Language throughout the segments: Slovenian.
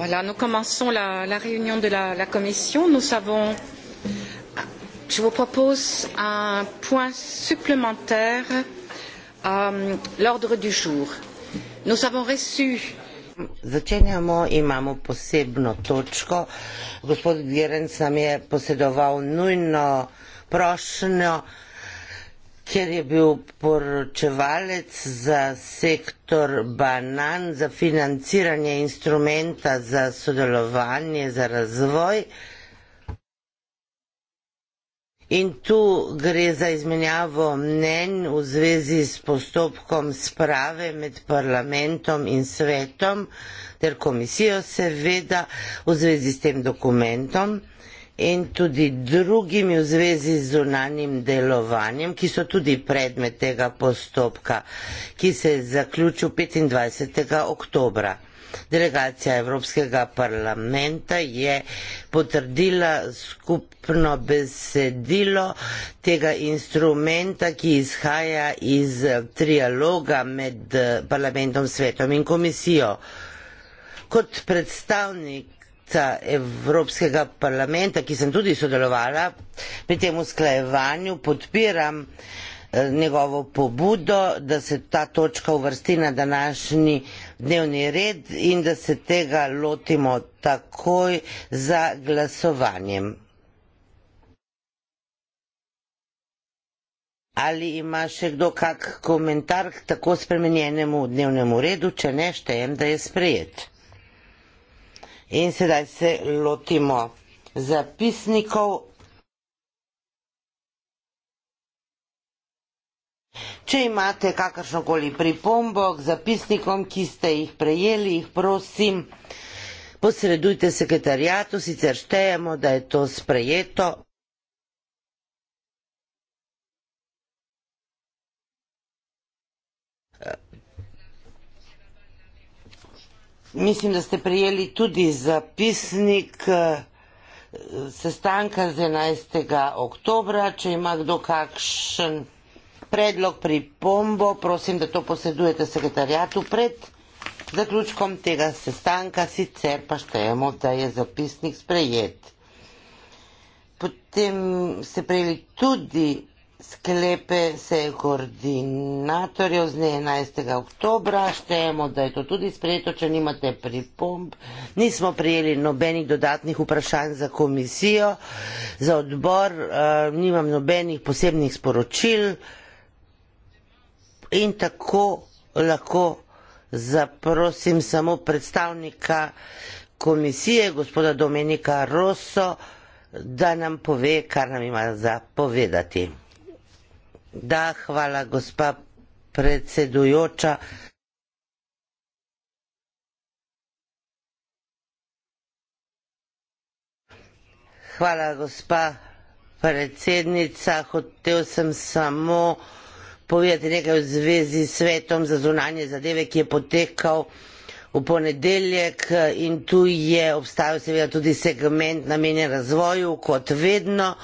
Voilà, nous commençons la, la réunion de la, la commission. Nous avons, je vous propose un point supplémentaire à euh, l'ordre du jour. Nous avons reçu. Začenjamo, imamo posebno točko. Gospod Gerenc nam je posedoval nujno prošnjo kjer je bil poročevalec za sektor banan, za financiranje instrumenta za sodelovanje, za razvoj. In tu gre za izmenjavo mnen v zvezi s postopkom sprave med parlamentom in svetom ter komisijo seveda v zvezi s tem dokumentom in tudi drugimi v zvezi z zunanjim delovanjem, ki so tudi predmet tega postopka, ki se je zaključil 25. oktobra. Delegacija Evropskega parlamenta je potrdila skupno besedilo tega instrumenta, ki izhaja iz trialoga med parlamentom, svetom in komisijo. Kot predstavnik predsednica Evropskega parlamenta, ki sem tudi sodelovala pri tem usklajevanju, podpiram eh, njegovo pobudo, da se ta točka uvrsti na današnji dnevni red in da se tega lotimo takoj za glasovanjem. Ali ima še kdo kak komentar k tako spremenjenemu dnevnemu redu, če ne štejem, da je sprejet? In sedaj se lotimo zapisnikov. Če imate kakršnokoli pripombo k zapisnikom, ki ste jih prejeli, jih prosim, posredujte sekretarjatu, sicer štejemo, da je to sprejeto. Mislim, da ste prijeli tudi zapisnik eh, sestanka z 11. oktobra. Če ima kdo kakšen predlog pri pombo, prosim, da to posedujete sekretarjatu pred zaključkom tega sestanka, sicer pa štejemo, da je zapisnik sprejet. Potem ste prijeli tudi sklepe seje koordinatorjev z 11. oktobra, štejemo, da je to tudi sprejeto, če nimate pripomb. Nismo prijeli nobenih dodatnih vprašanj za komisijo, za odbor, eh, nimam nobenih posebnih sporočil in tako lahko zaprosim samo predstavnika komisije, gospoda Domenika Rosso, da nam pove, kar nam ima za povedati. Da, hvala, gospa predsedujoča. Hvala, gospa predsednica. Hotel sem samo povedati nekaj v zvezi s svetom za zunanje zadeve, ki je potekal v ponedeljek eh, in tu je obstajal seveda tudi segment namenjen razvoju, kot vedno.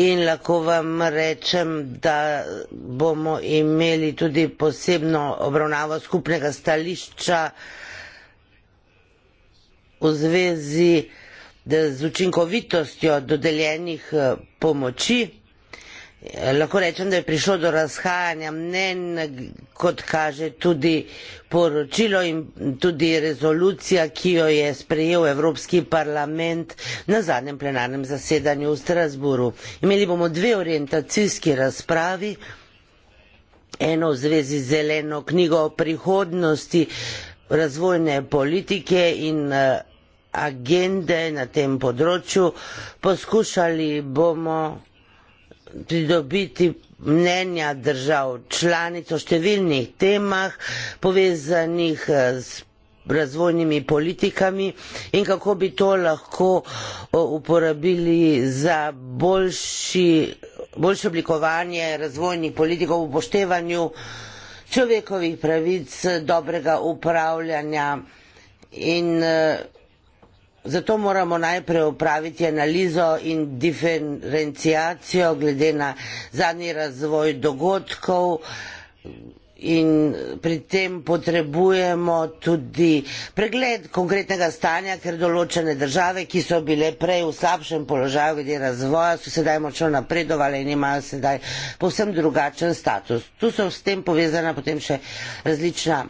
In lahko vam rečem, da bomo imeli tudi posebno obravnavo skupnega stališča v zvezi z učinkovitostjo dodeljenih eh, pomoči. Eh, lahko rečem, da je prišlo do razhajanja mnen, kot kaže tudi poročilo in tudi rezolucija, ki jo je sprejel Evropski parlament na zadnjem plenarnem zasedanju v Strasburu. Imeli bomo dve orientacijski razpravi, eno v zvezi z zeleno knjigo o prihodnosti razvojne politike in eh, agende na tem področju. Poskušali bomo pridobiti mnenja držav članic o številnih temah povezanih eh, s razvojnimi politikami in kako bi to lahko uporabili za boljši, boljše oblikovanje razvojnih politikov v upoštevanju človekovih pravic, dobrega upravljanja in eh, Zato moramo najprej upraviti analizo in diferencijacijo glede na zadnji razvoj dogodkov in pri tem potrebujemo tudi pregled konkretnega stanja, ker določene države, ki so bile prej v slabšem položaju glede razvoja, so sedaj močno napredovale in imajo sedaj povsem drugačen status. Tu so s tem povezana potem še različna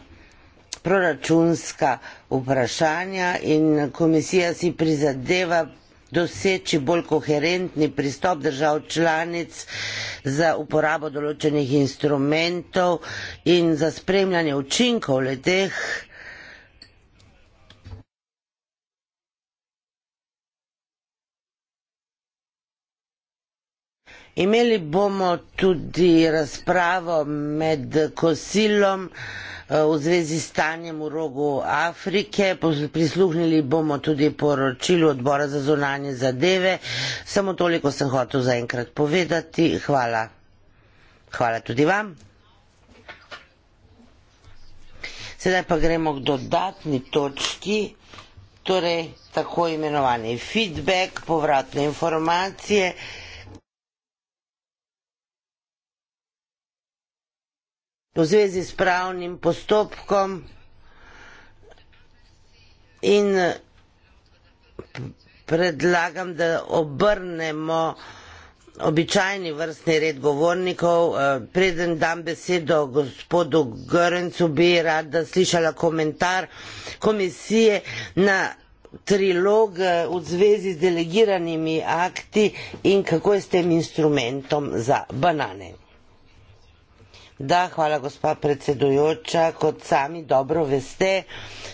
proračunska vprašanja in komisija si prizadeva doseči bolj koherentni pristop držav članic za uporabo določenih instrumentov in za spremljanje učinkov leteh. Imeli bomo tudi razpravo med kosilom, Eh, v zvezi s stanjem v rogu Afrike. Prisluhnili bomo tudi poročilu odbora za zunanje zadeve. Samo toliko sem hotel zaenkrat povedati. Hvala. Hvala tudi vam. Sedaj pa gremo k dodatni točki, torej tako imenovani feedback, povratne informacije. v zvezi s pravnim postopkom in predlagam, da obrnemo običajni vrstni red govornikov. Eh, preden dam besedo gospodu Grencu, bi rada slišala komentar komisije na trilog eh, v zvezi z delegiranimi akti in kako je s tem instrumentom za banane. Da, hvala gospa predsedujoča. Kot sami dobro veste,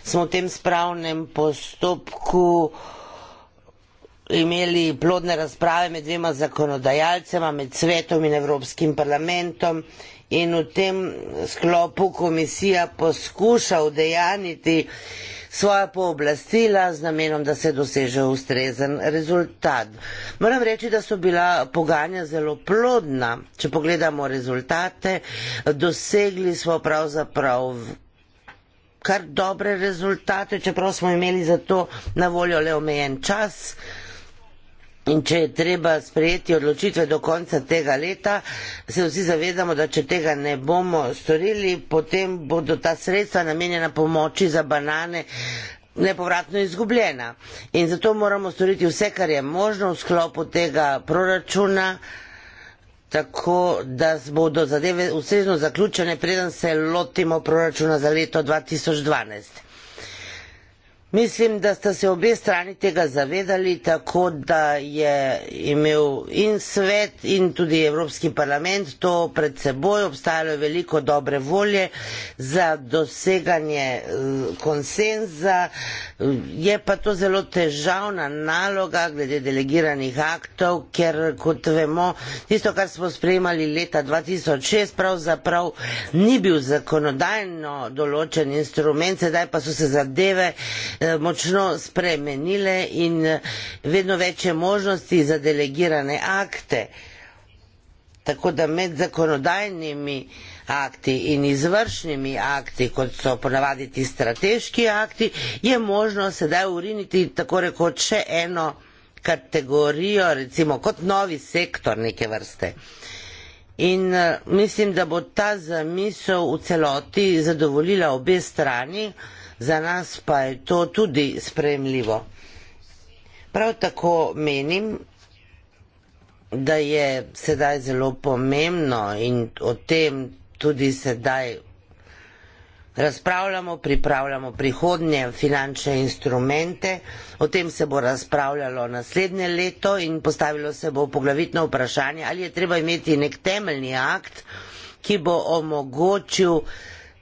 smo v tem spravnem postopku imeli plodne razprave med dvema zakonodajalcema, med svetom in Evropskim parlamentom in v tem sklopu komisija poskuša udejaniti svoja pooblastila z namenom, da se doseže ustrezen rezultat. Moram reči, da so bila pogajanja zelo plodna. Če pogledamo rezultate, dosegli smo pravzaprav kar dobre rezultate, čeprav smo imeli za to na voljo le omejen čas. In če je treba sprejeti odločitve do konca tega leta, se vsi zavedamo, da če tega ne bomo storili, potem bodo ta sredstva namenjena pomoči za banane nepovratno izgubljena. In zato moramo storiti vse, kar je možno v sklopu tega proračuna, tako da bodo zadeve ustrezno zaključene, preden se lotimo proračuna za leto 2012. Mislim, da sta se obe strani tega zavedali, tako da je imel in svet in tudi Evropski parlament to pred seboj, obstajalo je veliko dobre volje za doseganje eh, konsenza, je pa to zelo težavna naloga glede delegiranih aktov, ker kot vemo, tisto, kar smo sprejemali leta 2006, pravzaprav ni bil zakonodajno določen instrument, sedaj pa so se zadeve Eh, močno spremenile in eh, vedno večje možnosti za delegirane akte. Tako da med zakonodajnimi akti in izvršnimi akti, kot so ponavadi ti strateški akti, je možno sedaj uriniti tako rekoč še eno kategorijo, recimo kot novi sektor neke vrste. In eh, mislim, da bo ta zamisel v celoti zadovoljila obe strani za nas pa je to tudi sprejemljivo. Prav tako menim, da je sedaj zelo pomembno in o tem tudi sedaj razpravljamo, pripravljamo prihodnje finančne instrumente, o tem se bo razpravljalo naslednje leto in postavilo se bo poglavitno vprašanje, ali je treba imeti nek temeljni akt, ki bo omogočil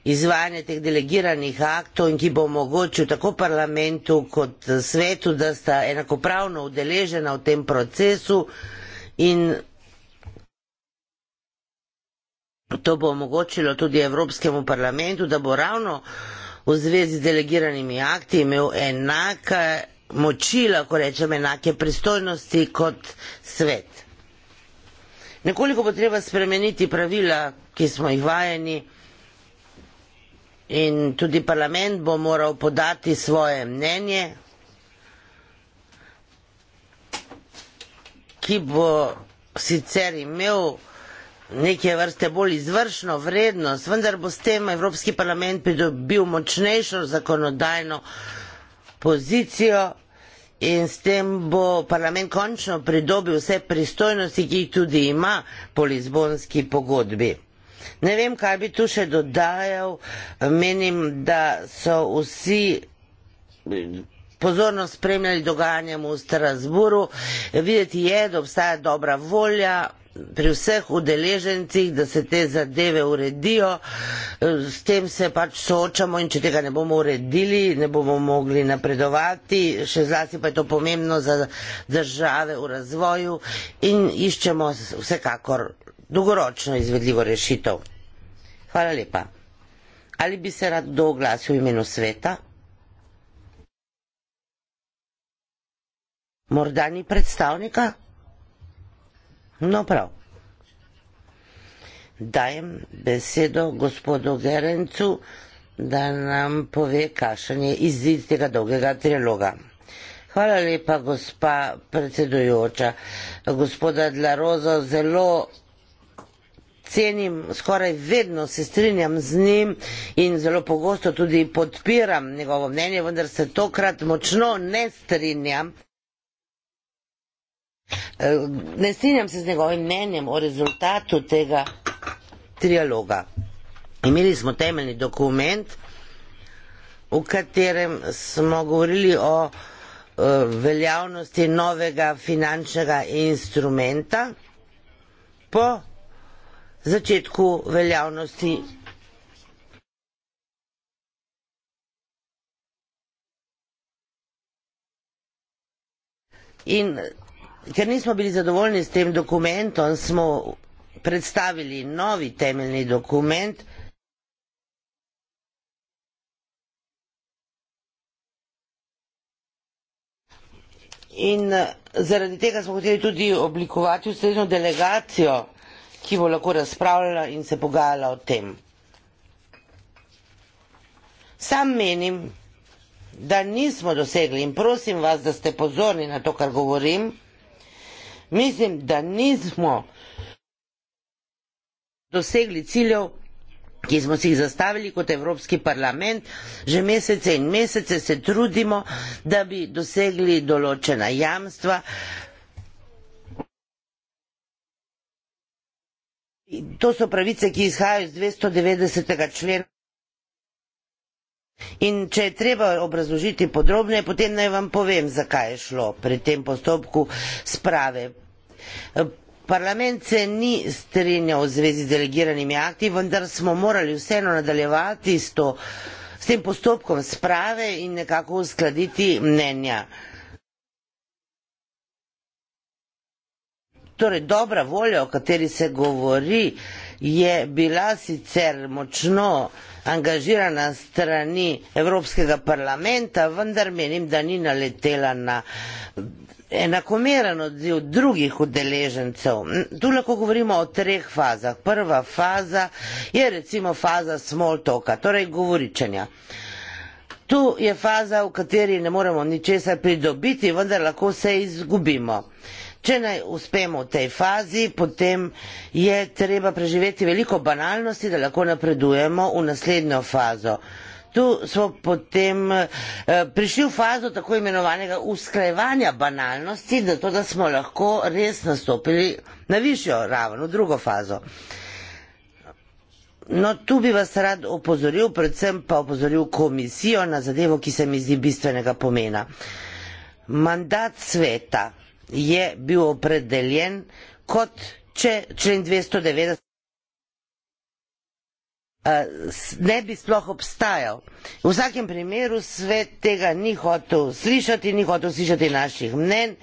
izvajanje teh delegiranih aktov in ki bo omogočil tako parlamentu kot svetu, da sta enakopravno udeležena v tem procesu in to bo omogočilo tudi Evropskemu parlamentu, da bo ravno v zvezi z delegiranimi akti imel enake moči, lahko rečem, enake pristojnosti kot svet. Nekoliko bo treba spremeniti pravila, ki smo jih vajeni, in tudi parlament bo moral podati svoje mnenje, ki bo sicer imel neke vrste bolj izvršno vrednost, vendar bo s tem Evropski parlament pridobil močnejšo zakonodajno pozicijo in s tem bo parlament končno pridobil vse pristojnosti, ki jih tudi ima po Lizbonski pogodbi. Ne vem, kaj bi tu še dodajal. Menim, da so vsi pozorno spremljali dogajanje v Strasburu. Videti je, da obstaja dobra volja pri vseh udeležencih, da se te zadeve uredijo. S tem se pač soočamo in če tega ne bomo uredili, ne bomo mogli napredovati. Še zlasti pa je to pomembno za države v razvoju in iščemo vsekakor dolgoročno izvedljivo rešitev. Hvala lepa. Ali bi se rad kdo oglasil v imenu sveta? Morda ni predstavnika? No prav. Dajem besedo gospodu Gerencu, da nam pove, kakšen je izid tega dolgega triloga. Hvala lepa, gospa predsedujoča. Gospoda Dlarozo, zelo cenim, skoraj vedno se strinjam z njim in zelo pogosto tudi podpiram njegovo mnenje, vendar se tokrat močno ne strinjam. Eh, ne strinjam se z njegovim mnenjem o rezultatu tega trialoga. Imeli smo temeljni dokument, v katerem smo govorili o eh, veljavnosti novega finančnega instrumenta po začetku veljavnosti. In ker nismo bili zadovoljni s tem dokumentom, smo predstavili novi temeljni dokument, In eh, zaradi tega smo hoteli tudi oblikovati ustrezno delegacijo ki bo lahko razpravljala in se pogajala o tem. Sam menim, da nismo dosegli in prosim vas, da ste pozorni na to, kar govorim, mislim, da nismo dosegli ciljev, ki smo si jih zastavili kot Evropski parlament, že mesece in mesece se trudimo, da bi dosegli določena jamstva, To so pravice, ki izhajajo iz 290. člena. In če je treba obrazložiti podrobneje, potem naj vam povem, zakaj je šlo pri tem postopku sprave. Parlament se ni strinjal v zvezi z delegiranimi akti, vendar smo morali vseeno nadaljevati s, to, s tem postopkom sprave in nekako uskladiti mnenja. Torej, dobra volja, o kateri se govori, je bila sicer močno angažirana strani Evropskega parlamenta, vendar menim, da ni naletela na enakomeren odziv drugih udeležencev. Tu lahko govorimo o treh fazah. Prva faza je recimo faza smoltoka, torej govoričenja. Tu je faza, v kateri ne moremo ničesar pridobiti, vendar lahko se izgubimo. Če naj uspemo v tej fazi, potem je treba preživeti veliko banalnosti, da lahko napredujemo v naslednjo fazo. Tu smo potem eh, prišli v fazo tako imenovanega usklajevanja banalnosti, zato da smo lahko res nastopili na višjo raven, v drugo fazo. No, tu bi vas rad opozoril, predvsem pa opozoril komisijo na zadevo, ki se mi zdi bistvenega pomena. Mandat sveta je bil opredeljen kot če člen 290 ne bi sploh obstajal. V vsakem primeru svet tega ni hotel slišati, ni hotel slišati naših mnen,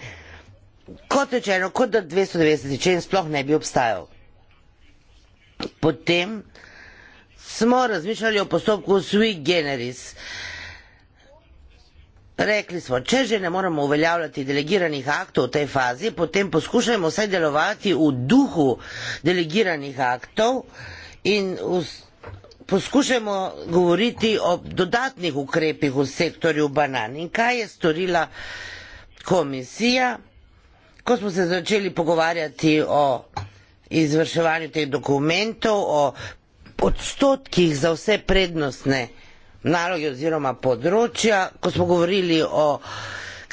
kot rečeno, kot da 290 člen sploh ne bi obstajal. Potem smo razmišljali o postopku sui generis. Uh, Rekli smo, če že ne moramo uveljavljati delegiranih aktov v tej fazi, potem poskušajmo vsaj delovati v duhu delegiranih aktov in us- poskušajmo govoriti o dodatnih ukrepih v sektorju banan. In kaj je storila komisija, ko smo se začeli pogovarjati o izvrševanju teh dokumentov, o odstotkih za vse prednostne naloge oziroma področja, ko smo govorili o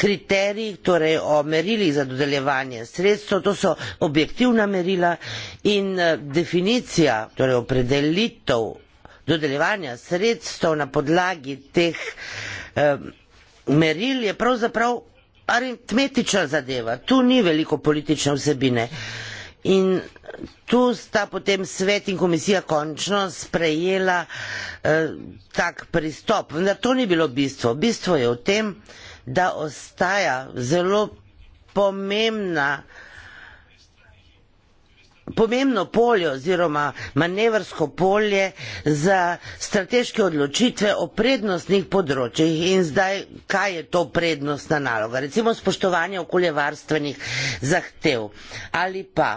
kriterijih, torej o merilih za dodeljevanje sredstva, to so objektivna merila in eh, definicija, torej opredelitev dodeljevanja sredstev na podlagi teh eh, meril je pravzaprav aritmetična zadeva. Tu ni veliko politične vsebine. In tu sta potem svet in komisija končno sprejela eh, tak pristop. Vendar to ni bilo bistvo. Bistvo je v tem, da ostaja zelo pomembna, pomembno polje oziroma manevrsko polje za strateške odločitve o prednostnih področjih in zdaj, kaj je to prednostna naloga. Recimo spoštovanje okoljevarstvenih zahtev ali pa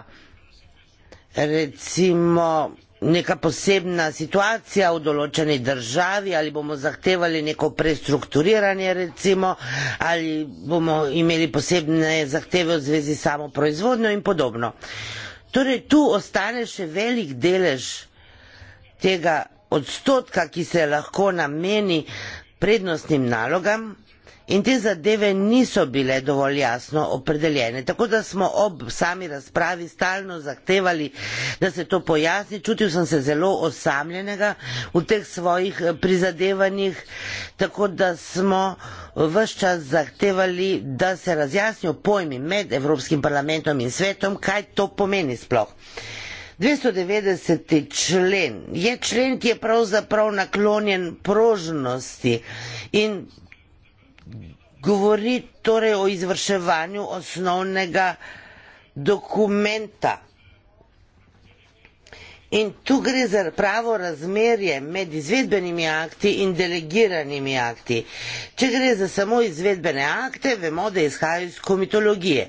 recimo neka posebna situacija v določeni državi, ali bomo zahtevali neko prestrukturiranje, recimo, ali bomo imeli posebne zahteve v zvezi s samo proizvodnjo in podobno. Torej, tu ostane še velik delež tega odstotka, ki se lahko nameni prednostnim nalogam, in te zadeve niso bile dovolj jasno opredeljene. Tako da smo ob sami razpravi stalno zahtevali, da se to pojasni. Čutil sem se zelo osamljenega v teh svojih eh, prizadevanjih, tako da smo eh, vse čas zahtevali, da se razjasnijo pojmi med Evropskim parlamentom in svetom, kaj to pomeni sploh. 290. člen je člen, ki je pravzaprav naklonjen prožnosti in govori torej o izvrševanju osnovnega dokumenta. In tu gre za pravo razmerje med izvedbenimi akti in delegiranimi akti. Če gre za samo izvedbene akte, vemo, da izhajajo iz komitologije.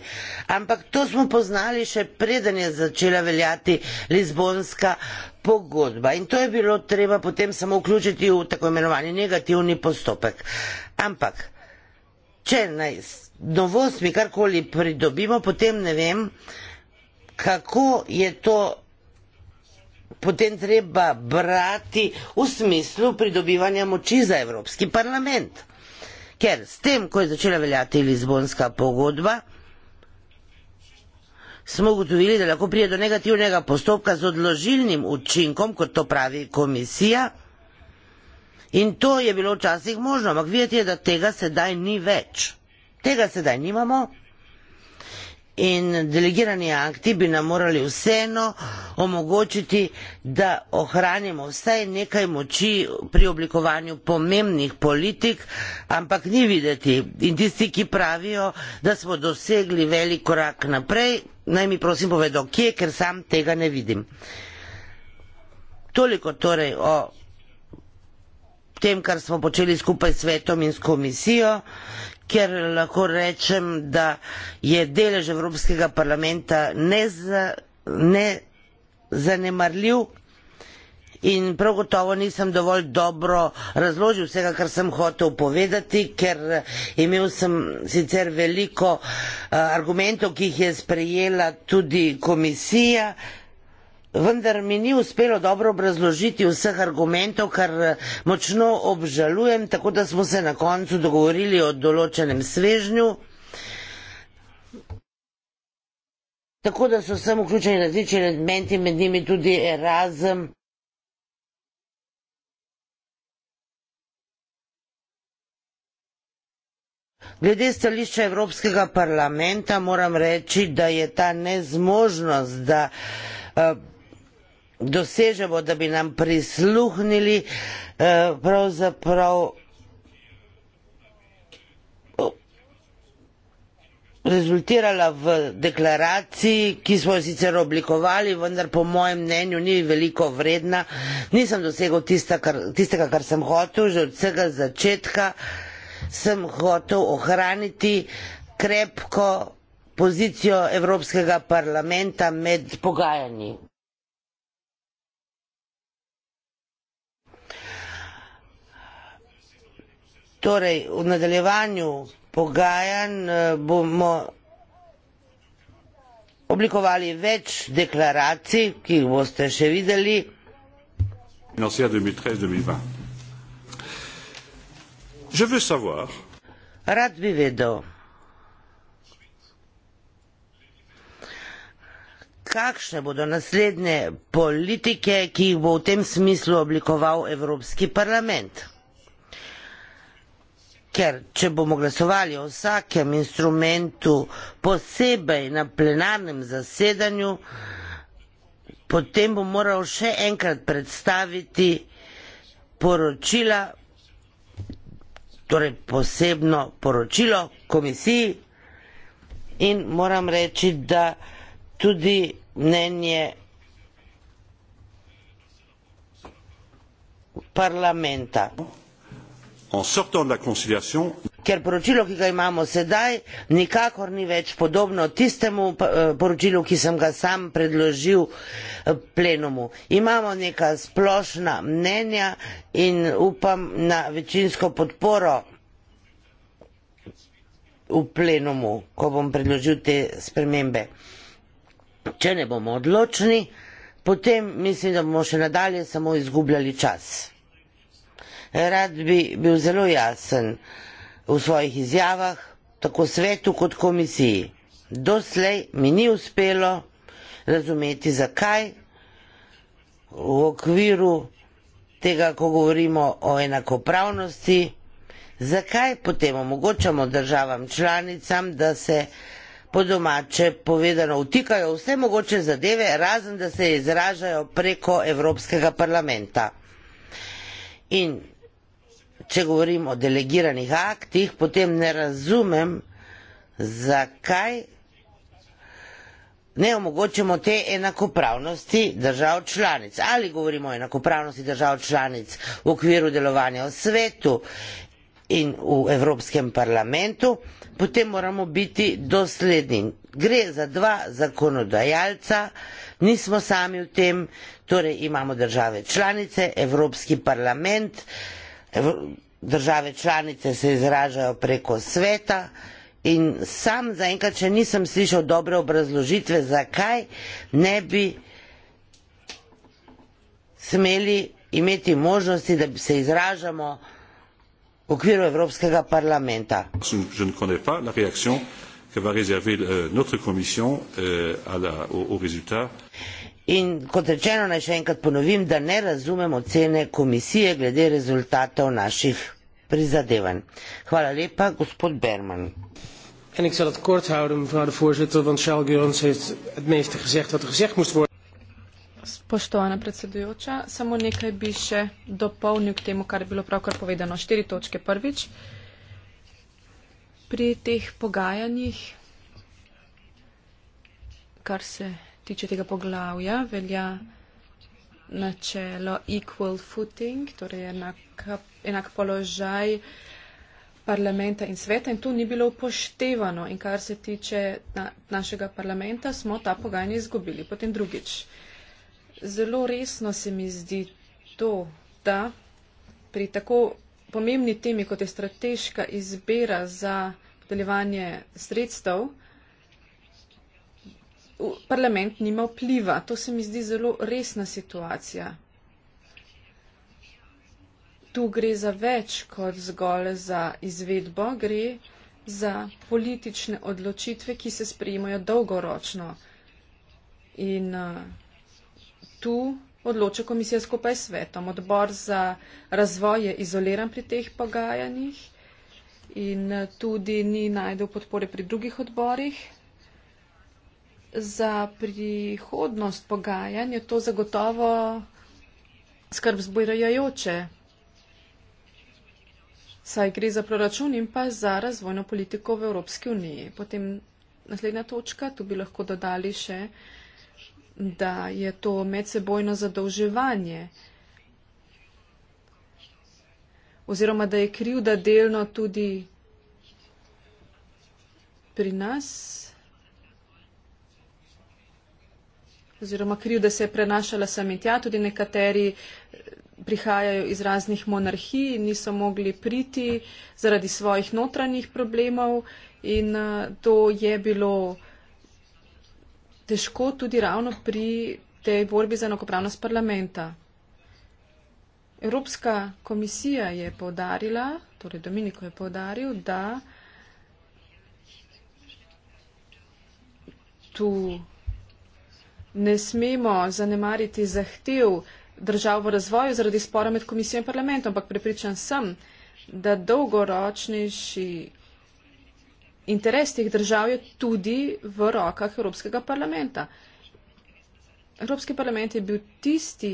Ampak to smo poznali še preden je začela veljati Lizbonska pogodba. In to je bilo treba potem samo vključiti v tako imenovani negativni postopek. Ampak če naj s novostmi karkoli pridobimo, potem ne vem, kako je to potem treba brati v smislu pridobivanja moči za Evropski parlament. Ker s tem, ko je začela veljati Lizbonska pogodba, smo ugotovili, da lahko prije do negativnega postopka z odložilnim učinkom, kot to pravi komisija, In to je bilo včasih možno, ampak videti je, da tega sedaj ni več. Tega sedaj nimamo. In delegirani akti bi nam morali vseeno omogočiti, da ohranimo vsaj nekaj moči pri oblikovanju pomembnih politik, ampak ni videti. In tisti, ki pravijo, da smo dosegli velik korak naprej, naj mi prosim povedo, kje, ker sam tega ne vidim. Toliko torej o tem, kar smo počeli skupaj s svetom in s komisijo, ker lahko rečem, da je delež Evropskega parlamenta nezanemarljiv. Ne In prav gotovo nisem dovolj dobro razložil vsega, kar sem hotel povedati, ker imel sem sicer veliko eh, argumentov, ki jih je sprejela tudi komisija, vendar mi ni uspelo dobro obrazložiti vseh argumentov, kar eh, močno obžalujem, tako da smo se na koncu dogovorili o določenem svežnju. Tako da so sem vključeni različni elementi, med njimi tudi Erasm. Glede stališča Evropskega parlamenta moram reči, da je ta nezmožnost, da uh, dosežemo, da bi nam prisluhnili, eh, pravzaprav rezultirala v deklaraciji, ki smo jo sicer oblikovali, vendar po mojem mnenju ni veliko vredna. Nisem dosegel tista, kar, tistega, kar sem hotel, že od vsega začetka sem hotel ohraniti krepko pozicijo Evropskega parlamenta med pogajanji. Torej, v nadaljevanju pogajanj eh, bomo oblikovali več deklaracij, ki jih boste še videli. Je veux savoir. Rad bi vedel, kakšne bodo naslednje politike, ki jih bo v tem smislu oblikoval Evropski parlament ker če bomo glasovali o vsakem instrumentu posebej na plenarnem zasedanju, potem bom moral še enkrat predstaviti poročila, torej posebno poročilo komisiji in moram reči, da tudi mnenje parlamenta en sortant de la conciliation. Ker poročilo, ki ga imamo sedaj, nikakor ni več podobno tistemu eh, poročilu, ki sem ga sam predložil eh, plenumu. Imamo neka splošna mnenja in upam na večinsko podporo v plenumu, ko bom predložil te spremembe. Če ne bomo odločni, potem mislim, da bomo še nadalje samo izgubljali čas rad bi bil zelo jasen v svojih izjavah, tako svetu kot komisiji. Doslej mi ni uspelo razumeti, zakaj v okviru tega, ko govorimo o enakopravnosti, zakaj potem omogočamo državam članicam, da se po domače povedano vtikajo vse mogoče zadeve, razen da se izražajo preko Evropskega parlamenta. In če govorim o delegiranih aktih, potem ne razumem, zakaj ne omogočamo te enakopravnosti držav članic. Ali govorimo o enakopravnosti držav članic v okviru delovanja v svetu in v Evropskem parlamentu, potem moramo biti dosledni. Gre za dva zakonodajalca, nismo sami v tem, torej imamo države članice, Evropski parlament, države članice se izražajo preko sveta in sam zaenkrat še nisem slišal dobre obrazložitve, zakaj ne bi smeli imeti možnosti, da se izražamo v okviru Evropskega parlamenta. Que va réserver euh, notre commission euh, à la, au, au résultat. In kot rečeno, naj še enkrat ponovim, da ne razumem ocene komisije glede rezultatov naših prizadevanj. Hvala lepa, gospod Berman. En ik zal het kort houden, mevrouw de voorzitter, want Charles Gurens heeft het meeste gezegd wat er gezegd moest worden. Spoštovana predsedujoča, samo nekaj bi še dopolnil k temu, kar je bilo pravkar povedano. Štiri točke prvič. Pri teh pogajanjih, kar se tiče tega poglavja, velja načelo equal footing, torej enak, enak položaj parlamenta in sveta in to ni bilo upoštevano. In kar se tiče na, našega parlamenta, smo ta pogajanja izgubili. Potem drugič. Zelo resno se mi zdi to, da pri tako pomembni temi, kot je strateška izbira za podeljevanje sredstev, uh, parlament nima vpliva. To se mi zdi zelo resna situacija. Tu gre za več kot zgolj za izvedbo, gre za politične odločitve, ki se sprejemajo dolgoročno. In uh, tu odloča komisija skupaj s svetom. Odbor za razvoj je izoliran pri teh pogajanjih in uh, tudi ni najdel podpore pri drugih odborih za prihodnost pogajanj je to zagotovo skrb zbirajajoče, saj gre za proračun in pa za razvojno politiko v Evropski uniji. Potem naslednja točka, tu bi lahko dodali še, da je to medsebojno zadolževanje oziroma da je krivda delno tudi pri nas, oziroma krivde se je prenašala sem in tja, tudi nekateri eh, prihajajo iz raznih monarhij in niso mogli priti zaradi svojih notranjih problemov in eh, to je bilo težko tudi ravno pri tej borbi za enakopravnost parlamenta. Evropska komisija je povdarila, torej Dominiko je povdaril, da tu ne smemo zanemariti zahtev držav v razvoju zaradi spora med komisijo in parlamentom, ampak prepričan sem, da dolgoročnejši interes teh držav je tudi v rokah Evropskega parlamenta. Evropski parlament je bil tisti,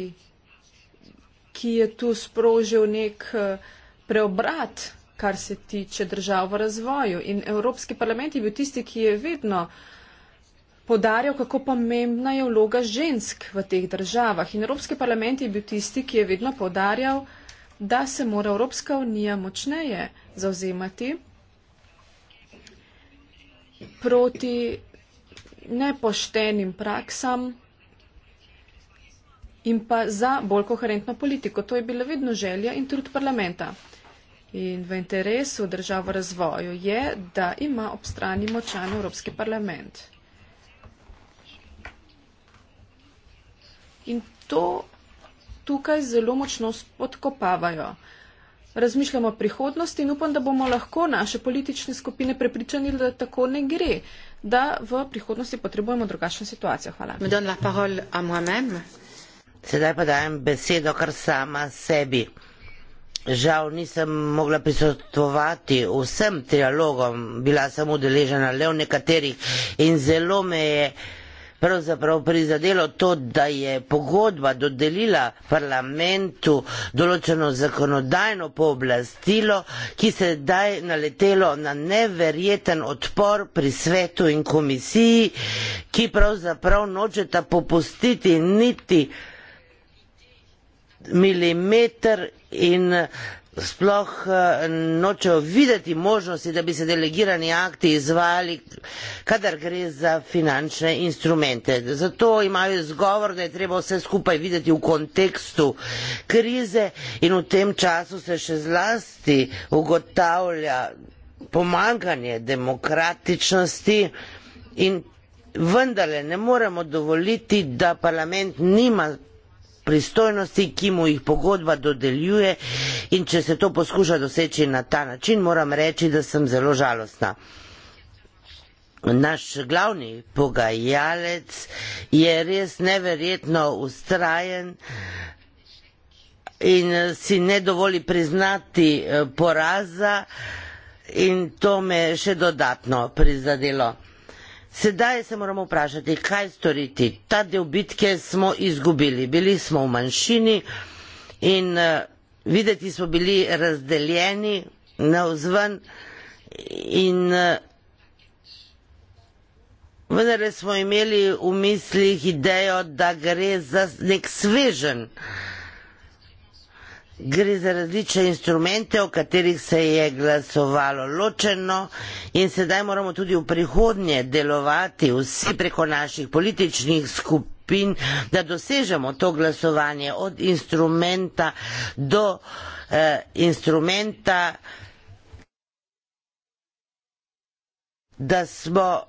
ki je tu sprožil nek eh, preobrat, kar se tiče držav v razvoju. In Evropski parlament je bil tisti, ki je vedno uh, podarjal, kako pomembna je vloga žensk v teh državah. In Evropski parlament je bil tisti, ki je vedno podarjal, da se mora Evropska unija močneje zauzemati proti nepoštenim praksam in pa za bolj koherentno politiko. To je bila vedno želja in trud parlamenta. In v interesu države razvoju je, da ima ob strani močan Evropski parlament. In to tukaj zelo močno spodkopavajo. Razmišljamo o prihodnosti in upam, da bomo lahko naše politične skupine prepričani, da tako ne gre, da v prihodnosti potrebujemo drugačno situacijo. Hvala. Sedaj pa dajem besedo kar sama sebi. Žal nisem mogla prisotovati vsem trialogom, bila sem udeležena le v nekaterih in zelo me je pravzaprav prizadelo to, da je pogodba dodelila parlamentu določeno zakonodajno pooblastilo, ki se je daj naletelo na neverjeten odpor pri svetu in komisiji, ki pravzaprav nočeta popustiti niti milimeter in sploh eh, nočejo videti možnosti, da bi se delegirani akti izvali, kadar gre za finančne instrumente. Zato imajo izgovor, da je treba vse skupaj videti v kontekstu krize in v tem času se še zlasti ugotavlja pomankanje demokratičnosti in vendarle ne moremo dovoliti, da parlament nima pristojnosti, ki mu jih pogodba dodeljuje in če se to poskuša doseči na ta način, moram reči, da sem zelo žalostna. Naš glavni pogajalec je res neverjetno ustrajen in si ne dovoli priznati eh, poraza in to me je še dodatno prizadelo. Sedaj se moramo vprašati, kaj storiti. Ta del bitke smo izgubili. Bili smo v manjšini in uh, videti smo bili razdeljeni na vzven in uh, eh, vendar smo imeli v mislih idejo, da gre za nek svežen uh, Gre za različne instrumente, o katerih se je glasovalo ločeno in sedaj moramo tudi v prihodnje delovati vsi preko naših političnih skupin da dosežemo to glasovanje od instrumenta do eh, instrumenta, da smo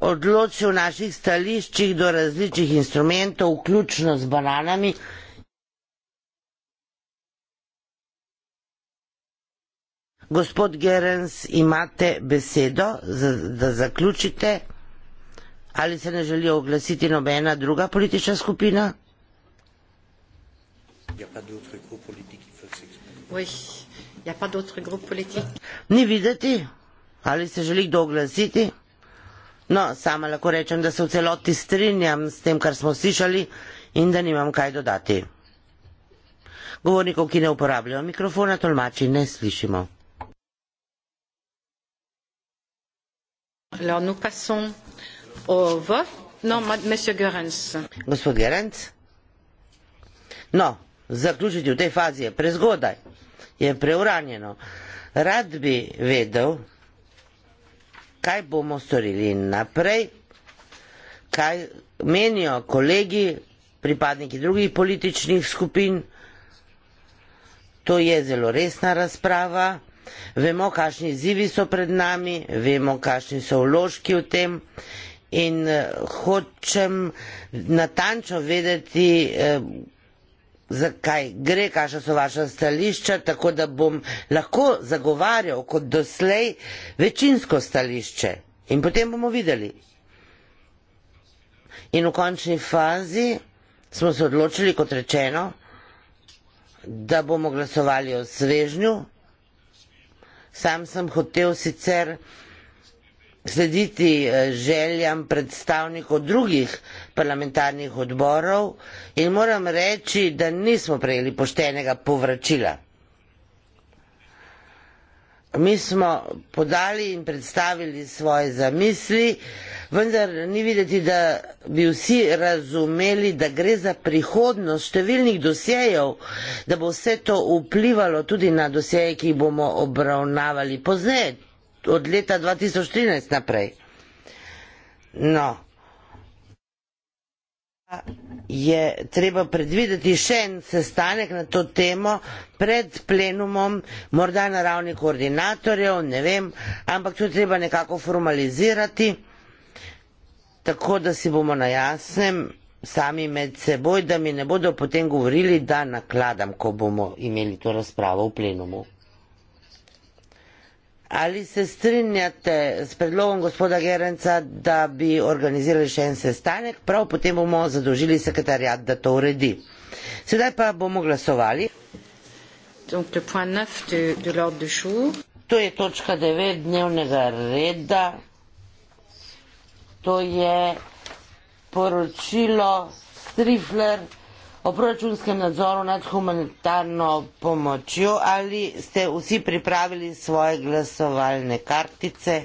odločili v naših stališčih do različnih instrumentov, vključno z bananami, Gospod Gerens, imate besedo, za, da zaključite. Ali se ne želi oglasiti nobena druga politična skupina? Ja, ja, Ni videti, ali se želi kdo oglasiti. No, sama lahko rečem, da se v celoti strinjam s tem, kar smo slišali in da nimam kaj dodati. Govornikov, ki ne uporabljajo mikrofona, tolmači ne slišimo. Alors nous passons au vote. Non, monsieur Gerens. Monsieur Gerens Non, zaključiti u tej fazi je prezgodaj, je preuranjeno. Rad bi vedel, kaj bomo storili naprej, kaj menijo kolegi, pripadniki drugih političnih skupin. To je zelo resna razprava. Vemo, kakšni izzivi so pred nami, vemo, kakšni so vložki v tem in eh, hočem natančno vedeti, eh, zakaj gre, kakšna so vaša stališča, tako da bom lahko zagovarjal kot doslej večinsko stališče in potem bomo videli. In v končni fazi smo se odločili, kot rečeno, da bomo glasovali o svežnju, Sam sem hotel sicer slediti eh, željam predstavnikov drugih parlamentarnih odborov in moram reči, da nismo prejeli poštenega povračila. Mi smo podali in predstavili svoje zamisli, vendar ni videti, da bi vsi razumeli, da gre za prihodnost številnih dosejev, da bo vse to vplivalo tudi na doseje, ki jih bomo obravnavali pozneje, od leta 2013 naprej. No je treba predvideti še en sestanek na to temo pred plenumom, morda na ravni koordinatorjev, ne vem, ampak to treba nekako formalizirati, tako da si bomo na jasnem sami med seboj, da mi ne bodo potem govorili, da nakladam, ko bomo imeli to razpravo v plenumu. Ali se strinjate s predlogom gospoda Gerenca, da bi organizirali še en sestanek, prav potem bomo zadolžili sekretarjat, da to uredi. Sedaj pa bomo glasovali. To je točka 9 dnevnega reda. To je poročilo Strifler o proračunskem nadzoru nad humanitarno pomočjo, ali ste vsi pripravili svoje glasovalne kartice?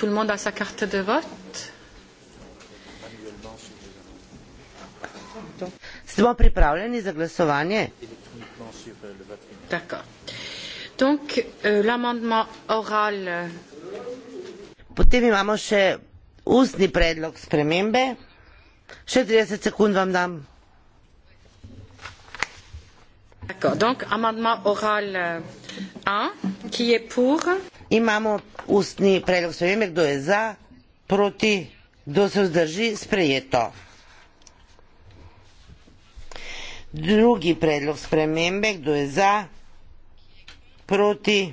Tout le monde a sa carte de vote. Smo pripravljeni za glasovanje? Donc, euh, oral... Euh, Potem imamo še ustni predlog spremembe. Še 30 sekund vam dam. D'accord, donc amendement oral 1 euh, qui est pour. Imamo ustni predlog spremembe, kdo je za, proti, kdo se vzdrži, sprejeto. Drugi predlog spremembe, kdo je za, proti,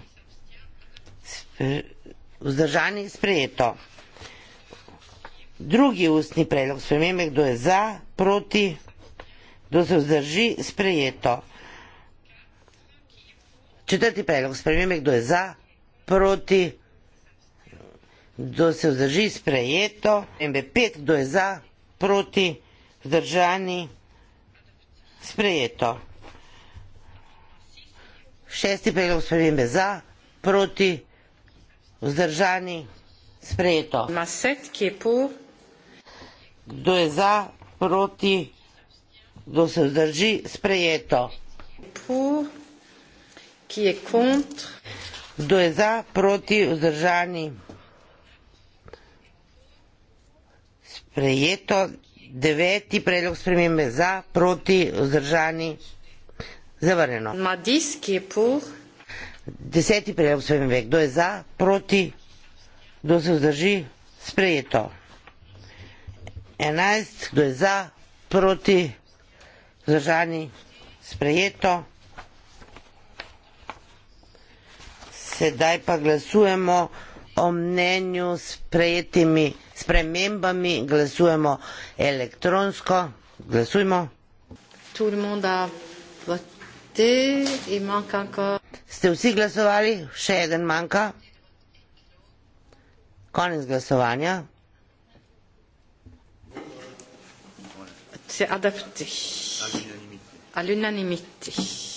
vzdržani, sprejeto. Drugi ustni predlog spremembe, kdo je za, proti, kdo se vzdrži, sprejeto. Četrti predlog spremembe, kdo je za, proti, vzdržani, sprejeto proti, kdo se vzdrži, sprejeto, MB5, kdo je za, proti, vzdržani, sprejeto. Šesti predlog spremembe za, proti, vzdržani, sprejeto. Maset, ki je pur. Kdo je za, proti, kdo se vzdrži, sprejeto. Pur, ki je kontr. Kdo je za, proti, vzdržani? Sprejeto. Deveti predlog spremembe za, proti, vzdržani? Zavrnjeno. Madijski je pur. Deseti predlog spremembe. Kdo je za, proti, kdo se vzdrži? Sprejeto. Enajst. Kdo je za, proti, vzdržani? Sprejeto. Sedaj pa glasujemo o mnenju s prejetimi spremembami, glasujemo elektronsko. Glasujmo. Ste vsi glasovali? Še en manjka. Konec glasovanja. C'est adapté à l'unanimité. À l'unanimité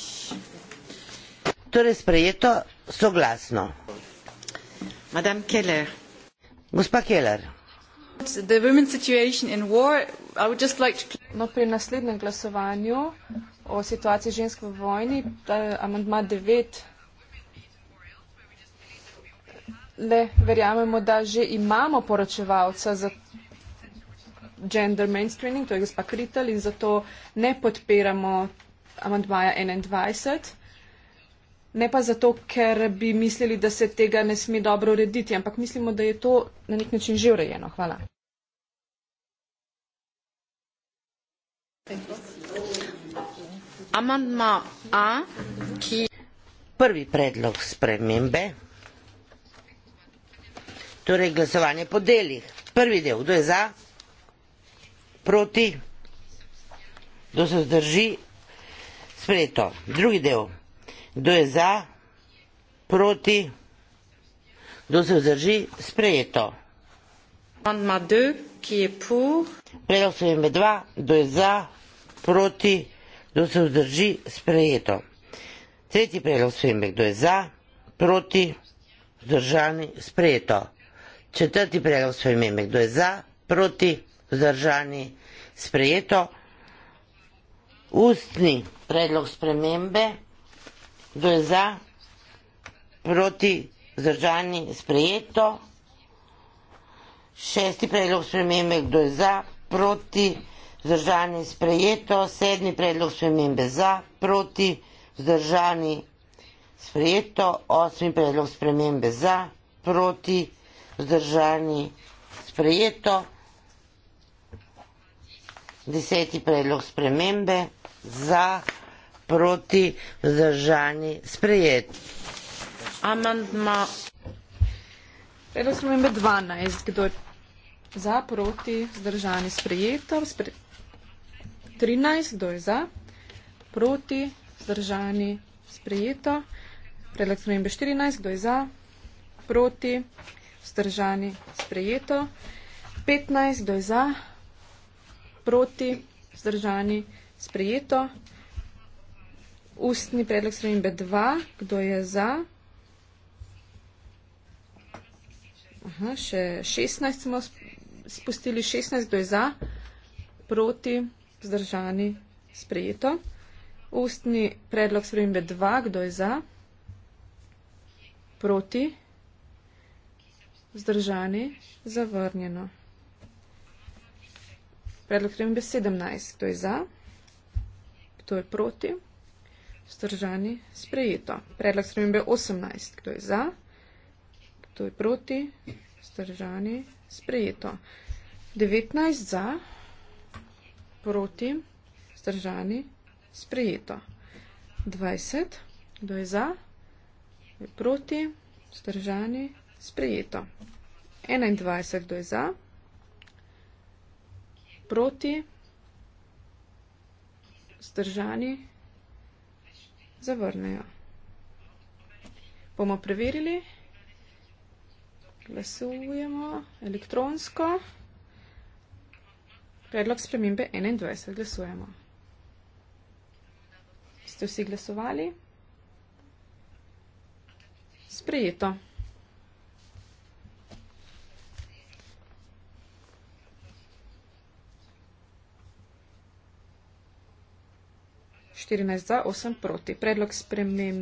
torej sprejeto soglasno. Gospa Keller. No, pri naslednjem glasovanju o situaciji žensk v vojni, amandma 9, le verjamemo, da že imamo poročevalca za gender mainstreaming, to je gospa Kritel in zato ne podpiramo amandmaja 21 ne pa zato, ker bi mislili, da se tega ne sme dobro urediti, ampak mislimo, da je to na nek način že urejeno. Hvala. Amandma A, ki je prvi predlog spremembe, torej glasovanje po delih. Prvi del, kdo je za, proti, kdo se zdrži, sprejeto. Drugi del. Kdo je za? Proti? Kdo se vzdrži? Sprejeto. Amandma 2, ki je pur. Predlog se ime 2, kdo je za? Proti? Kdo se vzdrži? Sprejeto. Tretji predlog se ime, kdo je za? Proti? Vzdržani? Sprejeto. Četrti predlog se ime, kdo je za? Proti? Vzdržani? Sprejeto. Ustni predlog spremembe. Kdo je za? Proti? Zdržani? Sprejeto. Šesti predlog spremembe. Kdo je za? Proti? Zdržani? Sprejeto. Sedmi predlog spremembe. Za? Proti? Zdržani? Sprejeto. Osmi predlog spremembe. Za? Proti? Zdržani? Sprejeto. Deseti predlog spremembe. Za? Proti? proti vzdržani sprejet. Amandma. Predlog spremembe 12. Kdo je za, proti vzdržani sprejeto? Spre... 13. Kdo je za, proti vzdržani sprejeto? Predlog spremembe 14. Kdo je za, proti vzdržani sprejeto? 15. Kdo je za, proti vzdržani sprejeto? ustni predlog spremembe 2. Kdo je za? Aha, še 16 smo spustili, 16 kdo je za, proti, zdržani, sprejeto. Ustni predlog spremembe 2. Kdo je za? Proti, zdržani, zavrnjeno. Predlog spremembe 17. Kdo je za? Kdo je proti? Vzdržani, sprejeto. Predlog spremembe 18. Kdo je za? Kdo je proti? Vzdržani, sprejeto. 19 za, proti, vzdržani, sprejeto. 20. Kdo je za? Kdo je proti? Vzdržani, sprejeto. 21. Kdo je za? Proti, vzdržani, sprejeto zavrnejo. Bomo preverili. Glasujemo elektronsko. Predlog spremembe 21. Glasujemo. Ste vsi glasovali? Sprejeto. 14 za, 8 proti. Predlog spremem,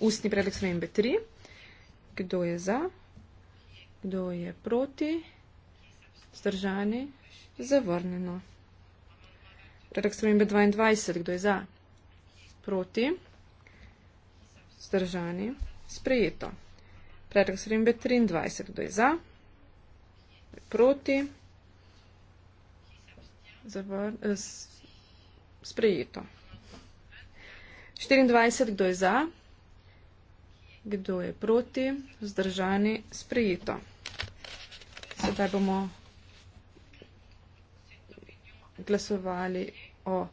ustni predlog spremembe 3. Kdo je za? Kdo je proti? Zdržani? Zavrneno. Predlog spremembe 22. Kdo je za? Proti? Zdržani? Sprejeto. Predlog spremembe 23. Kdo je za? Proti? Zavrneno. Sprejeto. 24, kdo je za, kdo je proti, vzdržani, sprejeto. Sedaj bomo glasovali o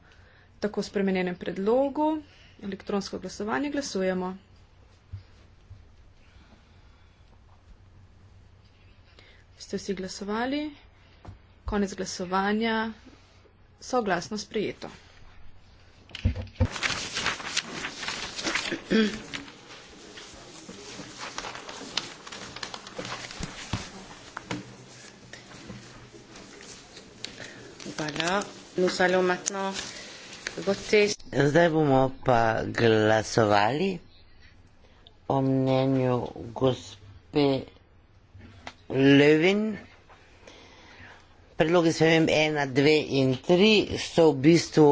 tako spremenjenem predlogu. Elektronsko glasovanje glasujemo. Ste vsi glasovali? Konec glasovanja. Soglasno sprejeto. Voilà, nous allons maintenant voter. Zdaj bomo pa glasovali o mnenju gospe Levin. Predloge sem imel ena, dve in tri, so v bistvu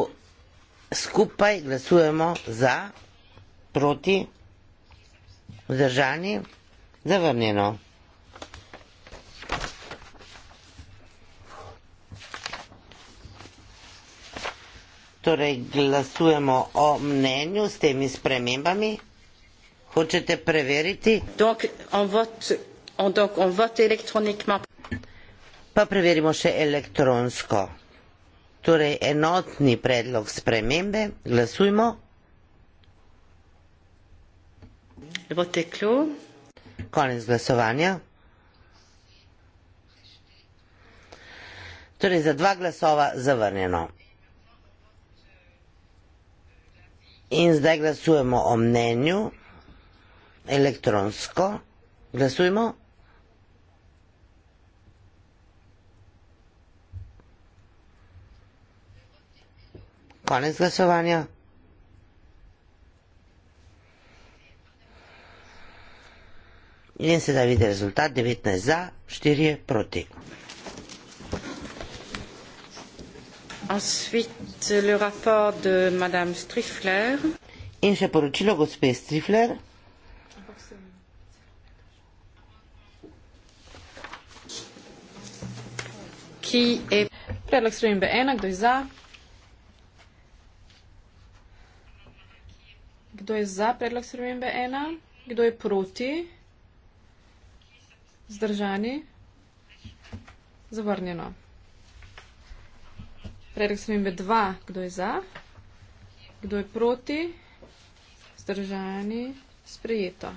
skupaj glasujemo za proti, vzdržani, zavrnjeno. Torej glasujemo o mnenju s temi spremembami. Hočete preveriti? Donc, on vote, on, donc, on vote électroniquement. Pa preverimo še elektronsko. Torej enotni predlog spremembe. Glasujmo. Ne bo teklo. Konec glasovanja. Torej, za dva glasova zavrnjeno. In zdaj glasujemo o mnenju elektronsko. Glasujemo. Konec glasovanja. in sedaj vidi rezultat 19 za, 4 proti. Ensuite, le rapport de Madame Strifler. In še poročilo gospe Strifler. Ki je predlog spremembe ena, kdo je za? Kdo je za predlog spremembe ena? Kdo je proti? Zdržani? Zavrnjeno. Predlog spremembe 2. Kdo je za? Kdo je proti? Zdržani? Sprejeto.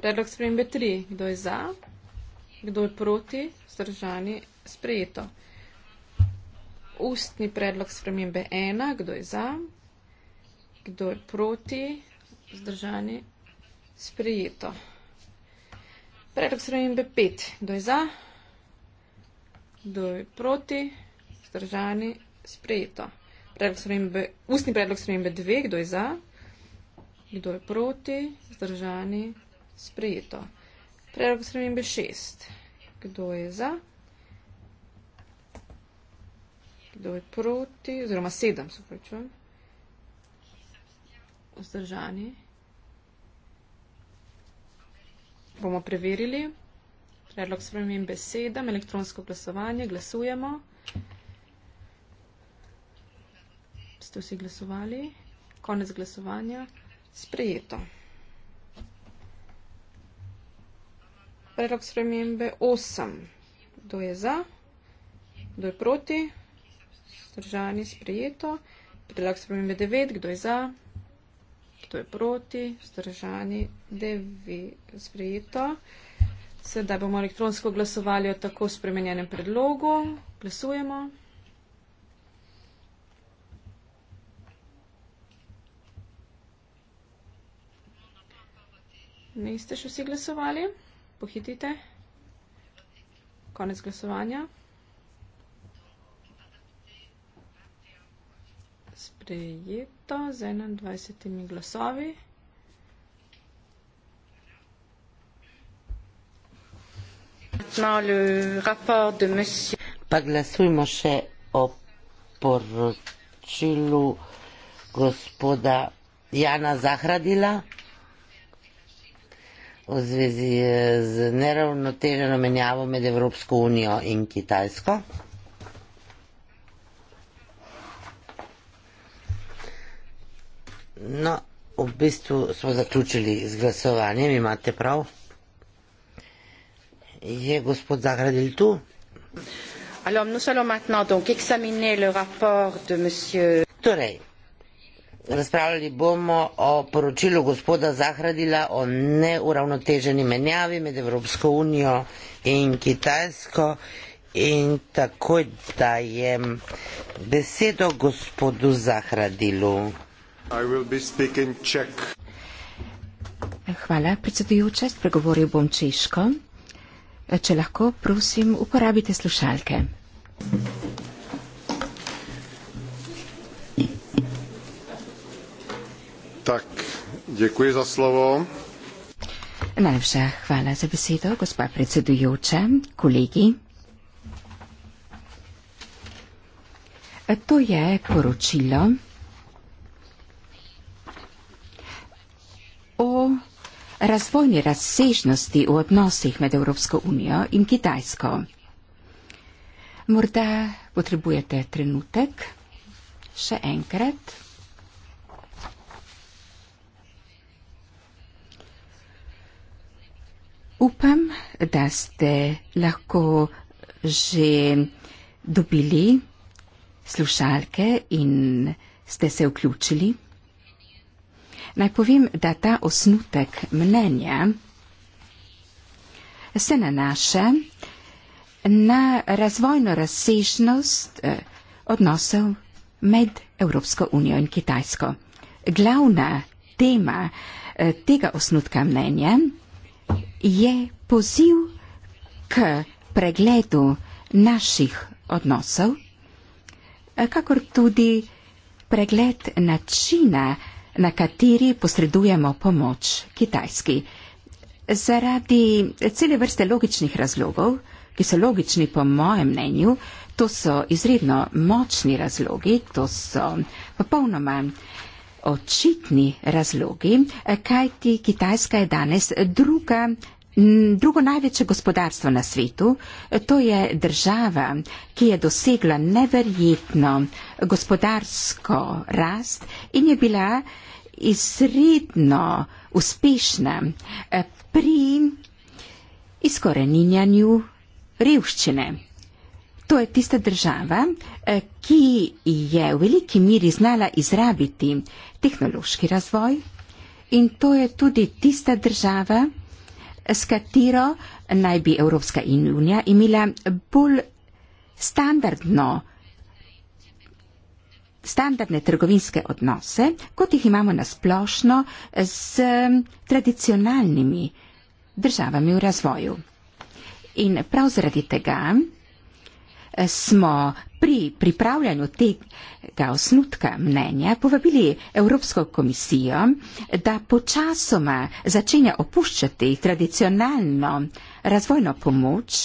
Predlog spremembe 3. Kdo je za? Kdo je proti? Zdržani? Sprejeto. Ustni predlog spremembe 1. Kdo je za? Kdo je proti? Zdržani? Sprejeto. Predlog spremembe 5. Kdo je za? Kdo je proti? Zdržani? Sprejeto. Predlog spremembe, ustni predlog spremembe 2. Kdo je za? Kdo je proti? Zdržani? Sprejeto. Predlog spremembe 6. Kdo je za? Kdo je proti? Oziroma 7, se pravi. Vzdržani? bomo preverili. Predlog spremem besedam, elektronsko glasovanje, glasujemo. Ste vsi glasovali? Konec glasovanja. Sprejeto. Predlog spremembe 8. Kdo je za? Kdo je proti? Zdržani sprejeto. Predlog spremembe 9. Kdo je za? Kdo je proti? Zdržani Devi sprejeto. Sedaj bomo elektronsko glasovali o tako spremenjenem predlogu. Glasujemo. Niste še vsi glasovali? Pohitite. Konec glasovanja. Sprejeto z 21 glasovi. maintenant le rapport de monsieur. Paglasuj moše o poročilu gospoda Jana Zahradila v zvezi z neravnoteženo menjavo med Evropsko unijo in Kitajsko. No, v bistvu smo zaključili z glasovanjem, imate prav. Je gospod Zagradil tu? Alors, nous allons maintenant donc examiner le rapport de monsieur... Torej, razpravljali bomo o poročilu gospoda Zahradila o neuravnoteženi menjavi med Evropsko unijo in Kitajsko in takoj dajem besedo gospodu Zahradilu. Hvala, predsedujoča, spregovoril bom češko. Če lahko, prosim, uporabite slušalke. Tak, děkuji za slovo. Najlepša hvala za besedo, gospa predsedujoča, kolegi. To je poročilo o razvojni razsežnosti v odnosih med Evropsko unijo in Kitajsko. Morda potrebujete trenutek, še enkrat. Upam, da ste lahko že dobili slušalke in ste se vključili. Naj povem, da ta osnutek mnenja se nanaša na razvojno razsežnost eh, odnosov med Evropsko unijo in Kitajsko. Glavna tema eh, tega osnutka mnenja je poziv k pregledu naših odnosov, eh, kakor tudi pregled načina, na kateri posredujemo pomoč Kitajski. Zaradi cele vrste logičnih razlogov, ki so logični po mojem mnenju, to so izredno močni razlogi, to so popolnoma očitni razlogi, kajti Kitajska je danes druga Mm, drugo največje gospodarstvo na svetu, to je država, ki je dosegla neverjetno gospodarsko rast in je bila izredno uspešna eh, pri izkoreninjanju revščine. To je tista država, eh, ki je v veliki miri znala izrabiti tehnološki razvoj in to je tudi tista država, s katero naj bi Evropska unija imela bolj standardno, standardne trgovinske odnose, kot jih imamo nasplošno z tradicionalnimi državami v razvoju. In prav zaradi tega eh, smo pri pripravljanju tega osnutka mnenja povabili Evropsko komisijo, da počasoma začenja opuščati tradicionalno razvojno pomoč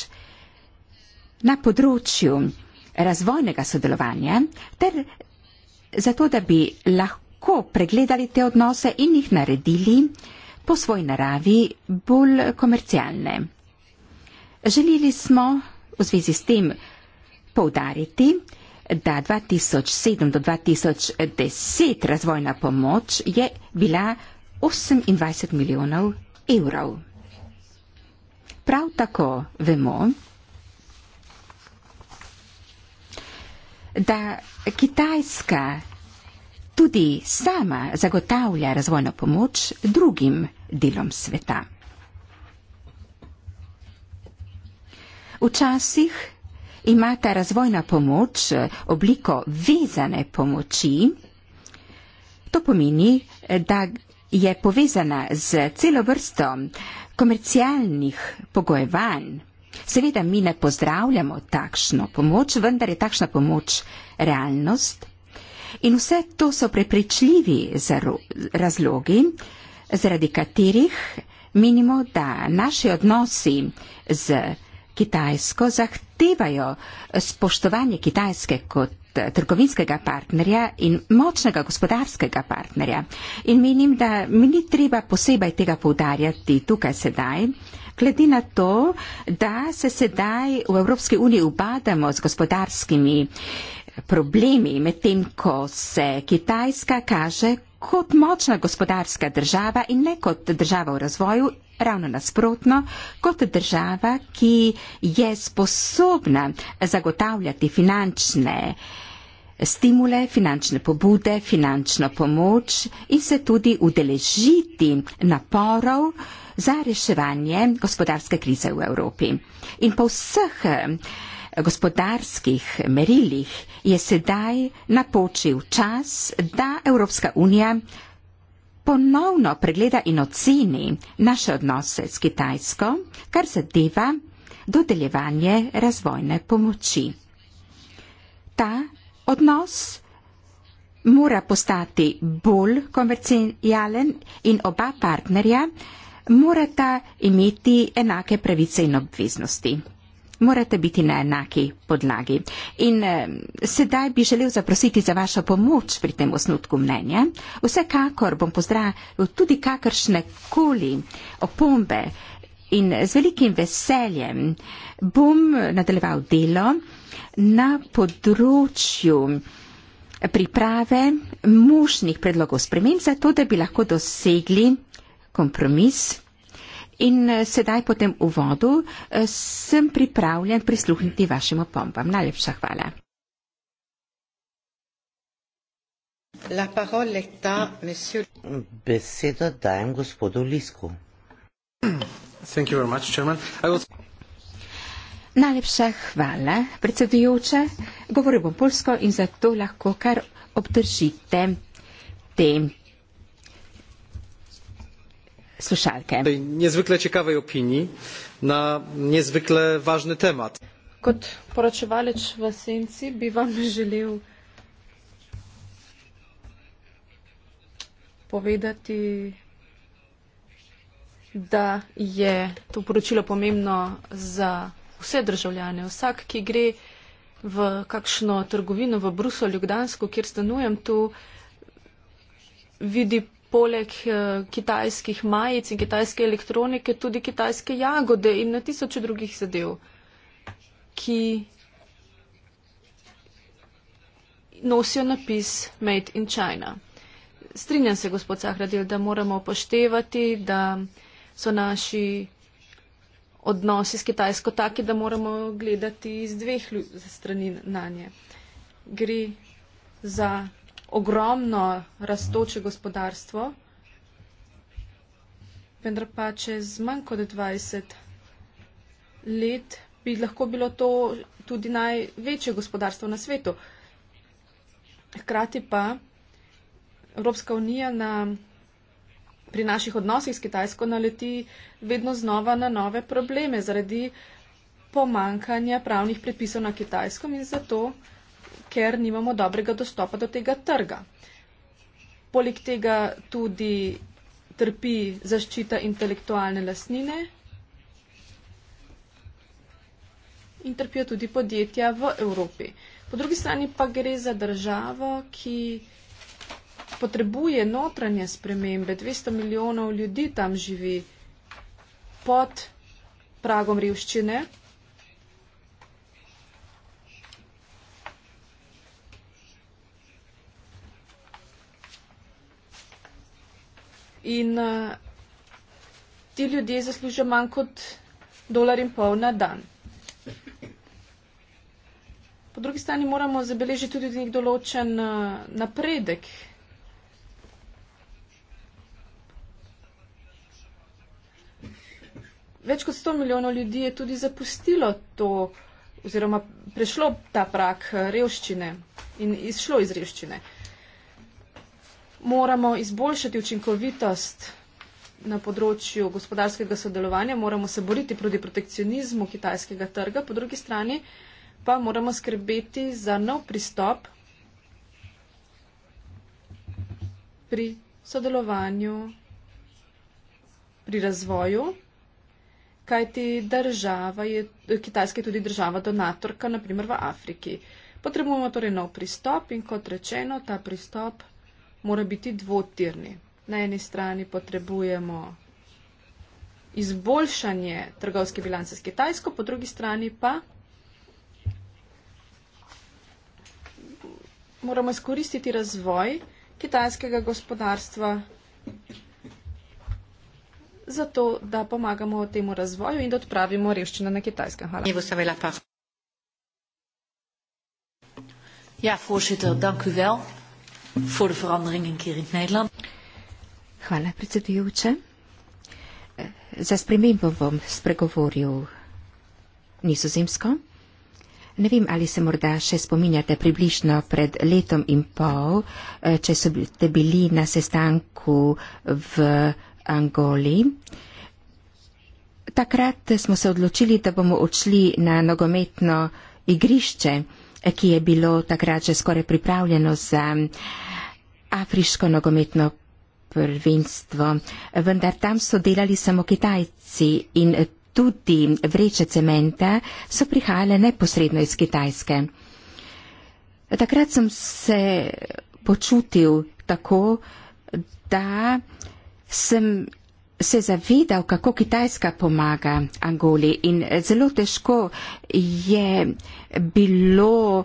na področju razvojnega sodelovanja, ter zato, da bi lahko pregledali te odnose in jih naredili po svoji naravi bolj komercialne. Želeli smo v zvezi s tem, poudariti, da 2007 do 2010 razvojna pomoč je bila 28 milijonov evrov. Prav tako vemo, da Kitajska tudi sama zagotavlja razvojno pomoč drugim delom sveta. Včasih imata razvojna pomoč obliko vezane pomoči. To pomeni, da je povezana z celo vrsto komercialnih pogojevanj. Seveda mi ne pozdravljamo takšno pomoč, vendar je takšna pomoč realnost. In vse to so prepričljivi razlogi, zaradi katerih menimo, da naši odnosi z Kitajsko zahtevajo spoštovanje Kitajske kot eh, trgovinskega partnerja in močnega gospodarskega partnerja. In menim, da mi ni treba posebej tega povdarjati tukaj sedaj, glede na to, da se sedaj v Evropski uniji upadamo z gospodarskimi eh, problemi, medtem ko se Kitajska kaže kot močna gospodarska država in ne kot država v razvoju, ravno nasprotno, kot država, ki je sposobna zagotavljati finančne stimule, finančne pobude, finančno pomoč in se tudi udeležiti naporov za reševanje gospodarske krize v Evropi. In po vseh gospodarskih merilih je sedaj napočil čas, da Evropska unija ponovno pregleda in oceni naše odnose s Kitajsko, kar zadeva dodeljevanje razvojne pomoči. Ta odnos mora postati bolj komercijalen in oba partnerja morata imeti enake pravice in obveznosti morate biti na enaki podlagi. In eh, sedaj bi želel zaprositi za vašo pomoč pri tem osnutku mnenja. Vsekakor bom pozdravil tudi kakršne koli opombe in z velikim veseljem bom nadaljeval delo na področju priprave možnih predlogov sprememb, zato da bi lahko dosegli kompromis. In eh, sedaj po tem uvodu eh, sem pripravljen prisluhniti vašim opombam. Najlepša hvala. La parole ta, monsieur. Besedo dajem gospodu Lisku. Thank you very much, chairman. I will... Najlepša hvala, predsedujoče. Govorim bom polsko in zato lahko kar obdržite tempo słyszalkę. Tej niezwykle ciekawej opinii na niezwykle ważny temat. Kot poročevalec v senci bi vam želel povedati, da je to poročilo pomembno za vse državljane. Vsak, ki gre v kakšno trgovino v Bruslju, Ljubljansko, kjer stanujem, tu vidi poleg eh, kitajskih majic in kitajske elektronike tudi kitajske jagode in na tisoče drugih zadev, ki nosijo napis Made in China. Strinjam se, gospod Sahradil, da moramo upoštevati, da so naši odnosi s Kitajsko taki, da moramo gledati iz dveh strani na nje. Gre za ogromno rastoče gospodarstvo, vendar pa čez manj kot 20 let bi lahko bilo to tudi največje gospodarstvo na svetu. Hkrati pa Evropska unija na, pri naših odnosih s Kitajsko naleti vedno znova na nove probleme zaradi pomankanja pravnih predpisov na Kitajskem in zato ker nimamo dobrega dostopa do tega trga. Poleg tega tudi trpi zaščita intelektualne lasnine in trpijo tudi podjetja v Evropi. Po drugi strani pa gre za državo, ki potrebuje notranje spremembe. 200 milijonov ljudi tam živi pod pragom revščine. In uh, ti ljudje zaslužijo manj kot dolar in pol na dan. Po drugi strani moramo zabeležiti tudi nek določen uh, napredek. Več kot 100 milijonov ljudi je tudi zapustilo to oziroma prešlo ta prak eh, revščine in izšlo iz revščine. Uh, moramo izboljšati učinkovitost na področju gospodarskega sodelovanja, moramo se boriti proti protekcionizmu kitajskega trga, po drugi strani pa moramo skrbeti za nov pristop pri sodelovanju, pri razvoju, kajti država je, Kitajska je tudi država donatorka, naprimer v Afriki. Potrebujemo torej nov pristop in kot rečeno, ta pristop mora biti dvotirni. Na eni strani potrebujemo izboljšanje trgovske bilance s Kitajsko, po drugi strani pa moramo izkoristiti razvoj kitajskega gospodarstva za to, da pomagamo temu razvoju in da odpravimo revščino na Kitajskem. Hvala. Ja, voorzitter, dank u wel voor de verandering een keer in het Nederland. Hvala, predsedujoče. Za spremembo bom spregovoril nizozemsko. Ne vem, ali se morda še spominjate približno pred letom in pol, eh, če ste bili na sestanku v Angoli. Takrat smo se odločili, da bomo odšli na nogometno igrišče ki je bilo takrat že skoraj pripravljeno za afriško nogometno prvenstvo. Vendar tam so delali samo Kitajci in tudi vreče cementa so prihajale neposredno iz Kitajske. Takrat sem se počutil tako, da sem se zavedal, kako Kitajska pomaga Angoli in zelo težko je bilo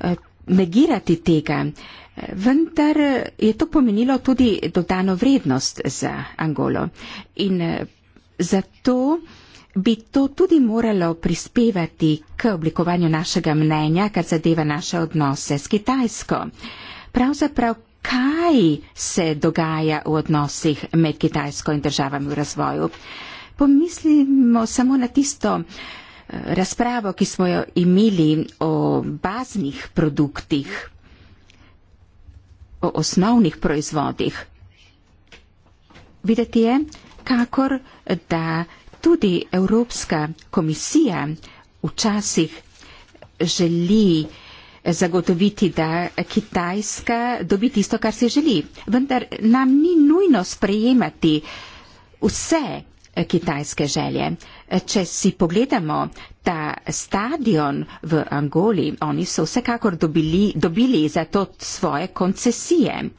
eh, negirati tega. Vendar je to pomenilo tudi dodano vrednost za Angolo. In eh, zato bi to tudi moralo prispevati k oblikovanju našega mnenja, kar zadeva naše odnose s Kitajsko. Pravzaprav, kaj se dogaja v odnosih med Kitajsko in državami v razvoju. Pomislimo samo na tisto eh, razpravo, ki smo jo imeli o baznih produktih, o osnovnih proizvodih. Videti je, kakor da tudi Evropska komisija včasih želi, zagotoviti, da Kitajska dobi tisto, kar si želi. Vendar nam ni nujno sprejemati vse kitajske želje. Če si pogledamo ta stadion v Angoli, oni so vsekakor dobili, dobili za to svoje koncesije.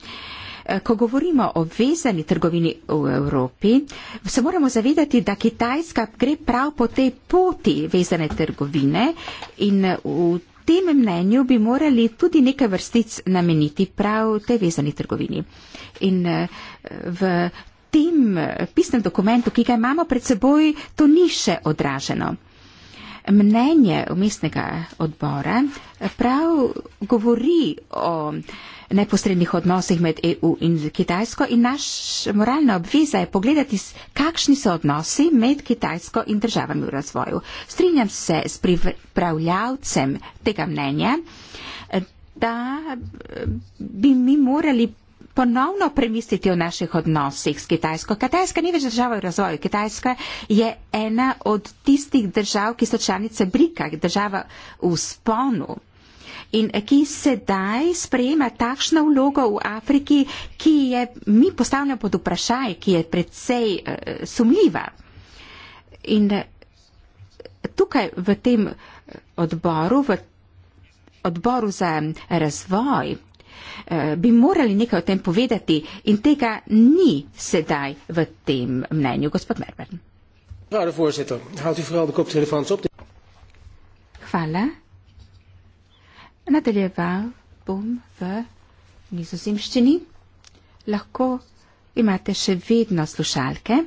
Ko govorimo o vezani trgovini v Evropi, se moramo zavedati, da Kitajska gre prav po tej poti vezane trgovine in v tem mnenju bi morali tudi nekaj vrstic nameniti prav tej vezani trgovini. In eh, v tem eh, pisnem dokumentu, ki ga imamo pred seboj, to ni še odraženo mnenje umestnega odbora prav govori o neposrednih odnosih med EU in Kitajsko in naš moralna obveza je pogledati, kakšni so odnosi med Kitajsko in državami v razvoju. Strinjam se s pripravljavcem tega mnenja, da bi mi morali ponovno premisliti o naših odnosih s Kitajsko. Kitajska ni več država v razvoju. Kitajska je ena od tistih držav, ki so članice Brika, država v sponu. In ki sedaj sprejema takšno vlogo v Afriki, ki je mi postavljamo pod vprašaj, ki je predvsej uh, eh, sumljiva. In eh, tukaj v tem eh, odboru, v odboru za razvoj, Eh, bi morali nekaj o tem povedati in tega ni sedaj v tem mnenju, gospod Merben. Hvala. Nadaljeval bom v nizozemščini. Lahko imate še vedno slušalke.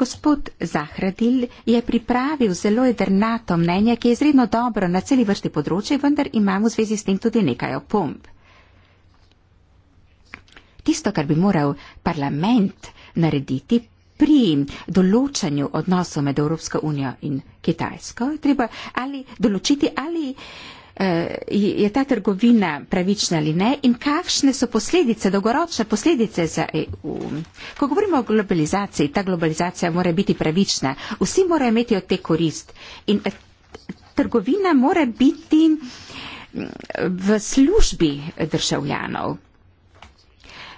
Gospod Zahradil je pripravil zelo jedrnato mnenje, ki je izredno dobro na celi vrsti področje, vendar imam v zvezi s tem tudi nekaj opomb tisto, kar bi moral parlament narediti pri določanju odnosov med Evropsko unijo in Kitajsko, treba ali določiti, ali eh, je ta trgovina pravična ali ne in kakšne so posledice, dolgoročne posledice za EU. Ko govorimo o globalizaciji, ta globalizacija mora biti pravična, vsi morajo imeti od te korist in eh, trgovina mora biti mm, v službi državljanov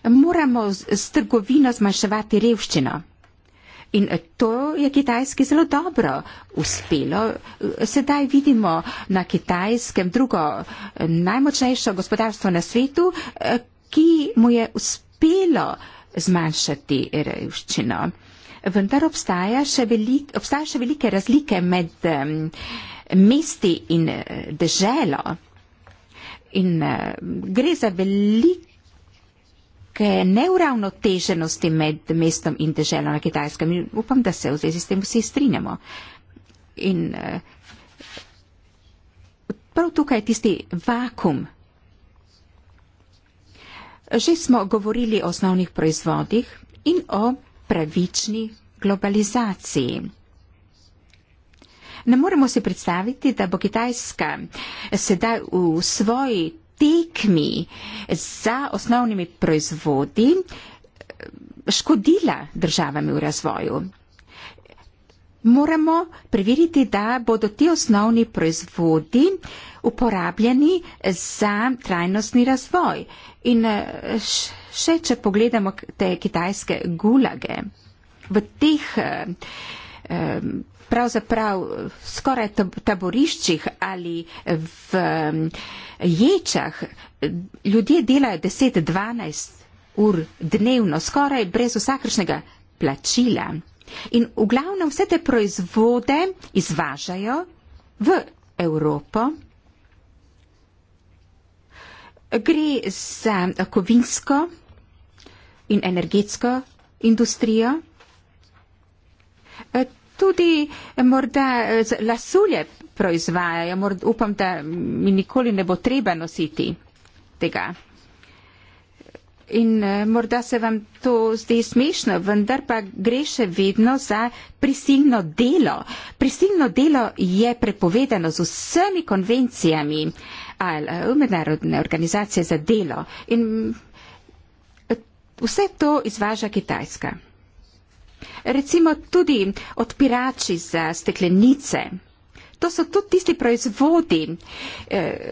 moramo s trgovino zmanjševati revščino. In to je kitajski zelo dobro uspelo. Sedaj vidimo na kitajskem drugo najmočnejšo gospodarstvo na svetu, ki mu je uspelo zmanjšati revščino. Vendar obstaja še, velik, obstaja še velike razlike med mesti in deželo. In gre za velik neke neuravnoteženosti med mestom in deželo na Kitajskem. In upam, da se v zvezi s tem vsi strinjamo. In uh, prav tukaj je tisti vakum. Že smo govorili o osnovnih proizvodih in o pravični globalizaciji. Ne moremo si predstaviti, da bo Kitajska sedaj v svoji tekmi za osnovnimi proizvodi eh, škodila državami v razvoju. Moramo preveriti, da bodo ti osnovni proizvodi uporabljeni za trajnostni razvoj. In eh, še, če pogledamo te kitajske gulage, v teh eh, pravzaprav eh, skoraj taboriščih ali eh, v mm, ječah eh, ljudje delajo 10-12 ur dnevno, skoraj brez vsakršnega plačila. In v glavnem vse te proizvode izvažajo v Evropo. Gre za kovinsko in energetsko industrijo tudi eh, morda eh, lasulje proizvajajo. Morda, upam, da mi nikoli ne bo treba nositi tega. In eh, morda se vam to zdi smešno, vendar pa gre še vedno za prisilno delo. Prisilno delo je prepovedano z vsemi konvencijami mednarodne organizacije za delo. In vse to izvaža Kitajska recimo tudi odpirači za steklenice. To so tudi tisti proizvodi, eh,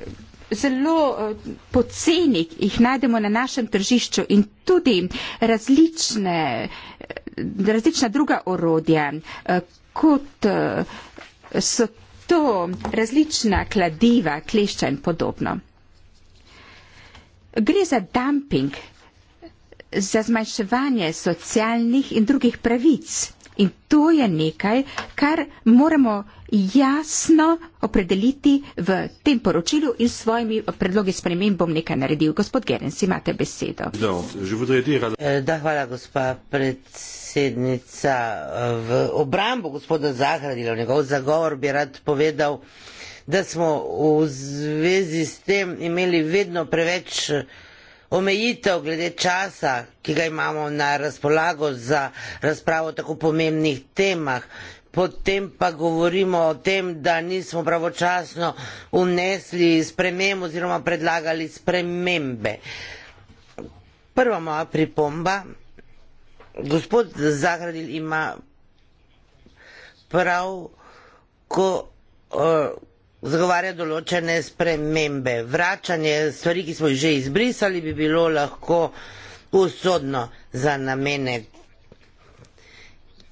zelo eh, poceni jih najdemo na našem tržišču in tudi različne, eh, različna druga orodja, kot so to različna kladiva, klešča in podobno. Gre za dumping, za zmanjševanje socialnih in drugih pravic. In to je nekaj, kar moramo jasno opredeliti v tem poročilu in s svojimi predlogi spremem bom nekaj naredil. Gospod Gerens, imate besedo. Da, hvala, gospa predsednica. V obrambu gospoda Zahradila, njegov zagovor bi rad povedal, da smo v zvezi s tem imeli vedno preveč omejitev glede časa, ki ga imamo na razpolago za razpravo o tako pomembnih temah. Potem pa govorimo o tem, da nismo pravočasno unesli spremem oziroma predlagali spremembe. Prva moja pripomba. Gospod Zahradil ima prav, ko, eh, zagovarja določene spremembe. Vračanje stvari, ki smo jih že izbrisali, bi bilo lahko usodno za namene,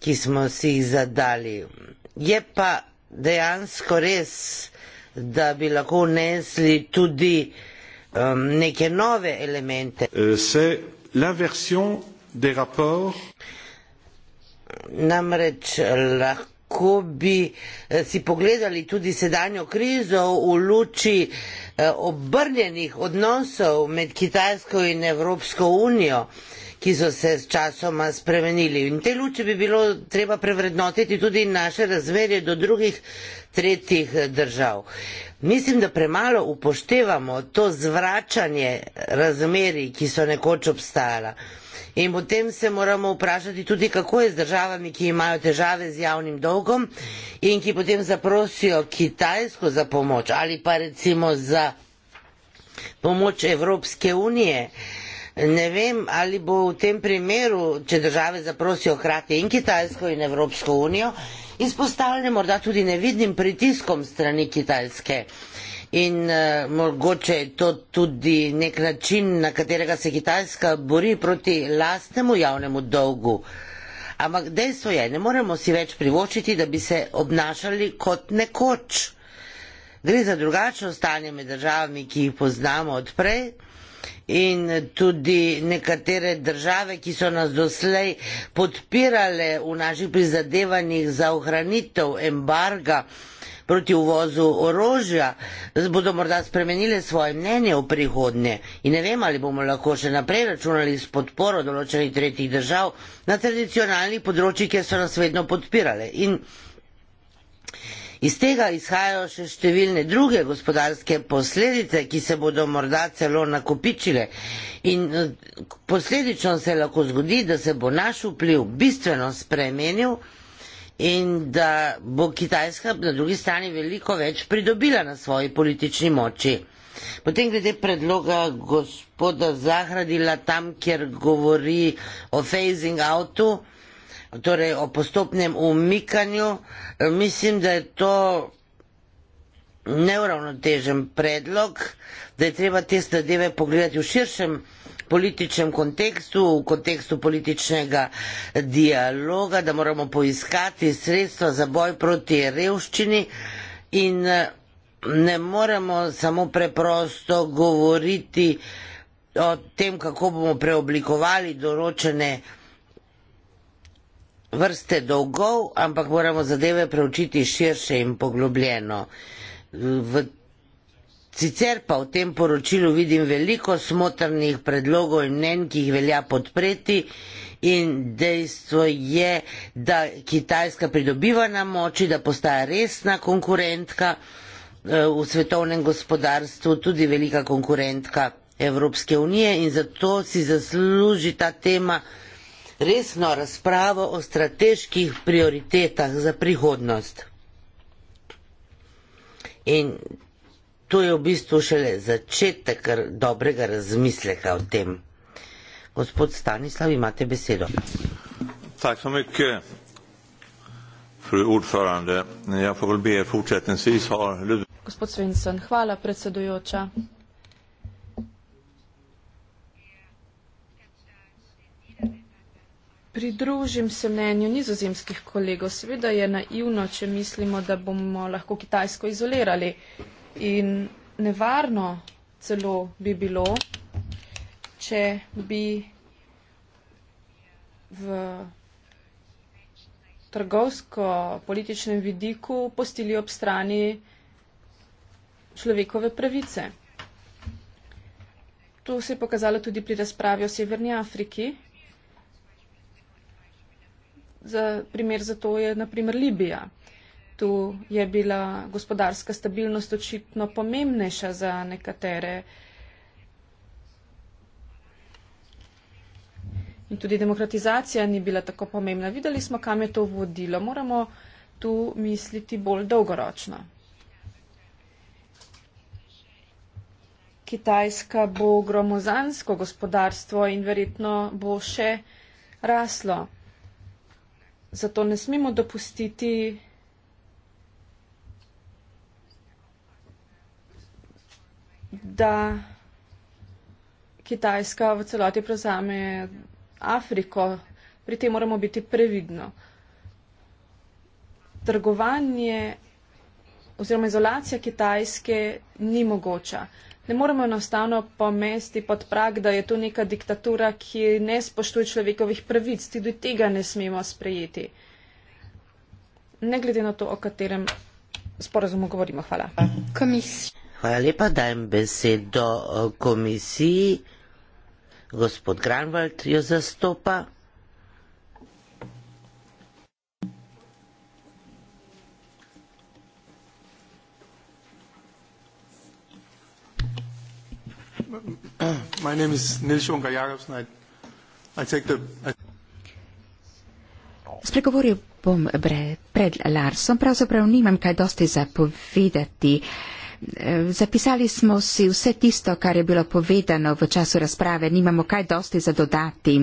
ki smo si jih zadali. Je pa dejansko res, da bi lahko unesli tudi um, neke nove elemente. Eh, Namreč lahko ko bi eh, si pogledali tudi sedanjo krizo v luči eh, obrnjenih odnosov med Kitajsko in Evropsko unijo, ki so se s časoma spremenili. In te luči bi bilo treba prevrednotiti tudi naše razmerje do drugih tretjih eh, držav. Mislim, da premalo upoštevamo to zvračanje razmeri, ki so nekoč obstajala. In potem se moramo vprašati tudi, kako je z državami, ki imajo težave z javnim dolgom in ki potem zaprosijo Kitajsko za pomoč ali pa recimo za pomoč Evropske unije. Ne vem, ali bo v tem primeru, če države zaprosijo hkrati in Kitajsko in Evropsko unijo, izpostavljene morda tudi nevidnim pritiskom strani Kitajske in uh, mogoče je to tudi nek način, na katerega se Kitajska bori proti lastnemu javnemu dolgu. Ampak dejstvo je, ne moremo si več privočiti, da bi se obnašali kot nekoč. Gre za drugačno stanje med državami, ki jih poznamo odprej. In tudi nekatere države, ki so nas doslej podpirale v naših prizadevanjih za ohranitev embarga, proti uvozu orožja, bodo morda spremenile svoje mnenje v prihodnje in ne vem, ali bomo lahko še naprej računali s podporo določenih tretjih držav na tradicionalnih področjih, kjer so nas vedno podpirale. In Iz tega izhajajo še številne druge gospodarske posledice, ki se bodo morda celo nakopičile. In eh, posledično se lahko zgodi, da se bo naš vpliv bistveno spremenil in da bo Kitajska na drugi strani veliko več pridobila na svoji politični moči. Potem glede predloga gospoda Zahradila tam, kjer govori o phasing outu, torej o postopnem umikanju, mislim, da je to neuravnotežen predlog, da je treba te stadeve pogledati v širšem političnem kontekstu, v kontekstu političnega dialoga, da moramo poiskati sredstva za boj proti revščini in eh, ne moremo samo preprosto govoriti o tem, kako bomo preoblikovali določene vrste dolgov, ampak moramo zadeve preučiti širše in poglobljeno. V Sicer pa v tem poročilu vidim veliko smotrnih predlogov in mnen, ki jih velja podpreti in dejstvo je, da Kitajska pridobiva na moči, da postaja resna konkurentka eh, v svetovnem gospodarstvu, tudi velika konkurentka Evropske unije in zato si zasluži ta tema resno razpravo o strateških prioritetah za prihodnost. In to je v bistvu šele začetek dobrega razmisleka o tem. Gospod Stanislav, imate besedo. Tak so mykje, fru ordförande. Ja får väl be er fortsättningsvis ha... Gospod Svensson, hvala predsedujoča. Pridružim se mnenju nizozemskih kolegov. Seveda je naivno, če mislimo, da bomo lahko Kitajsko izolirali. In nevarno celo bi bilo, če bi v trgovsko-političnem vidiku postili ob strani človekove pravice. To se je pokazalo tudi pri razpravi o Severni Afriki. Za primer za to je naprimer Libija svetu je bila gospodarska stabilnost očitno pomembnejša za nekatere. In tudi demokratizacija ni bila tako pomembna. Videli smo, kam je to vodilo. Moramo tu misliti bolj dolgoročno. Kitajska bo gromozansko gospodarstvo in verjetno bo še raslo. Zato ne smemo dopustiti da Kitajska v celoti prevzame Afriko, pri tem moramo biti previdno. Trgovanje oziroma izolacija Kitajske ni mogoča. Ne moremo enostavno pomesti pod prag, da je to neka diktatura, ki ne spoštuje človekovih pravic, tudi tega ne smemo sprejeti. Ne glede na to, o katerem sporazumu govorimo. Hvala. Komisija. Hvala lepa, dajem besedo eh, komisiji. Gospod Granvald jo zastopa. Spregovoril bom pred Larsom, pravzaprav nimam kaj dosti zapovedati. Zapisali smo si vse tisto, kar je bilo povedano v času razprave, nimamo kaj dosti za dodati.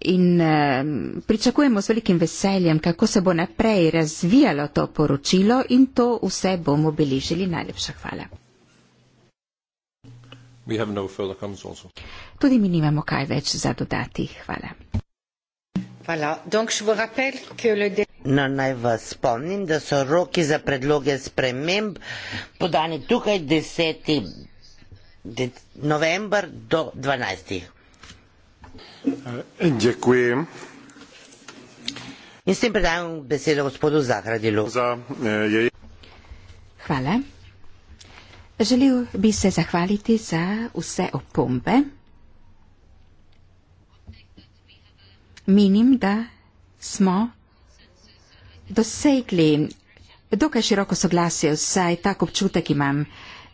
In eh, pričakujemo z velikim veseljem, kako se bo naprej razvijalo to poročilo in to vse bomo beležili. Najlepša hvala. No Tudi mi nimamo kaj več za dodati. Hvala. Voilà. Donc, je vous rappelle que le No, naj vas spomnim, da so roki za predloge sprememb podani tukaj 10. De november do 12. Eh, děkuji. In s tem predajam besedo gospodu Zahradilu. Za, eh, je... Hvala. Želel bi se zahvaliti za vse opombe. Menim, da smo dosegli dokaj široko soglasje, vsaj tako občutek imam.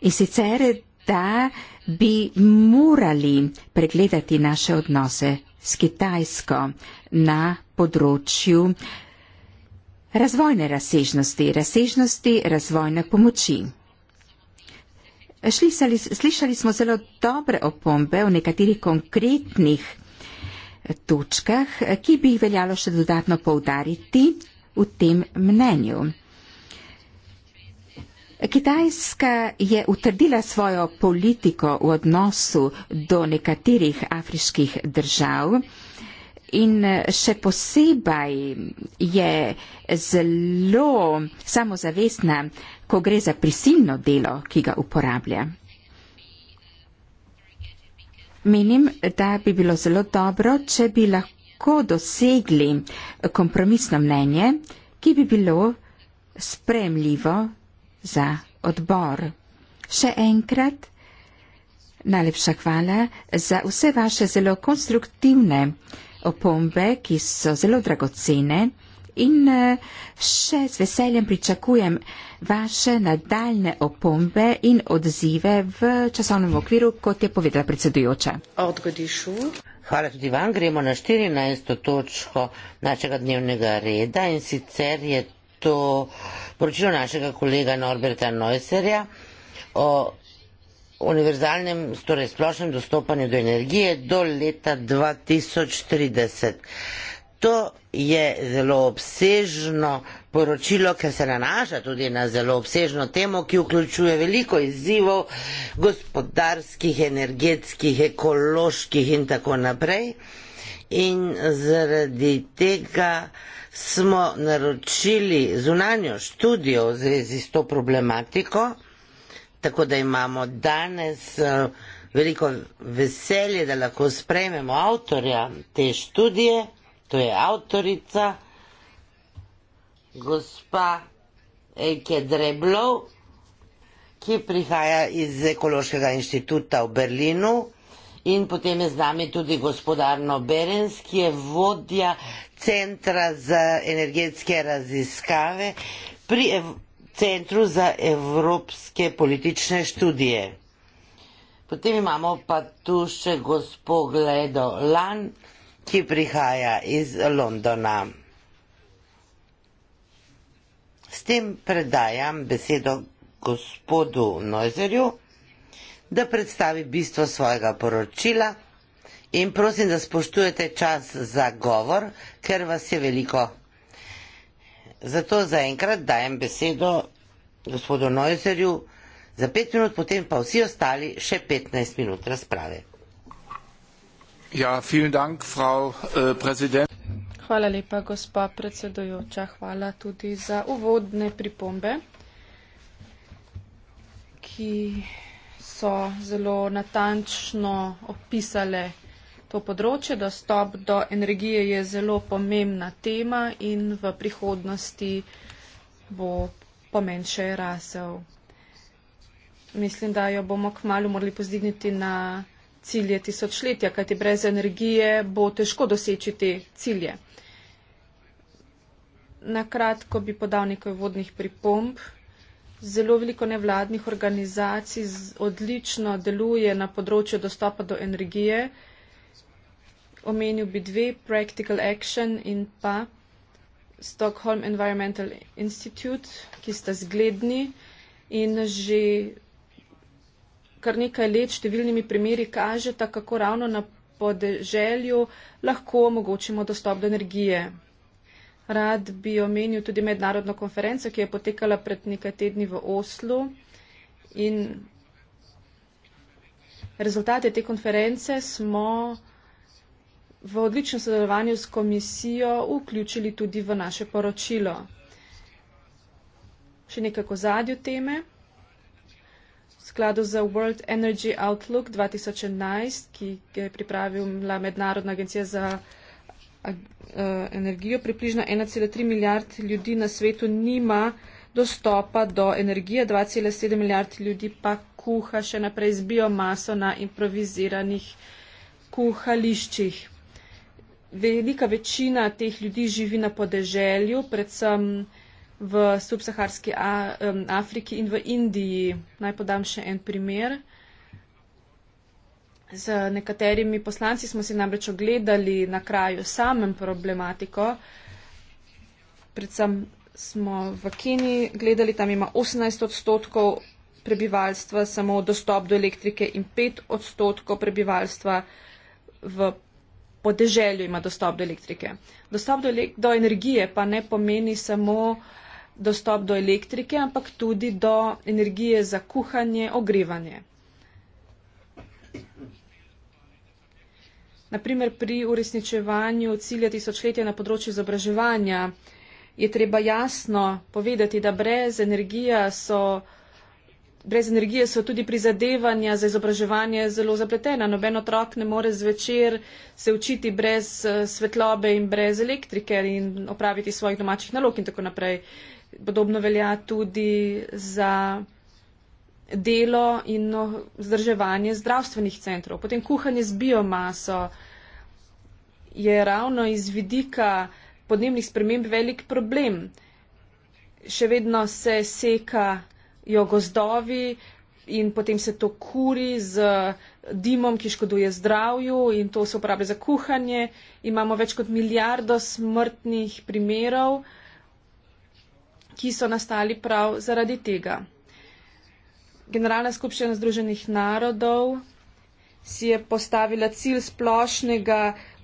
In sicer, da bi morali pregledati naše odnose s Kitajsko na področju razvojne razsežnosti, razsežnosti razvojne pomoči. Šlisali, slišali smo zelo dobre opombe v nekaterih konkretnih točkah, ki bi jih veljalo še dodatno poudariti v tem mnenju. Kitajska je utrdila svojo politiko v odnosu do nekaterih afriških držav in še posebej je zelo samozavestna, ko gre za prisilno delo, ki ga uporablja. Menim, da bi bilo zelo dobro, če bi lahko lahko dosegli kompromisno mnenje, ki bi bilo spremljivo za odbor. Še enkrat najlepša hvala za vse vaše zelo konstruktivne opombe, ki so zelo dragocene in eh, še z veseljem pričakujem vaše nadaljne opombe in odzive v časovnem okviru, kot je povedala predsedujoča. Odgodišu. Hvala tudi vam. Gremo na 14. točko našega dnevnega reda in sicer je to poročilo našega kolega Norberta Neusserja o univerzalnem, torej splošnem dostopanju do energije do leta 2030. To je zelo obsežno poročilo, ker se nanaša tudi na zelo obsežno temo, ki vključuje veliko izzivov gospodarskih, energetskih, ekoloških in tako naprej. In zaradi tega smo naročili zunanjo študijo v zvezi s to problematiko, tako da imamo danes eh, veliko veselje, da lahko sprejmemo avtorja te študije to je avtorica, gospa Eike Dreblov, ki prihaja iz Ekološkega inštituta v Berlinu. In potem je z nami tudi gospodarno Berens, ki je vodja Centra za energetske raziskave pri Ev Centru za evropske politične študije. Potem imamo pa tu še gospod Gledo Lan, ki prihaja iz Londona. S tem predajam besedo gospodu Nojzerju, da predstavi bistvo svojega poročila in prosim, da spoštujete čas za govor, ker vas je veliko. Zato zaenkrat dajem besedo gospodu Nojzerju za pet minut, potem pa vsi ostali še 15 minut razprave. Ja, dank, frau, eh, hvala lepa, gospa predsedujoča. Hvala tudi za uvodne pripombe, ki so zelo natančno opisale to področje. Dostop do energije je zelo pomembna tema in v prihodnosti bo pomen še rasel. Mislim, da jo bomo kmalo morali pozdigniti na cilje tisočletja, kajti brez energije bo težko doseči te cilje. Na kratko bi podal nekaj vodnih pripomb. Zelo veliko nevladnih organizacij odlično deluje na področju dostopa do energije. Omenil bi dve, Practical Action in pa Stockholm Environmental Institute, ki sta zgledni in že kar nekaj let številnimi primeri kaže, kako ravno na podeželju lahko omogočimo dostop do energije. Rad bi omenil tudi mednarodno konferenco, ki je potekala pred nekaj tedni v Oslu. In rezultate te konference smo v odličnem sodelovanju s komisijo vključili tudi v naše poročilo. Še nekako zadnjo temo skladu z World Energy Outlook 2011, ki je pripravila Mednarodna agencija za e, energijo, približno 1,3 milijard ljudi na svetu nima dostopa do energije, 2,7 milijard ljudi pa kuha še naprej z biomaso na improviziranih kuhališčih. Velika večina teh ljudi živi na podeželju, predvsem v subsaharski Afriki in v Indiji. Naj podam še en primer. Z nekaterimi poslanci smo si namreč ogledali na kraju samem problematiko. Predvsem smo v Keniji gledali, tam ima 18 odstotkov prebivalstva samo dostop do elektrike in 5 odstotkov prebivalstva v podeželju ima dostop do elektrike. Dostop do, do energije pa ne pomeni samo uh, dostop do elektrike, ampak tudi do energije za kuhanje, ogrevanje. Naprimer, pri uresničevanju cilja tisočletja na področju izobraževanja je treba jasno povedati, da brez energije so, brez energije so tudi prizadevanja za izobraževanje zelo zapletena. Noben otrok ne more zvečer se učiti brez eh, svetlobe in brez elektrike in opraviti svojih domačih nalog in tako naprej. Uh, Podobno velja tudi za delo in no, vzdrževanje zdravstvenih centrov. Potem kuhanje z biomaso je ravno iz vidika podnebnih sprememb velik problem. Še vedno se sekajo gozdovi in potem se to kuri z dimom, ki škoduje zdravju in to se uporablja za kuhanje. Imamo več kot milijardo smrtnih primerov ki so nastali prav zaradi tega. Generalna skupščina Združenih narodov si je postavila cilj splošnega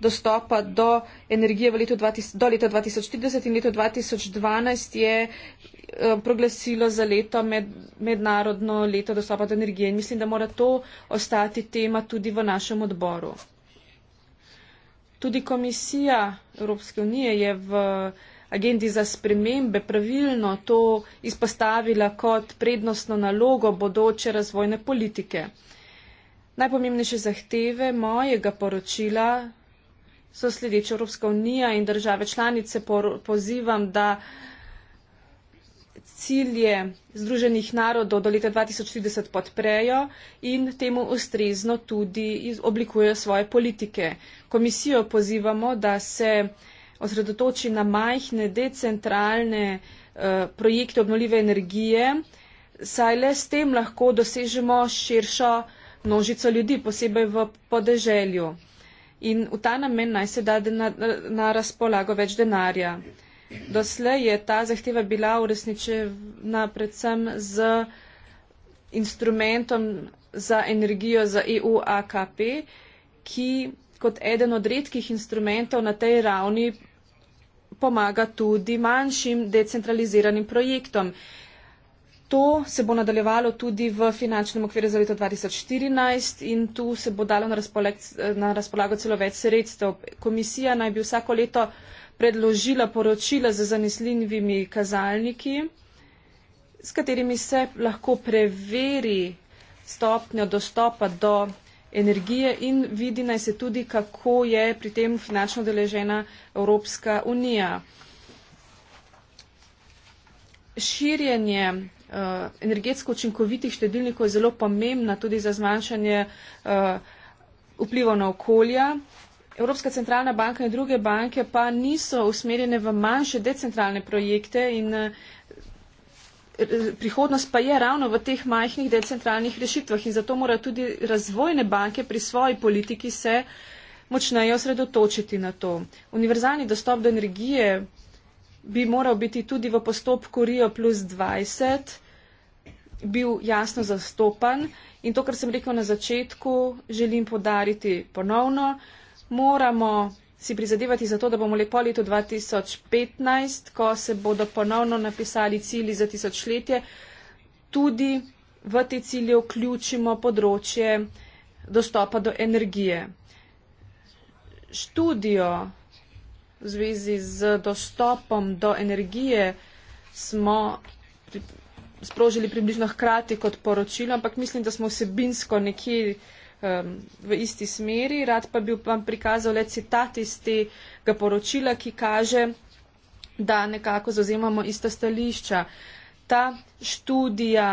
dostopa do energije v letu 20, do leta 2030 in leto 2012 je eh, proglasilo za leto med, mednarodno leto dostopa do energije. In mislim, da mora to ostati tema tudi v našem odboru. Tudi komisija Evropske unije je v agendi za spremembe pravilno to izpostavila kot prednostno nalogo bodoče razvojne politike. Najpomembnejše zahteve mojega poročila so sledeče Evropska unija in države članice pozivam, da cilje Združenih narodov do leta 2030 podprejo in temu ustrezno tudi oblikujejo svoje politike. Komisijo pozivamo, da se osredotoči na majhne, decentralne eh, projekte obnoljive energije, saj le s tem lahko dosežemo širšo množico ljudi, posebej v podeželju. In v ta namen naj se da na, na razpolago več denarja. Doslej je ta zahteva bila uresničena predvsem z instrumentom za energijo za EU AKP, ki kot eden od redkih instrumentov na tej ravni pomaga tudi manjšim decentraliziranim projektom. To se bo nadaljevalo tudi v finančnem okviru za leto 2014 in tu se bo dalo na razpolago, na razpolago celo več sredstev. Komisija naj bi vsako leto predložila poročila z zanesljivimi kazalniki, s katerimi se lahko preveri stopnjo dostopa do energije in vidi naj se tudi, kako je pri tem finančno deležena Evropska unija. Širjenje uh, energetsko učinkovitih štedilnikov je zelo pomembna tudi za zmanjšanje uh, vplivov na okolja. Evropska centralna banka in druge banke pa niso usmerjene v manjše decentralne projekte in uh, prihodnost pa je ravno v teh majhnih decentralnih rešitvah in zato mora tudi razvojne banke pri svoji politiki se močneje osredotočiti na to. Univerzalni dostop do energije bi moral biti tudi v postopku Rio plus 20 bil jasno zastopan in to, kar sem rekel na začetku, želim podariti ponovno. Moramo si prizadevati za to, da bomo lepo leto 2015, ko se bodo ponovno napisali cilji za tisočletje, tudi v te cilje vključimo področje dostopa do energije. Študijo v zvezi z dostopom do energije smo sprožili približno hkrati kot poročilo, ampak mislim, da smo vsebinsko nekje um, v isti smeri. Rad pa bi vam prikazal le citat iz tega poročila, ki kaže, da nekako zauzemamo ista stališča. Ta študija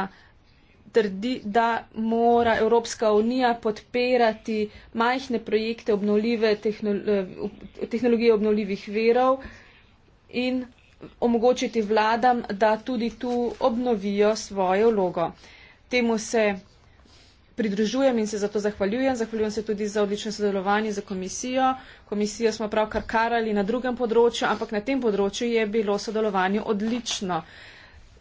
trdi, da mora Evropska unija podpirati majhne projekte obnovljive tehnolo eh, tehnologije obnovljivih verov in omogočiti vladam, da tudi tu obnovijo svojo vlogo. Temu se pridružujem in se zato zahvaljujem. Zahvaljujem se tudi za odlično sodelovanje z komisijo. Komisijo smo pravkar karali na drugem področju, ampak na tem področju je bilo sodelovanje odlično.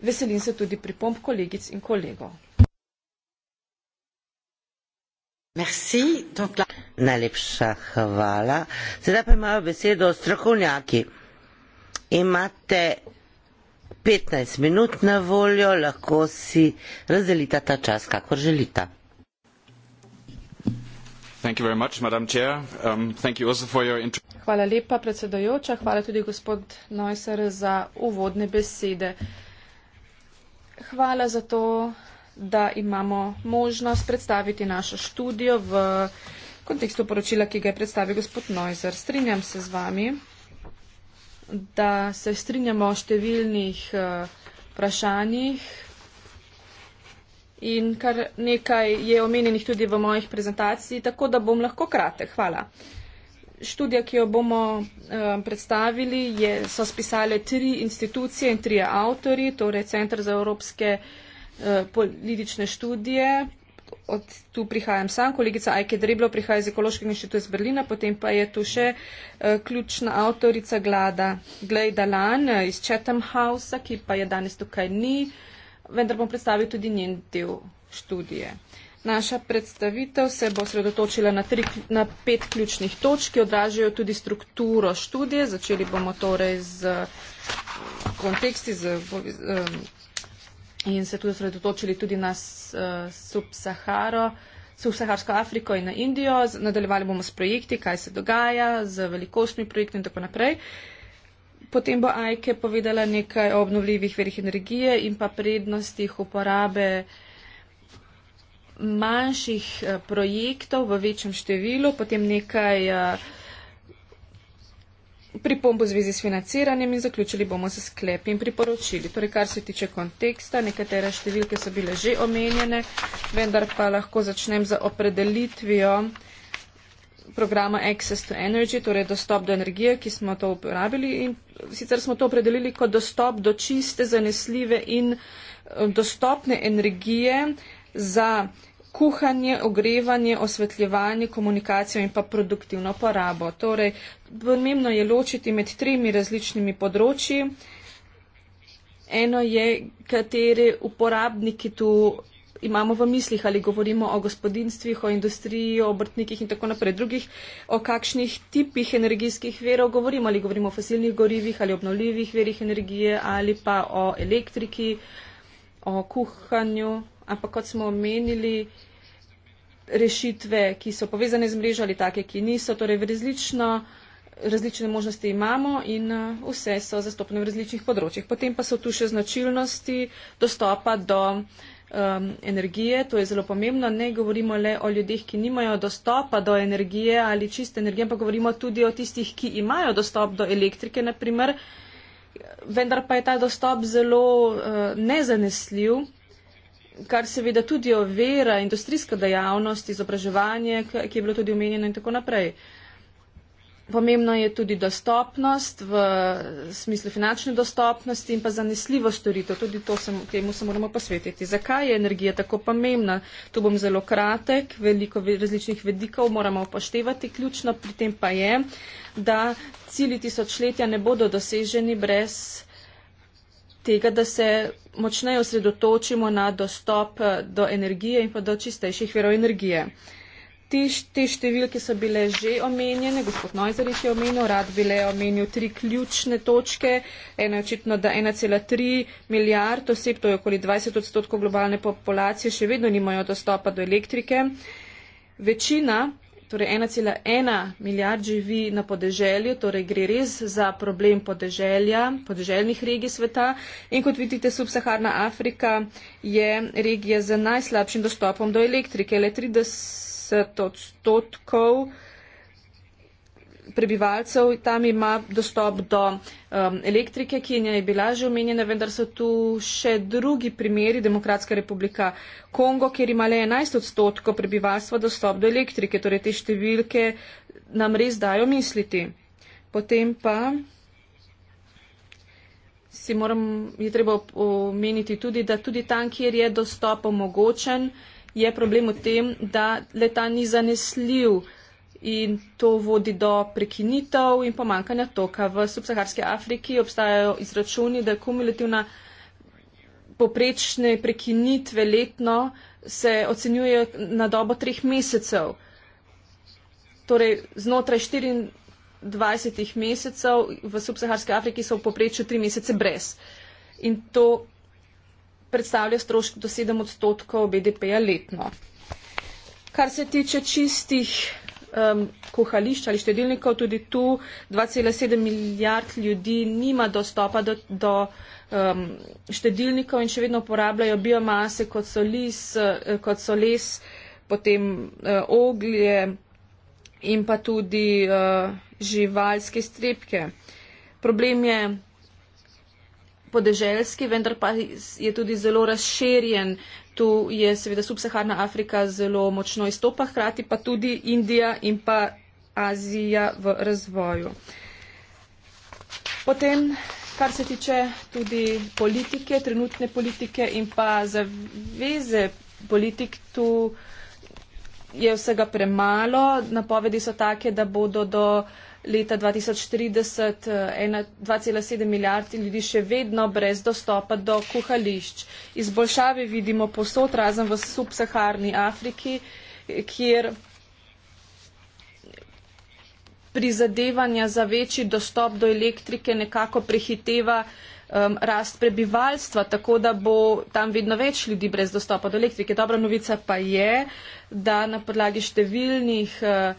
Veselim se tudi pripomp kolegic in kolegov. Merci. Najlepša hvala. Sedaj pa imajo besedo strokovnjaki. Imate 15 minut na voljo, lahko si razdelite ta čas, kako želite. Um, Hvala lepa, predsedujoča. Hvala tudi gospod Neusser za uvodne besede. Hvala za to, da imamo možnost predstaviti našo študijo v kontekstu poročila, ki ga je predstavil gospod Neusser. Strinjam se z vami, da se strinjamo o številnih eh, vprašanjih, in kar nekaj je omenjenih tudi v mojih prezentacijah, tako da bom lahko kratek. Hvala. Študija, ki jo bomo um, predstavili, je, so spisale tri institucije in tri avtori, torej Centr za evropske uh, politične študije. Od tu prihajam sam, kolegica Ajke Dreblo prihaja iz Ekološkega inštituta iz Berlina, potem pa je tu še uh, ključna avtorica Glada Glejda Lan iz Chatham House, ki pa je danes tukaj ni. Uh, vendar bom predstavil tudi njen del študije. Naša predstavitev se bo sredotočila na, tri, na pet ključnih točk, ki odražajo tudi strukturo študije. Začeli bomo torej z eh, konteksti z, in se tudi sredotočili tudi na eh, subsaharo, subsaharsko Afriko in na Indijo. Nadaljevali bomo s projekti, kaj se dogaja, z velikostmi projektov in tako naprej potem bo Ajke povedala nekaj o obnovljivih verjih energije in pa prednostih uporabe manjših eh, projektov v večjem številu, potem nekaj eh, pripombo v zvezi s financiranjem in zaključili bomo se sklepi in priporočili. Torej, kar se tiče konteksta, nekatere številke so bile že omenjene, vendar pa lahko začnem z opredelitvijo programa Access to Energy, torej dostop do energije, ki smo to uporabili in sicer smo to opredelili kot dostop do čiste, zanesljive in eh, dostopne energije za kuhanje, ogrevanje, osvetljevanje, komunikacijo in pa produktivno porabo. Torej, pomembno je ločiti med tremi različnimi področji. Eno je, kateri uporabniki tu imamo v mislih, ali govorimo o gospodinstvih, o industriji, o obrtnikih in tako naprej, drugih, o kakšnih tipih energijskih verov govorimo, ali govorimo o fosilnih gorivih, ali obnovljivih verih energije, ali pa o elektriki, o kuhanju, ampak kot smo omenili, rešitve, ki so povezane z mrežo ali take, ki niso, torej različno. Različne možnosti imamo in vse so zastopne v različnih področjih. Potem pa so tu še značilnosti dostopa do uh, um, energije, to je zelo pomembno. Ne govorimo le o ljudeh, ki nimajo dostopa do energije ali čiste energije, ampak govorimo tudi o tistih, ki imajo dostop do elektrike, naprimer. Vendar pa je ta dostop zelo uh, nezanesljiv, kar seveda tudi ovira industrijska dejavnost, izobraževanje, ki je bilo tudi omenjeno in tako naprej. Uh, Pomembno je tudi dostopnost v smislu finančne dostopnosti in pa zanesljivo storitev. Tudi sem, temu se moramo posvetiti. Zakaj je energija tako pomembna? Tu bom zelo kratek. Veliko različnih vedikov moramo upoštevati. Ključno pri tem pa je, da cilji tisočletja ne bodo doseženi brez tega, da se močneje osredotočimo na dostop eh, do energije in pa do čistejših verov energije. Te, te številke so bile že omenjene, gospod Nojzarič je omenil, rad bi le omenil tri ključne točke. Eno je očitno, da 1,3 milijard oseb, to je okoli 20 odstotkov globalne populacije, še vedno nimajo dostopa do elektrike. Večina, torej 1,1 milijard živi na podeželju, torej gre res za problem podeželja, podeželjnih regij sveta. In kot vidite, subsaharna Afrika je regija z najslabšim dostopom do elektrike. Le 30 80 odstotkov prebivalcev tam ima dostop do um, elektrike, ki je njej bila že omenjena, vendar so tu še drugi primeri, Demokratska republika Kongo, kjer ima le 11 odstotkov prebivalstva dostop do elektrike, torej te številke nam res dajo misliti. Potem pa si moram, je treba omeniti tudi, da tudi tam, kjer je dostop omogočen, je problem v tem, da leta ni zanesljiv in to vodi do prekinitev in pomankanja toka. V subsaharski Afriki obstajajo izračuni, da je kumulativna poprečne prekinitve letno se ocenjuje na dobo treh mesecev. Torej, znotraj 24 mesecev v subsaharski Afriki so v poprečju tri mesece brez. In to predstavlja strošek do 7 odstotkov BDP-ja letno. Kar se tiče čistih um, kuhališč ali številnikov, tudi tu 2,7 milijard ljudi nima dostopa do. do Um, štedilnikov in še vedno uporabljajo biomase, kot so, lis, eh, kot so les, potem uh, oglje in pa tudi uh, živalske strepke. Problem je podeželski, vendar pa je tudi zelo razširjen. Tu je seveda subsaharna Afrika zelo močno izstopa, hkrati pa tudi Indija in pa Azija v razvoju. Potem, kar se tiče tudi politike, trenutne politike in pa zaveze politik, tu je vsega premalo. Napovedi so take, da bodo do leta 2040 2,7 milijardi ljudi še vedno brez dostopa do kuhališč. Izboljšave vidimo posod, razen v subsaharni Afriki, kjer prizadevanja za večji dostop do elektrike nekako prehiteva um, rast prebivalstva, tako da bo tam vedno več ljudi brez dostopa do elektrike. Dobra novica pa je, da na podlagi številnih uh,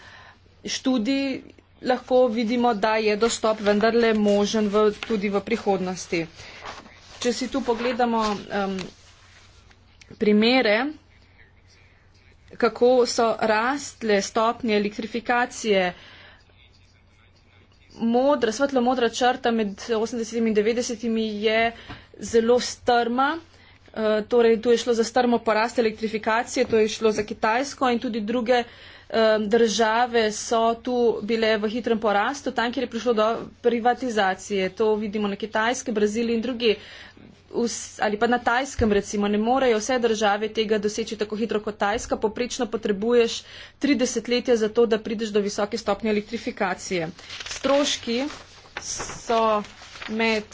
študij lahko vidimo, da je dostop vendarle možen v, tudi v prihodnosti. Če si tu pogledamo um, primere, kako so rastle stopnje elektrifikacije, modra, svetlo modra črta med 80 in 90 je zelo strma. Uh, torej, tu je šlo za strmo porast elektrifikacije, to je šlo za Kitajsko in tudi druge države so tu bile v hitrem porastu, tam, kjer je prišlo do privatizacije. To vidimo na Kitajske, Braziliji in drugi. Ali pa na Tajskem, recimo, ne morejo vse države tega doseči tako hitro kot Tajska. Poprečno potrebuješ 30 let za to, da prideš do visoke stopnje elektrifikacije. Stroški so med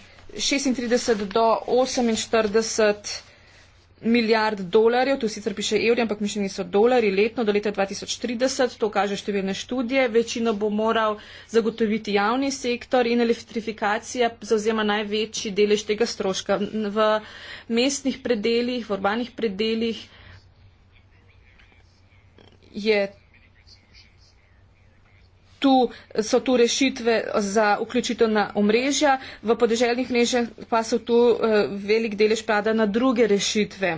36 eh, do 48 milijard dolarjev, tu sicer piše evri, ampak mišljeni so dolari letno do leta 2030, to kaže številne študije, večino bo moral zagotoviti javni sektor in elektrifikacija zauzema največji delež tega stroška. V mestnih predeljih, v urbanih predeljih je Tu so tu rešitve za vključitev na omrežja, v podeželjnih mrežah pa so tu eh, velik delež pada na druge rešitve.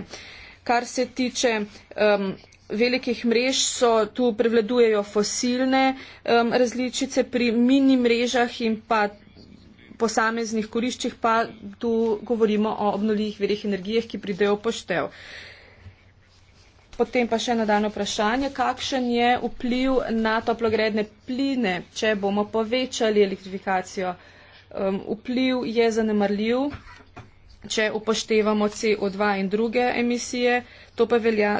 Kar se tiče um, velikih mrež, so tu prevladujejo fosilne um, različice, pri mini mrežah in pa posameznih koriščih pa tu govorimo o obnovljivih verjih energijah, ki pridejo poštev. Potem pa še nadaljno vprašanje, kakšen je vpliv na toplogredne pline, če bomo povečali elektrifikacijo. Um, vpliv je zanemrljiv, če upoštevamo CO2 in druge emisije. To pa velja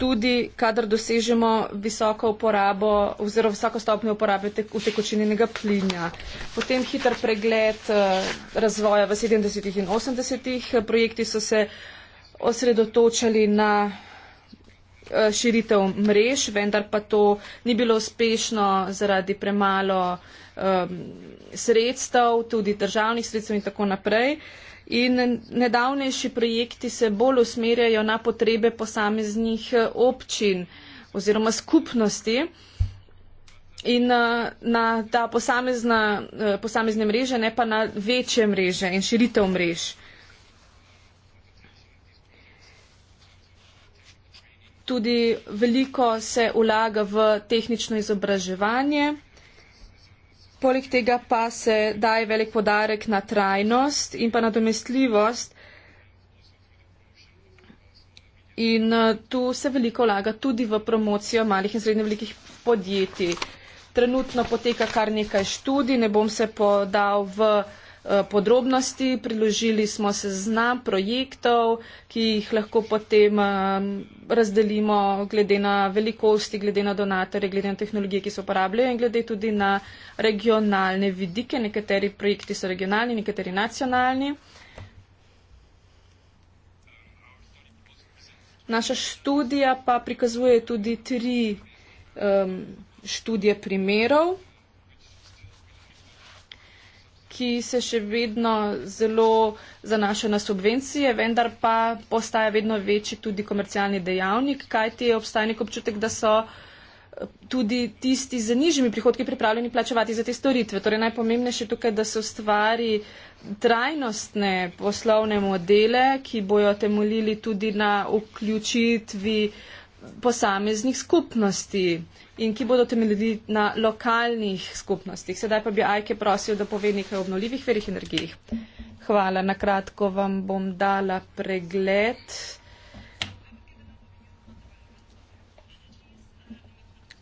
tudi kadar dosežemo visoko uporabo oziroma visoko stopnjo uporabe utekočinjenega te, plinja. Potem hiter pregled eh, razvoja v 70-ih in 80-ih. Projekti so se osredotočali na eh, širitev mrež, vendar pa to ni bilo uspešno zaradi premalo um, sredstev, tudi državnih sredstev in tako naprej. Uh, In nedavnejši projekti se bolj usmerjajo na potrebe posameznih eh, občin oziroma skupnosti in eh, na ta posamezna, eh, posamezne mreže, ne pa na večje mreže in širitev mrež. Tudi veliko se ulaga v tehnično izobraževanje. Poleg tega pa se daje velik podarek na trajnost in pa na domestljivost. In eh, tu se veliko vlaga tudi v promocijo malih in srednje velikih podjetij. Trenutno poteka kar nekaj študij, ne bom se podal v. Eh, podrobnosti, priložili smo seznam projektov, ki jih lahko potem eh, razdelimo glede na velikosti, glede na donatorje, glede na tehnologije, ki se uporabljajo in glede tudi na regionalne vidike. Nekateri projekti so regionalni, nekateri nacionalni. Naša študija pa prikazuje tudi tri um, študije primerov ki se še vedno zelo zanaša na subvencije, vendar pa postaja vedno večji tudi komercialni dejavnik, kajti obstaja nek občutek, da so eh, tudi tisti z nižjimi prihodki pripravljeni plačevati za te storitve. Torej najpomembnejše tukaj, da se ustvari trajnostne poslovne modele, ki bojo temolili tudi na vključitvi uh, posameznih skupnosti in ki bodo temeljili na lokalnih skupnostih. Sedaj pa bi Ajke prosil, da pove nekaj o obnoljivih verjih energijih. Hvala, na kratko vam bom dala pregled.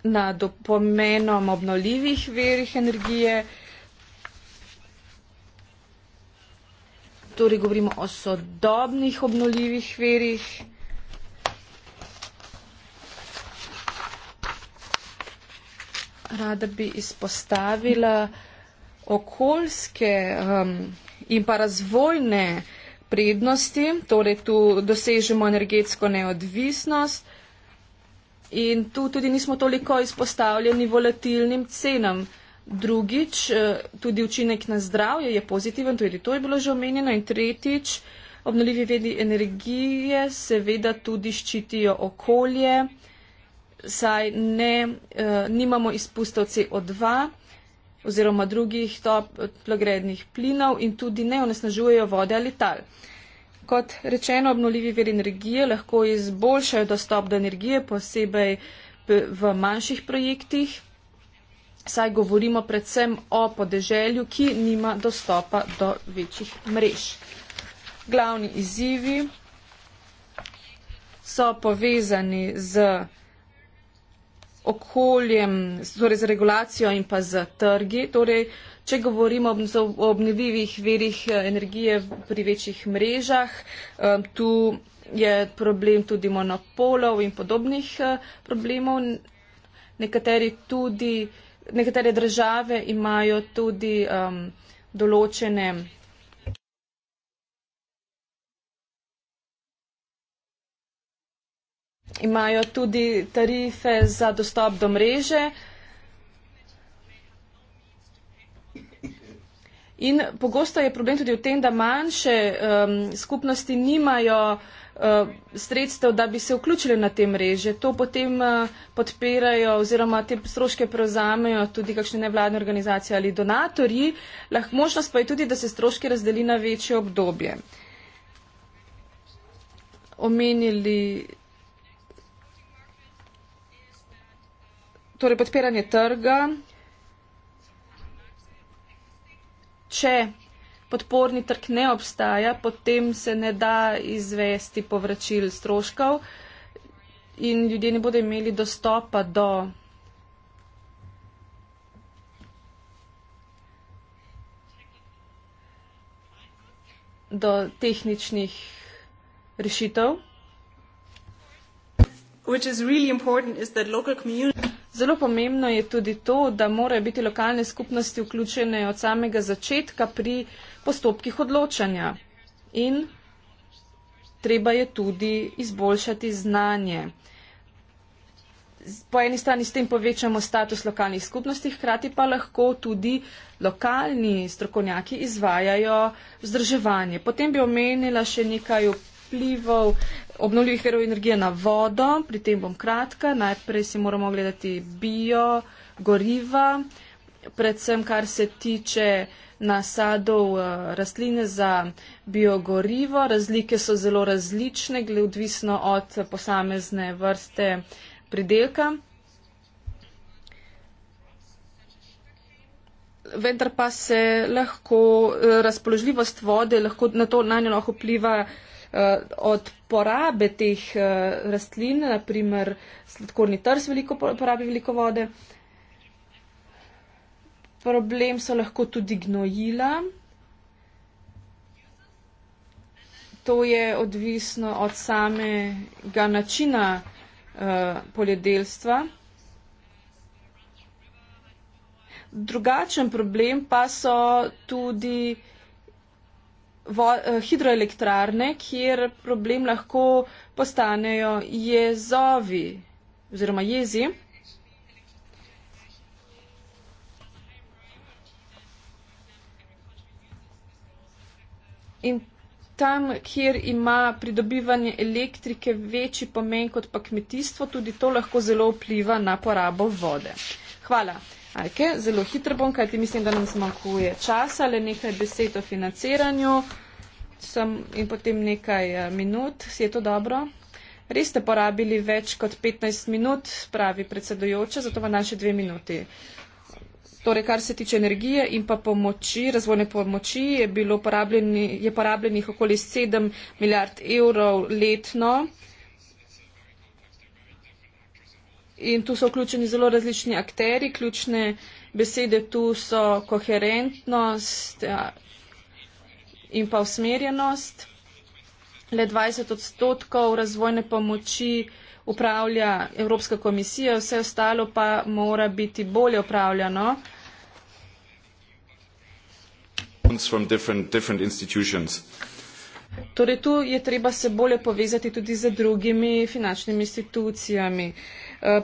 Na pomenom obnoljivih verjih energije, torej govorimo o sodobnih obnoljivih verjih energije, rada bi izpostavila okoljske um, in pa razvojne prednosti, torej tu dosežemo energetsko neodvisnost in tu tudi nismo toliko izpostavljeni volatilnim cenam. Drugič, eh, tudi učinek na zdravje je pozitiven, tudi to je bilo že omenjeno. In tretjič, obnovljivi vedi energije seveda tudi ščitijo okolje saj ne, eh, nimamo izpustov CO2 oziroma drugih toplogrednih plinov in tudi ne onesnažujejo vode ali tal. Kot rečeno, obnoljivi veri energije lahko izboljšajo dostop do energije, posebej v manjših projektih, saj govorimo predvsem o podeželju, ki nima dostopa do večjih mrež. Glavni izzivi so povezani z okoljem, torej z regulacijo in pa z trgi. Torej, če govorimo o obnovljivih verih eh, energije pri večjih mrežah, eh, tu je problem tudi monopolov in podobnih eh, problemov. Nekateri tudi, nekatere države imajo tudi um, določene imajo tudi tarife za dostop do mreže. In pogosto je problem tudi v tem, da manjše um, skupnosti nimajo uh, sredstev, da bi se vključili na te mreže. To potem uh, podpirajo oziroma te stroške prevzamejo tudi kakšne nevladne organizacije ali donatorji. Lahko možnost pa je tudi, da se stroške razdeli na večje obdobje. Omenili torej podpiranje trga. Če podporni trg ne obstaja, potem se ne da izvesti povračil stroškov in ljudje ne bodo imeli dostopa do. do tehničnih rešitev. Really community... Zelo pomembno je tudi to, da morajo biti lokalne skupnosti vključene od samega začetka pri postopkih odločanja. In treba je tudi izboljšati znanje. Po eni strani s tem povečamo status lokalnih skupnosti, hkrati pa lahko tudi lokalni strokovnjaki izvajajo vzdrževanje. Potem bi omenila še nekaj vplivov obnovljivih verov energije na vodo, pri tem bom kratka. Najprej si moramo gledati bio, goriva, predvsem kar se tiče nasadov eh, rastline za biogorivo. Razlike so zelo različne, glede odvisno od posamezne vrste pridelka. Vendar pa se lahko eh, razpoložljivost vode, lahko na to na njo lahko vpliva eh, od porabe teh uh, rastlin, naprimer sladkorni trs veliko porabi veliko vode. Problem so lahko tudi gnojila. To je odvisno od samega načina uh, poljedelstva. Drugačen problem pa so tudi uh, vo, eh, hidroelektrarne, kjer problem lahko postanejo jezovi oziroma jezi. In tam, kjer ima pridobivanje elektrike večji pomen kot pa kmetijstvo, tudi to lahko zelo vpliva na porabo vode. Hvala. Ajke, zelo hitro bom, kajti mislim, da nam zmanjkuje časa, le nekaj besed o financiranju Sem in potem nekaj eh, minut. Si je to dobro? Res ste porabili več kot 15 minut, pravi predsedujoče, zato vam naše dve minuti. Torej, kar se tiče energije in pa pomoči, razvojne pomoči, je, bilo porabljeni, je porabljenih okoli 7 milijard evrov letno in tu so vključeni zelo različni akteri. Ključne besede tu so koherentnost ja, in pa usmerjenost. Le 20 odstotkov razvojne pomoči upravlja Evropska komisija, vse ostalo pa mora biti bolje upravljano. Different, different torej, tu je treba se bolje povezati tudi z drugimi finančnimi institucijami. Uh, Eh,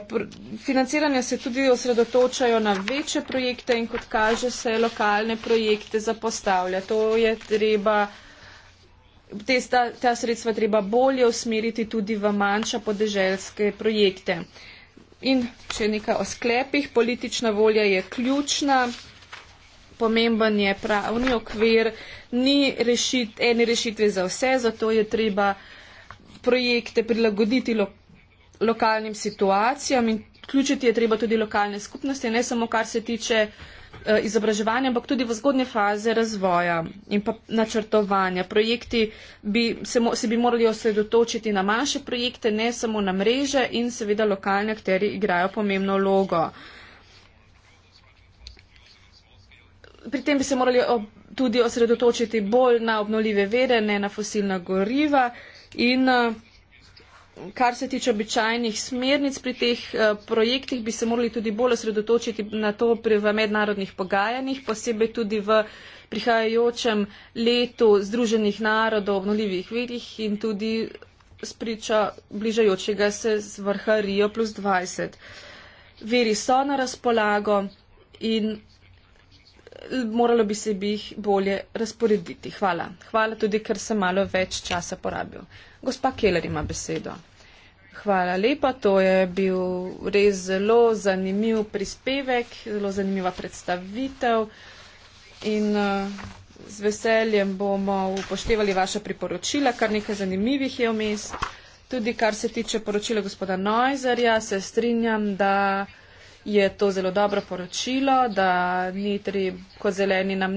Financiranje se tudi osredotočajo na večje projekte in kot kaže se lokalne projekte zapostavlja. To je treba, te, ta, ta sredstva treba bolje usmeriti tudi v manjša podeželske projekte. In če nekaj o sklepih, politična volja je ključna. Pomemben je pravni okvir, ni rešit, ene rešitve za vse, zato je treba projekte prilagoditi lokalno lokalnim situacijam in vključiti je treba tudi lokalne skupnosti, ne samo kar se tiče eh, izobraževanja, ampak tudi v zgodnje faze razvoja in pa načrtovanja. Projekti bi se, mo se bi morali osredotočiti na manjše projekte, ne samo na mreže in seveda lokalne akteri igrajo pomembno logo. Pri tem bi se morali tudi osredotočiti bolj na obnoljive vere, ne na fosilna goriva in uh, kar se tiče običajnih smernic pri teh eh, projektih, bi se morali tudi bolj osredotočiti na to pri, v mednarodnih pogajanjih, posebej tudi v prihajajočem letu Združenih narodov obnovljivih virih in tudi spriča bližajočega se z vrha Rio plus 20. Veri so na razpolago in moralo bi se bi jih bolje razporediti. Hvala. Hvala tudi, ker sem malo več časa porabil. Gospa Keller ima besedo. Hvala lepa, to je bil res zelo zanimiv prispevek, zelo zanimiva predstavitev in eh, z veseljem bomo upoštevali vaše priporočila, kar nekaj zanimivih je vmes. Tudi kar se tiče poročila gospoda Neuserja, se strinjam, da je to zelo dobro poročilo, da ni treba, kot zeleni, nam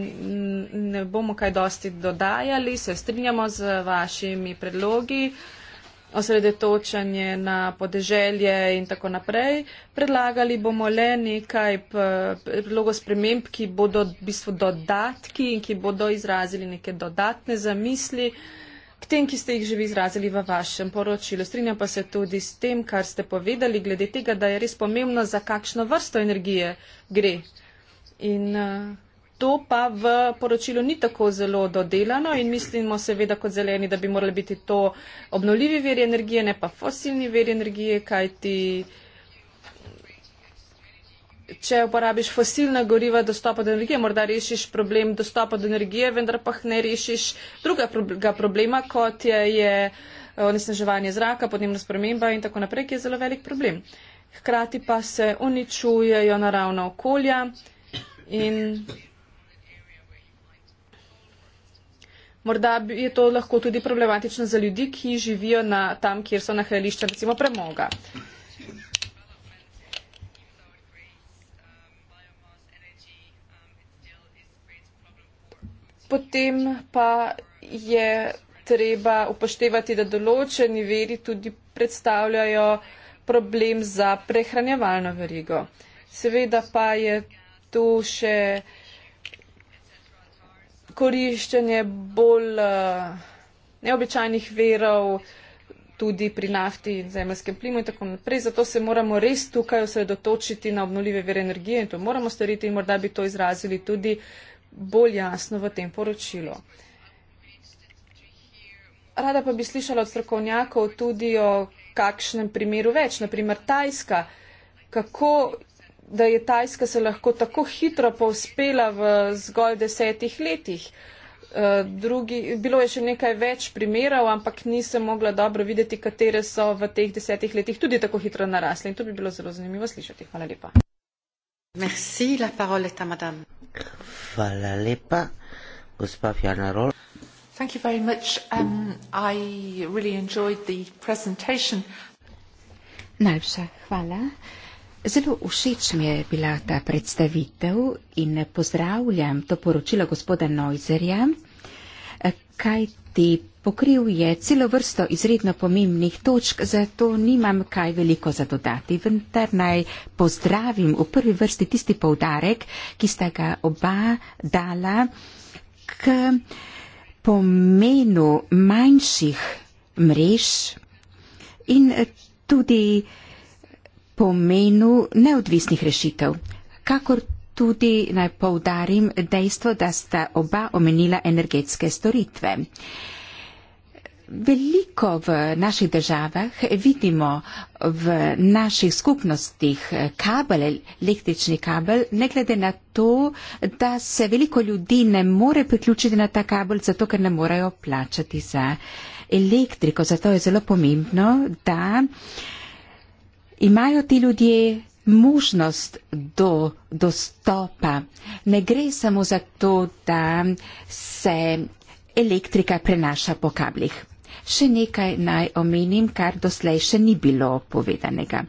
ne bomo kaj dosti dodajali, se strinjamo z vašimi predlogi, osredotočanje na podeželje in tako naprej. Predlagali bomo le nekaj predlogov sprememb, ki bodo v bistvu dodatki in ki bodo izrazili neke dodatne zamisli k tem, ki ste jih že vi izrazili v vašem poročilu. Strinjam pa se tudi s tem, kar ste povedali, glede tega, da je res pomembno, za kakšno vrsto energije gre. In eh, to pa v poročilu ni tako zelo dodelano in mislimo seveda kot zeleni, da bi morali biti to obnoljivi veri energije, ne pa fosilni veri energije, kajti če uporabiš fosilna goriva, dostopa do energije, morda rešiš problem dostopa do energije, vendar pa ne rešiš drugega problema, kot je, je eh, onesnaževanje zraka, podnebna sprememba in tako naprej, ki je zelo velik problem. Hkrati pa se uničujejo naravna okolja in morda je to lahko tudi problematično za ljudi, ki živijo na, tam, kjer so nahajališča, recimo premoga. potem pa je treba upoštevati, da določeni veri tudi predstavljajo problem za prehranjevalno verigo. Seveda pa je tu še koriščenje bolj eh, neobičajnih verov, tudi pri nafti in zemljskem plimu in tako naprej. Zato se moramo res tukaj osredotočiti na obnoljive vere energije in to moramo storiti in morda bi to izrazili tudi bolj jasno v tem poročilu. Rada pa bi slišala od strokovnjakov tudi o kakšnem primeru več, naprimer Tajska, kako da je Tajska se lahko tako hitro povspela v zgolj desetih letih. Eh, drugi, bilo je še nekaj več primerov, ampak nisem mogla dobro videti, katere so v teh desetih letih tudi tako hitro narasle. In to bi bilo zelo zanimivo slišati. Hvala lepa. Merci, la parole, ta madame. Hvala lepa. Gospa Fjana Rol. Thank you very much. Um, I really enjoyed the presentation. Najlepša hvala. Zelo všeč mi je bila ta predstavitev in pozdravljam to poročilo gospoda Neuserja kaj ti pokril je celo vrsto izredno pomembnih točk, zato nimam kaj veliko za dodati. Vendar naj pozdravim v prvi vrsti tisti povdarek, ki sta ga oba dala k pomenu manjših mrež in tudi pomenu neodvisnih rešitev. Kakor tudi naj povdarim dejstvo, da sta oba omenila energetske storitve. Veliko v naših državah vidimo v naših skupnostih kabel, električni kabel, ne glede na to, da se veliko ljudi ne more priključiti na ta kabel, zato ker ne morejo plačati za elektriko. Zato je zelo pomembno, da imajo ti ljudje možnost do dostopa. Ne gre samo za to, da se elektrika prenaša po kablih. Še nekaj naj omenim, kar doslej še ni bilo povedanega.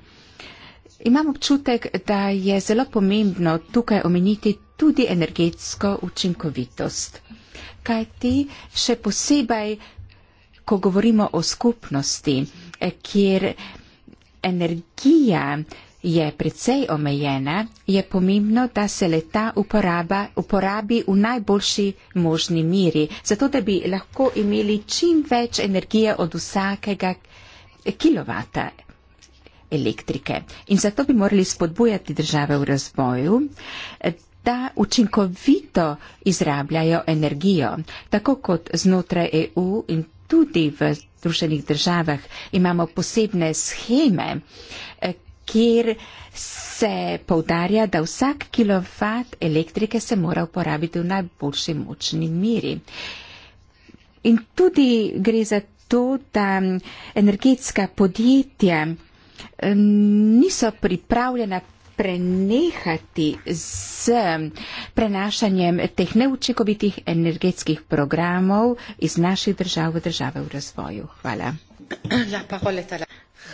Imam občutek, da je zelo pomembno tukaj omeniti tudi energetsko učinkovitost. Kaj ti še posebej, ko govorimo o skupnosti, kjer energija je precej omejena, je pomembno, da se leta uporaba, uporabi v najboljši možni miri, zato da bi lahko imeli čim več energije od vsakega kilovata elektrike. In zato bi morali spodbujati države v razvoju, da učinkovito izrabljajo energijo, tako kot znotraj EU in tudi v. V družbenih državah imamo posebne scheme, kjer se povdarja, da vsak kilovat elektrike se mora uporabiti v najboljši močni miri. In tudi gre za to, da energetska podjetja niso pripravljena prenehati z prenašanjem teh neučinkovitih energetskih programov iz naših držav v države v razvoju. Hvala.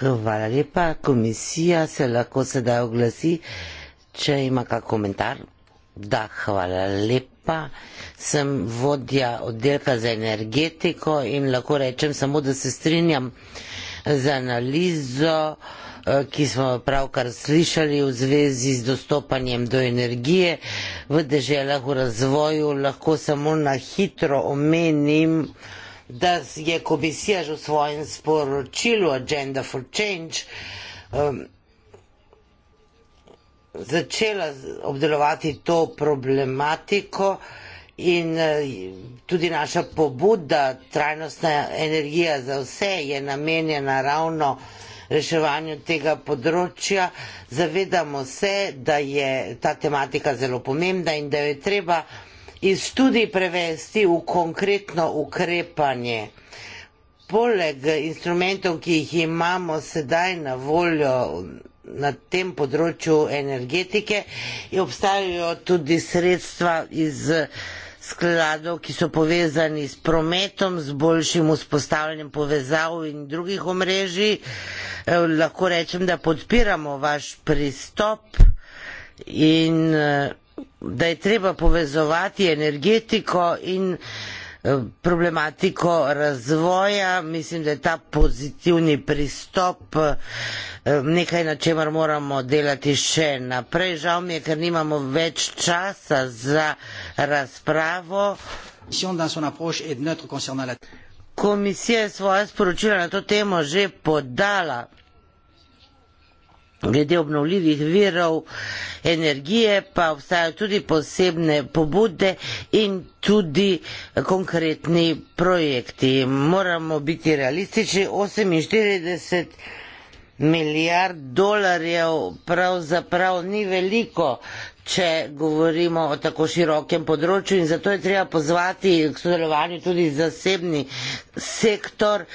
Hvala lepa. Komisija se lahko sedaj oglasi, če ima kak komentar. Da, hvala lepa. Sem vodja oddelka za energetiko in lahko rečem samo, da se strinjam z analizo, eh, ki smo pravkar slišali v zvezi z dostopanjem do energije v deželah v razvoju. Lahko samo na hitro omenim, da je komisija že v svojem sporočilu Agenda for Change um, začela obdelovati to problematiko in eh, tudi naša pobuda trajnostna energija za vse je namenjena ravno reševanju tega področja. Zavedamo se, da je ta tematika zelo pomembna in da jo je treba iz študij prevesti v konkretno ukrepanje. Poleg instrumentov, ki jih imamo sedaj na voljo na tem področju energetike, obstajajo tudi sredstva iz skladov, ki so povezani s prometom, s boljšim vzpostavljanjem povezav in drugih omrežij. Eh, lahko rečem, da podpiramo vaš pristop in eh, da je treba povezovati energetiko in eh, problematiko razvoja. Mislim, da je ta pozitivni pristop eh, nekaj, na čemer moramo delati še naprej. Žal mi je, ker nimamo več časa za razpravo. Komisija je svoje sporočilo na to temo že podala. Glede obnovljivih virov energije pa obstajajo tudi posebne pobude in tudi konkretni projekti. Moramo biti realistični, 48 milijard dolarjev pravzaprav ni veliko, če govorimo o tako širokem področju in zato je treba pozvati k sodelovanju tudi zasebni sektor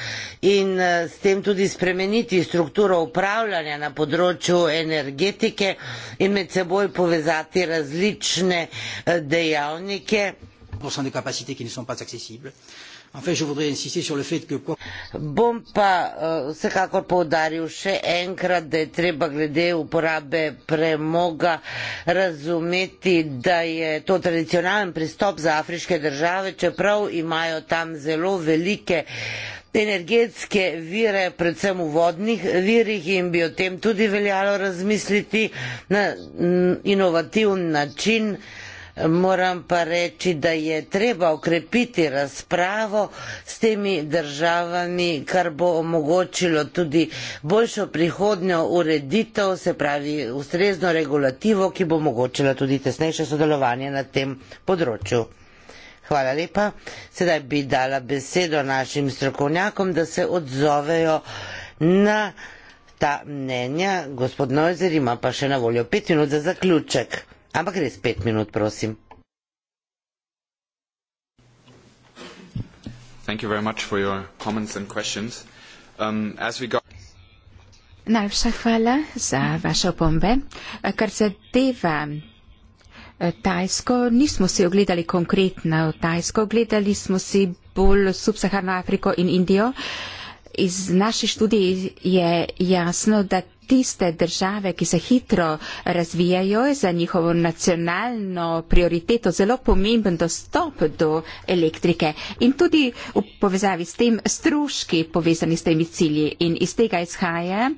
in eh, s tem tudi spremeniti strukturo upravljanja na področju energetike in med seboj povezati različne eh, dejavnike. En fait, je voudrais insister sur le fait que quoi... Bon, pas, euh, c'est qu'à quoi pour d'arriver chez Encra de très bagrédé ou pour abe prémoga razumiti da je to tradicionalen pristop za afriške države, čeprav imajo tam zelo velike energetske vire, predvsem v vodnih virih in bi o tem tudi veljalo razmisliti na inovativen način. Moram pa reči, da je treba ukrepiti razpravo s temi državami, kar bo omogočilo tudi boljšo prihodnjo ureditev, se pravi ustrezno regulativo, ki bo omogočila tudi tesnejše sodelovanje na tem področju. Hvala lepa. Sedaj bi dala besedo našim strokovnjakom, da se odzovejo na ta mnenja. Gospod Nojzer ima pa še na voljo pet minut za zaključek. Ampak res pet minut, prosim. Um, Najlepša hvala za vaše opombe. Kar zadeva eh, Tajsko, nismo si ogledali konkretno Tajsko, gledali smo si bolj subsaharno Afriko in Indijo. Iz naše študije je jasno, da tiste države, ki se hitro razvijajo, je za njihovo nacionalno prioriteto zelo pomemben dostop do elektrike in tudi v povezavi s tem stroški povezani s temi cilji. In iz tega izhaja,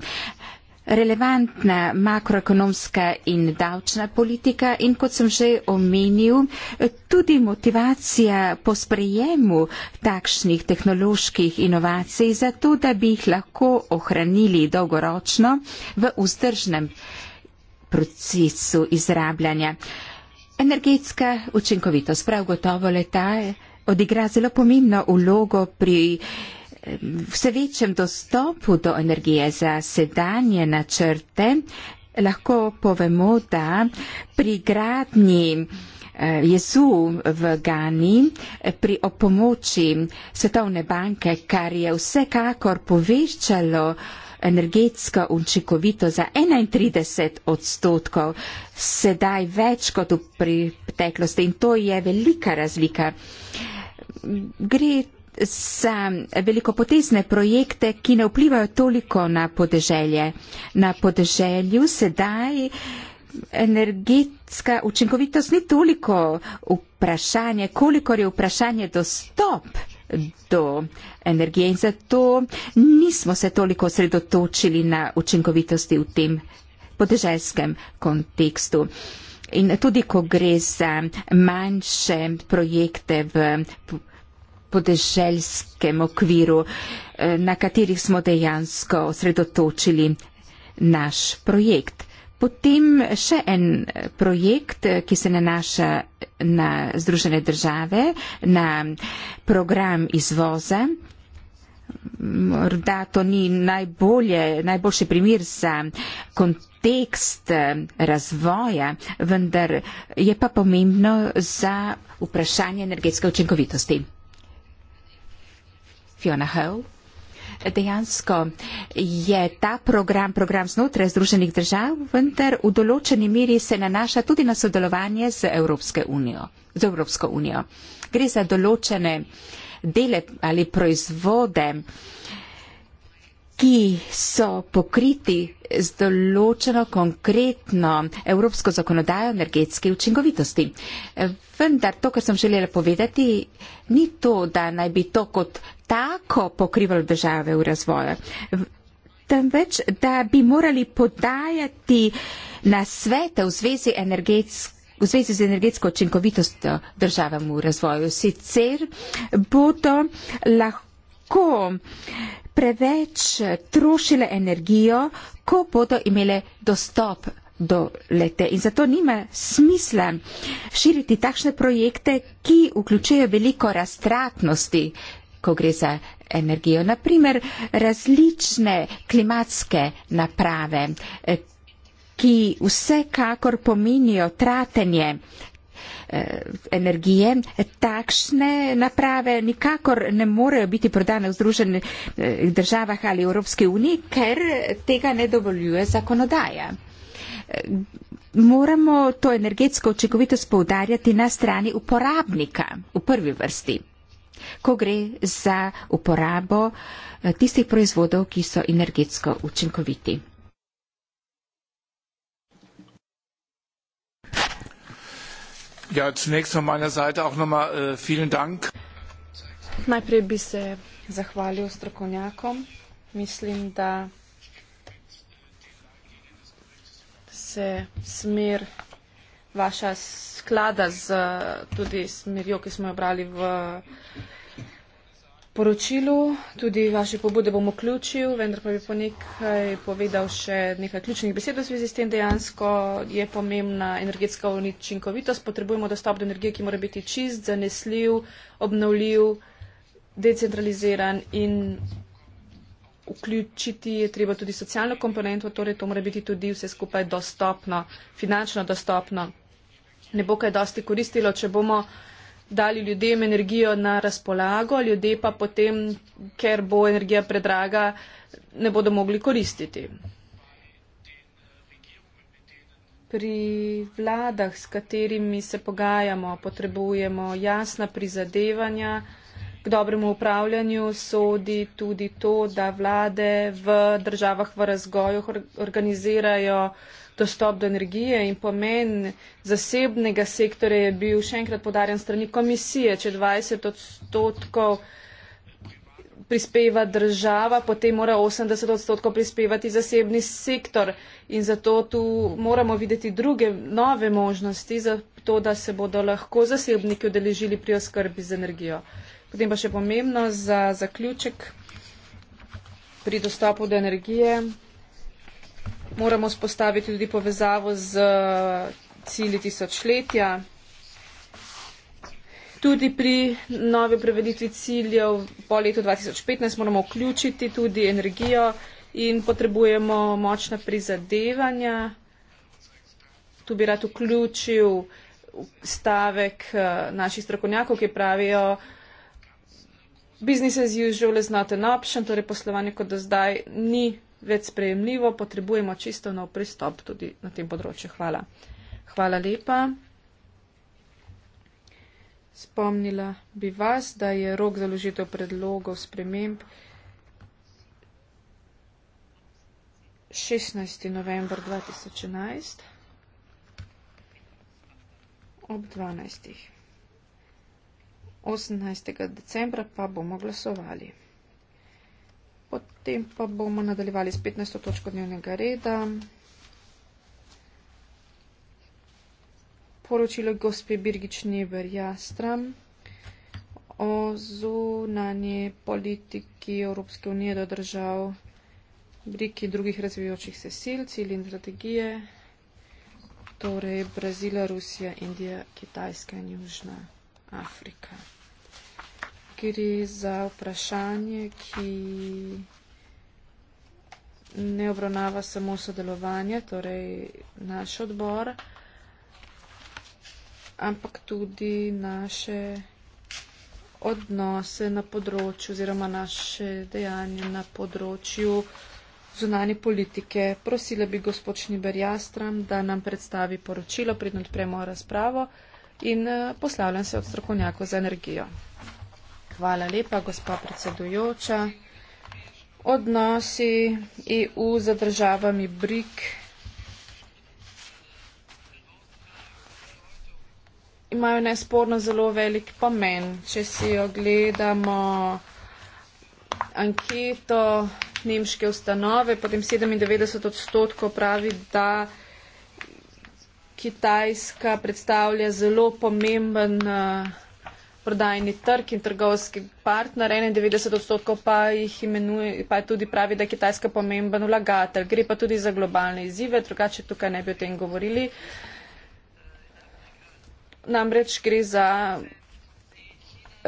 relevantna makroekonomska in davčna politika in kot sem že omenil, tudi motivacija po sprejemu takšnih tehnoloških inovacij za to, da bi jih lahko ohranili dolgoročno v vzdržnem procesu izrabljanja. Energetska učinkovitost prav gotovo leta odigra zelo pomembno ulogo pri vse večjem dostopu do energije za sedanje načrte, lahko povemo, da pri gradnji eh, Jezu v Gani eh, pri opomoči Svetovne banke, kar je vsekakor povečalo energetsko učinkovito za 31 odstotkov, sedaj več kot v preteklosti in to je velika razlika. Gre za velikopotezne projekte, ki ne vplivajo toliko na podeželje. Na podeželju sedaj energetska učinkovitost ni toliko vprašanje, kolikor je vprašanje dostop do energije in zato nismo se toliko osredotočili na učinkovitosti v tem podeželskem kontekstu. In tudi, ko gre za manjše projekte v podeželjskem okviru, eh, na katerih smo dejansko osredotočili naš projekt. Potem še en eh, projekt, eh, ki se nanaša na Združene države, na program izvoza. Morda to ni najbolje, najboljši primir za kontekst razvoja, vendar je pa pomembno za vprašanje energetske učinkovitosti. Fiona Hill. Dejansko je ta program program znotraj Združenih držav, vendar v določeni miri se nanaša tudi na sodelovanje z Evropsko unijo. Z Evropsko unijo. Gre za določene dele ali proizvode, ki so pokriti z določeno konkretno evropsko zakonodajo energetske učinkovitosti. Vendar to, kar sem želela povedati, ni to, da naj bi to kot tako pokrivalo države v razvoju, temveč, da bi morali podajati na svete v zvezi, v zvezi z energetsko učinkovitostjo državam v razvoju. Sicer bodo lahko preveč trošile energijo, ko bodo imele dostop do lete. In zato nima smisla širiti takšne projekte, ki vključujejo veliko raztratnosti, ko gre za energijo. Naprimer, različne klimatske naprave, ki vsekakor pominijo tratenje Eh, energije, takšne naprave nikakor ne morejo biti prodane v Združenih eh, državah ali Evropski uniji, ker tega ne dovoljuje zakonodaja. Eh, moramo to energetsko očekovitost poudarjati na strani uporabnika v prvi vrsti, ko gre za uporabo tistih proizvodov, ki so energetsko učinkoviti. Ja, zunächst von meiner Seite auch nochmal äh, vielen Dank. Najprej bi se zahvalil strokovnjakom. Mislim, da se smer vaša sklada z tudi smerjo, ki smo jo brali v poročilu, tudi vaše pobude bom vključil, vendar pa bi po nekaj povedal še nekaj ključnih besed v zvezi s tem. Dejansko je pomembna energetska učinkovitost. Potrebujemo dostop do energije, ki mora biti čist, zanesljiv, obnovljiv, decentraliziran in vključiti je treba tudi socialno komponento, torej to mora biti tudi vse skupaj dostopno, finančno dostopno. Ne bo kaj dosti koristilo, če bomo dali ljudem energijo na razpolago, ljudje pa potem, ker bo energija predraga, ne bodo mogli koristiti. Pri vladah, s katerimi se pogajamo, potrebujemo jasna prizadevanja. K dobremu upravljanju sodi tudi to, da vlade v državah v razgoju organizirajo dostop do energije in pomen zasebnega sektorja je bil še enkrat podarjen strani komisije, če 20 odstotkov prispeva država, potem mora 80 odstotkov prispevati zasebni sektor in zato tu moramo videti druge nove možnosti za to, da se bodo lahko zasebniki udeležili pri oskrbi z energijo. Potem pa še pomembno za zaključek pri dostopu do energije moramo spostaviti tudi povezavo z eh, cilji tisočletja. Tudi pri novi preveditvi ciljev po letu 2015 moramo vključiti tudi energijo in potrebujemo močna prizadevanja. Tu bi rad vključil stavek eh, naših strokovnjakov, ki pravijo, business as usual is not an option, torej poslovanje kot do zdaj ni več sprejemljivo, potrebujemo čisto nov pristop tudi na tem področju. Hvala. Hvala lepa. Spomnila bi vas, da je rok za ložitev predlogov sprememb 16. novembar 2011 ob 12. 18. decembra pa bomo glasovali. Potem pa bomo nadaljevali s 15. točko dnevnega reda. Poročilo gospe Birgični Verjastram o zunanje politiki Evropske unije do držav, briki drugih razvijočih se sil, cilj in strategije, torej Brazila, Rusija, Indija, Kitajska in Južna Afrika gre za vprašanje, ki ne obravnava samo sodelovanje, torej naš odbor, ampak tudi naše odnose na področju oziroma naše dejanje na področju zunanje politike. Prosila bi gospod Šniber Jastram, da nam predstavi poročilo, predno odpremo razpravo in eh, poslavljam se od strokovnjako za energijo. Hvala lepa, gospa predsedujoča. Odnosi EU za državami BRIK. imajo nesporno zelo velik pomen. Če si ogledamo anketo nemške ustanove, potem 97 odstotkov pravi, da Kitajska predstavlja zelo pomemben uh, prodajni trg in trgovski partner, 91 odstotkov pa jih imenuje, pa tudi pravi, da je Kitajska pomemben vlagatelj. Gre pa tudi za globalne izzive, drugače tukaj ne bi o tem govorili. Namreč gre za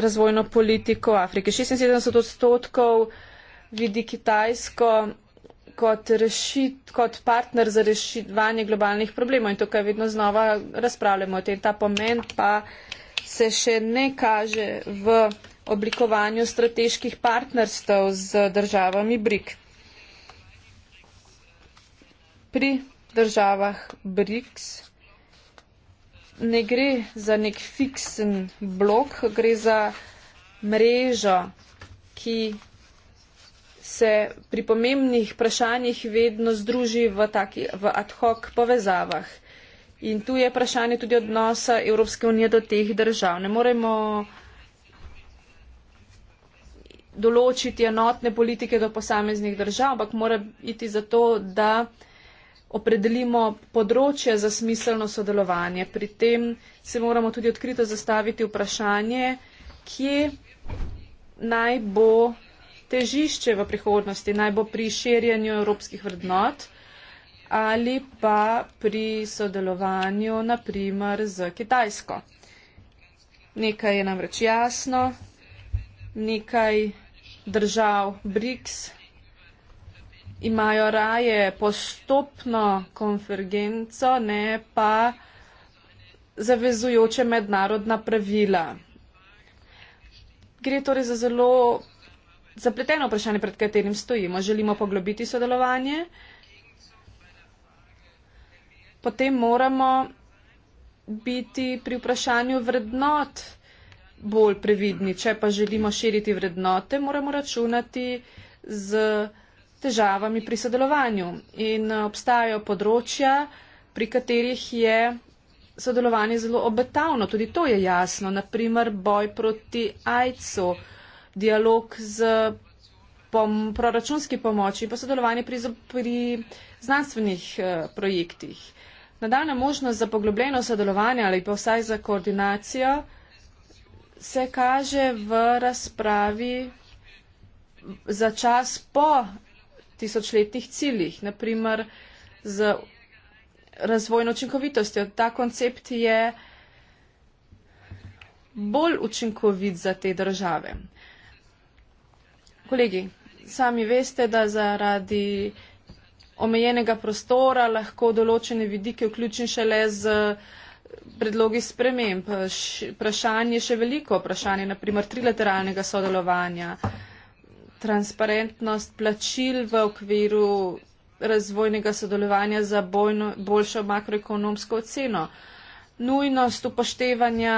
razvojno politiko Afrike. 76 odstotkov vidi Kitajsko kot, rešit, kot partner za reševanje globalnih problemov in tukaj vedno znova razpravljamo o tem. Ta pomen pa se še ne kaže v oblikovanju strateških partnerstv z državami BRIK. Pri državah BRICS ne gre za nek fiksen blok, gre za mrežo, ki se pri pomembnih vprašanjih vedno združi v, taki, v ad hoc povezavah. In tu je vprašanje tudi odnosa Evropske unije do teh držav. Ne moremo določiti enotne politike do posameznih držav, ampak mora iti za to, da opredelimo področje za smiselno sodelovanje. Pri tem se moramo tudi odkrito zastaviti vprašanje, kje naj bo težišče v prihodnosti, naj bo pri širjenju evropskih vrednot ali pa pri sodelovanju, naprimer, z Kitajsko. Nekaj je namreč jasno, nekaj držav BRICS imajo raje postopno konvergenco, ne pa zavezujoče mednarodna pravila. Gre torej za zelo zapleteno vprašanje, pred katerim stojimo. Želimo poglobiti sodelovanje potem moramo biti pri vprašanju vrednot bolj previdni. Če pa želimo širiti vrednote, moramo računati z težavami pri sodelovanju. In eh, obstajajo področja, pri katerih je sodelovanje zelo obetavno. Tudi to je jasno. Naprimer, boj proti AIDS-u, dialog z pom proračunski pomoči in pa sodelovanje pri, pri znanstvenih uh, projektih nadaljna možnost za poglobljeno sodelovanje ali pa vsaj za koordinacijo se kaže v razpravi za čas po tisočletnih ciljih, naprimer z razvojno učinkovitostjo. Ta koncept je bolj učinkovit za te države. Kolegi, sami veste, da zaradi omejenega prostora lahko določene vidike vključim šele z eh, predlogi sprememb. Vprašanje je še veliko, vprašanje naprimer trilateralnega sodelovanja, transparentnost plačil v okviru razvojnega sodelovanja za bojno, boljšo makroekonomsko oceno, nujnost upoštevanja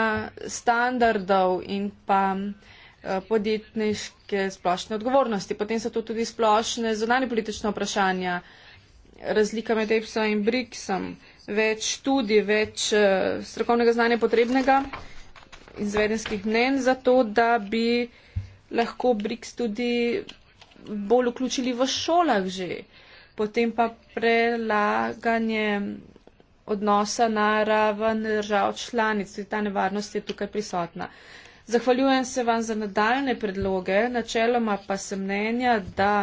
standardov in pa eh, podjetniške splošne odgovornosti. Potem so tu tudi splošne zunanje politične vprašanja, razlika med EPSO in BRICSom, več tudi, več uh, strokovnega znanja potrebnega in zvedenskih mnen za to, da bi lahko BRICS tudi bolj vključili v šolah že. Potem pa prelaganje odnosa na raven držav članic. Tudi ta nevarnost je tukaj prisotna. Zahvaljujem se vam za nadaljne predloge, načeloma pa sem mnenja, da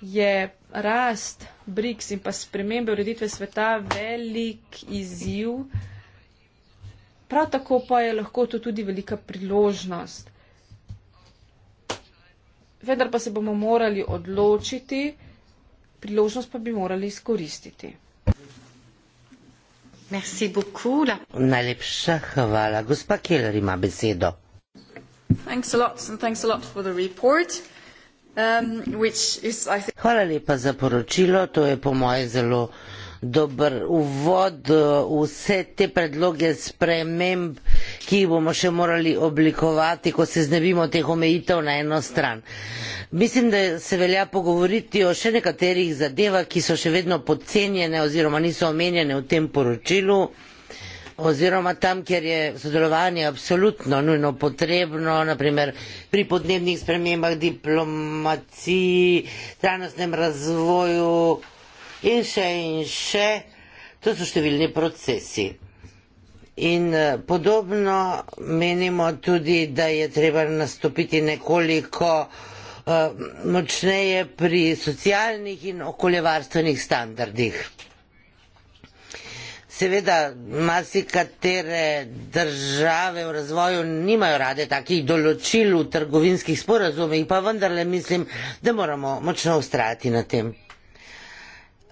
je rast BRICS in pa spremembe ureditve sveta velik izziv. Prav tako pa je lahko to tudi velika priložnost. Vendar pa se bomo morali odločiti, priložnost pa bi morali izkoristiti. Merci beaucoup. Najlepša hvala. Gospa Keller ima besedo. Thanks a lot and thanks a lot for the report. Um, Hvala lepa za poročilo. To je po moje zelo dober uvod vse te predloge sprememb, ki jih bomo še morali oblikovati, ko se znebimo teh omejitev na eno stran. Mislim, da se velja pogovoriti o še nekaterih zadevah, ki so še vedno podcenjene oziroma niso omenjene v tem poročilu oziroma tam, kjer je sodelovanje absolutno nujno potrebno, naprimer pri podnebnih spremembah, diplomaciji, trajnostnem razvoju in še in še. To so številni procesi. In eh, podobno menimo tudi, da je treba nastopiti nekoliko eh, močneje pri socialnih in okoljevarstvenih standardih. Seveda, marsikatere države v razvoju nimajo rade takih določil v trgovinskih sporazumih, pa vendarle mislim, da moramo močno ustrajati na tem.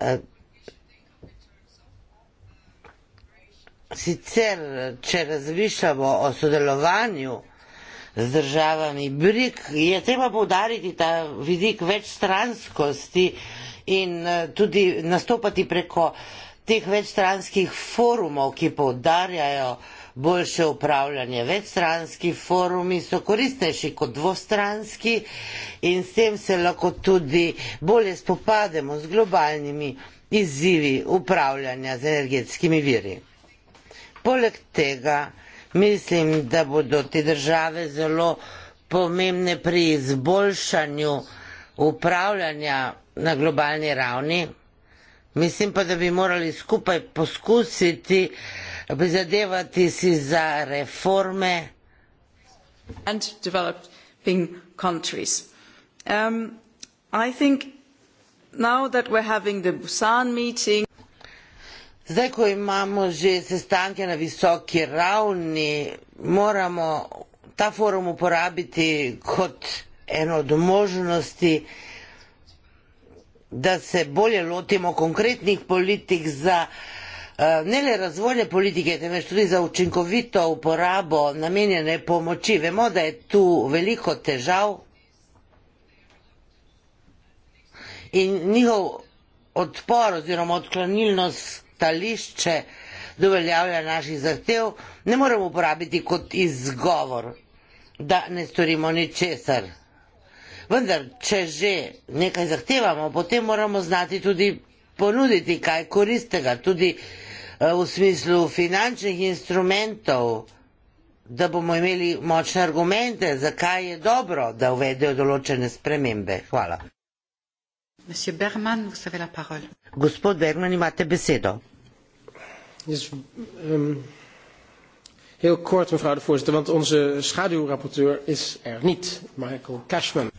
Eh, sicer, če razmišljamo o sodelovanju z državami BRIK, je treba povdariti ta vidik večstranskosti in eh, tudi nastopati preko teh večstranskih forumov, ki poudarjajo boljše upravljanje. Večstranski forumi so koristnejši kot dvostranski in s tem se lahko tudi bolje spopademo z globalnimi izzivi upravljanja z energetskimi viri. Poleg tega mislim, da bodo te države zelo pomembne pri izboljšanju upravljanja na globalni ravni. Mislim pa, da bi morali skupaj poskusiti prizadevati si za reforme. And developing countries. Um, I think now that we're having the Busan meeting. Zdaj, ko imamo že sestanke na visoki ravni, moramo ta forum uporabiti kot eno od možnosti, da se bolje lotimo konkretnih politik za eh, ne le razvojne politike, temveč tudi za učinkovito uporabo namenjene pomoči. Vemo, da je tu veliko težav in njihov odpor oziroma odklonilnost stališče do uveljavlja naših zahtev ne moremo uporabiti kot izgovor, da ne storimo ničesar vendar, če že nekaj zahtevamo, potem moramo znati tudi ponuditi kaj koristega, tudi eh, v smislu finančnih instrumentov, da bomo imeli močne argumente, zakaj je dobro, da uvedejo določene spremembe. Hvala. Berman, Gospod Bergman, imate besedo. Yes, um... Heel kort, mevrouw de voorzitter, want onze schaduwrapporteur is er niet, Michael Cashman.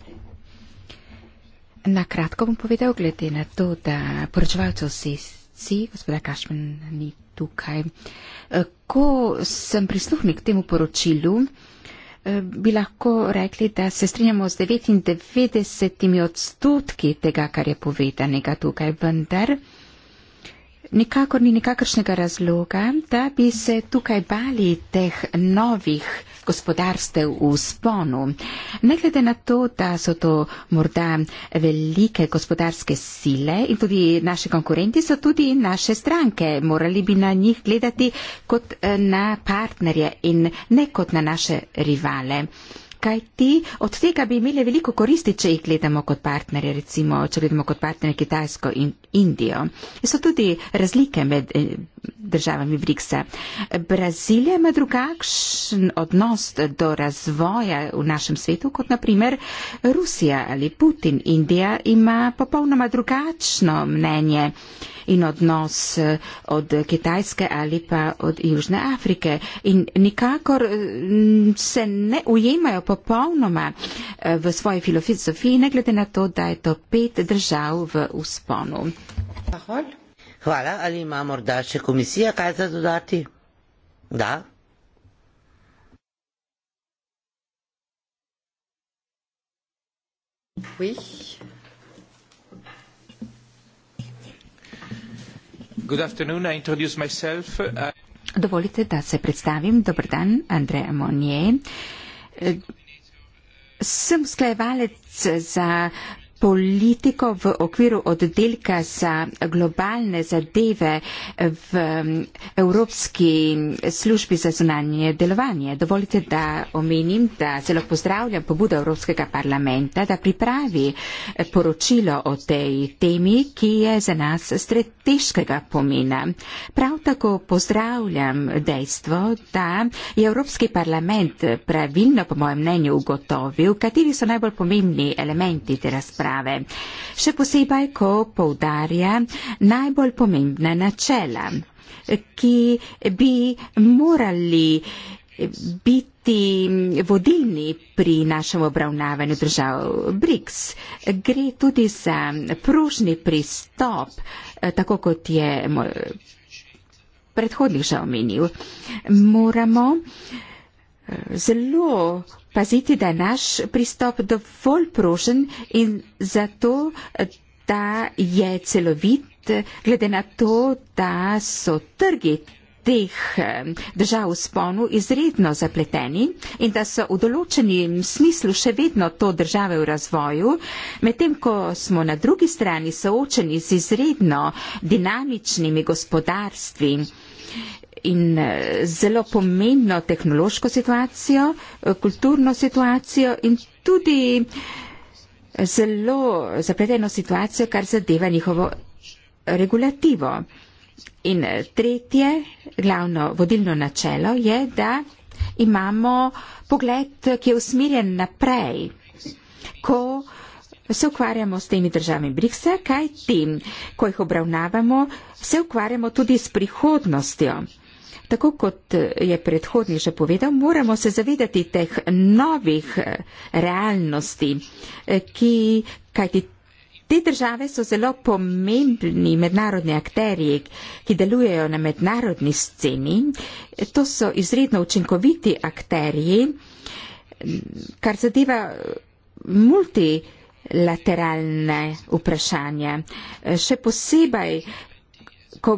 Na kratko bom povedal, glede na to, da poročevalcev si, si gospoda Kašmen, ni tukaj. E, ko sem prisluhnil k temu poročilu, e, bi lahko rekli, da se strinjamo z 99 odstotki tega, kar je povedanega tukaj, vendar. Nikakor ni nikakršnega razloga, da bi se tukaj bali teh novih gospodarstev v sponu. Ne glede na to, da so to morda velike gospodarske sile in tudi naši konkurenti so tudi naše stranke. Morali bi na njih gledati kot eh, na partnerje in ne kot na naše rivale. Kaj ti od tega bi imeli veliko koristi, če jih gledamo kot partnerje, recimo, če gledamo kot partnerje Kitajsko in Indijo. So tudi razlike med eh, državami Brikse. Brazilija ima drugačen odnos do razvoja v našem svetu kot naprimer Rusija ali Putin. Indija ima popolnoma drugačno mnenje in odnos od Kitajske ali pa od Južne Afrike in nikakor mm, se ne ujemajo popolnoma eh, v svoji filozofiji, ne glede na to, da je to pet držav v usponu. Hvala. Hvala, ali ima morda še komisija kaj za dodati? Da. Oui. Good afternoon, I introduce myself. I... Dovolite, da se predstavim. Dobar dan, Andreja Monje. Sem sklejevalec za politiko v okviru oddelka za globalne zadeve v um, Evropski službi za zunanje delovanje. Dovolite, da omenim, da zelo pozdravljam pobudo Evropskega parlamenta, da pripravi poročilo o tej temi, ki je za nas strateškega pomena. Prav tako pozdravljam dejstvo, da je Evropski parlament pravilno, po mojem mnenju, ugotovil, kateri so najbolj pomembni elementi te razprave razprave. Še posebej, ko poudarja najbolj pomembna načela, ki bi morali biti vodilni pri našem obravnavanju držav BRICS. Gre tudi za pružni pristop, eh, tako kot je predhodnik že omenil. Moramo zelo paziti, da je naš pristop dovolj prožen in zato, da je celovit, glede na to, da so trgi teh držav v sponu izredno zapleteni in da so v določenem smislu še vedno to države v razvoju, medtem ko smo na drugi strani soočeni z izredno dinamičnimi gospodarstvi in eh, zelo pomembno tehnološko situacijo, eh, kulturno situacijo in tudi eh, zelo zapleteno situacijo, kar zadeva njihovo regulativo. In tretje, glavno vodilno načelo je, da imamo pogled, ki je usmirjen naprej, ko se ukvarjamo s temi državami Briksa, kaj tem, ko jih obravnavamo, se ukvarjamo tudi s prihodnostjo. Tako kot je predhodni že povedal, moramo se zavedati teh novih eh, realnosti, eh, ki, kajti te države so zelo pomembni mednarodni akterji, ki delujejo na mednarodni sceni. To so izredno učinkoviti akterji, kar zadeva eh, multilateralne vprašanja. Še posebej, ko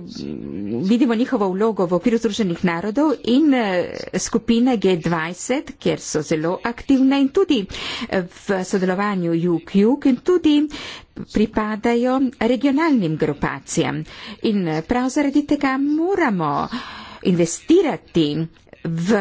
vidimo njihovo vlogo v okviru Združenih narodov in eh, skupine G20, kjer so zelo aktivne in tudi eh, v sodelovanju jug-jug in tudi pripadajo regionalnim grupacijam. In eh, prav zaradi tega moramo investirati v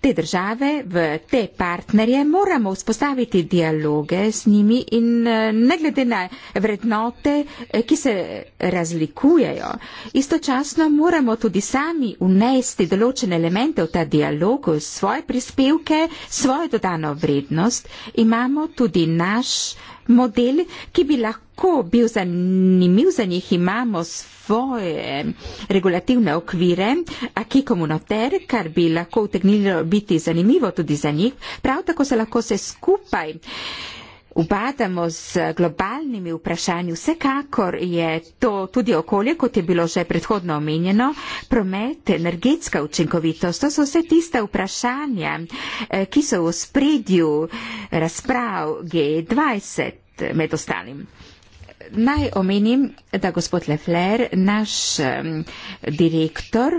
te države, v te partnerje, moramo vzpostaviti dialoge z njimi in eh, ne glede na vrednote, eh, ki se razlikujejo. Istočasno moramo tudi sami unesti določene elemente v ta dialog, v svoje prispevke, svojo dodano vrednost. Imamo tudi naš model, ki bi lahko tako bil zanimiv, za njih imamo svoje regulativne okvire, a ki komunoter, kar bi lahko utegnilo biti zanimivo tudi za njih, prav tako se lahko se skupaj Ubadamo z globalnimi vprašanji. Vsekakor je to tudi okolje, kot je bilo že predhodno omenjeno, promet, energetska učinkovitost. To so vse tiste vprašanja, eh, ki so v spredju razprav G20 med ostalim naj omenim, da gospod Lefler, naš direktor,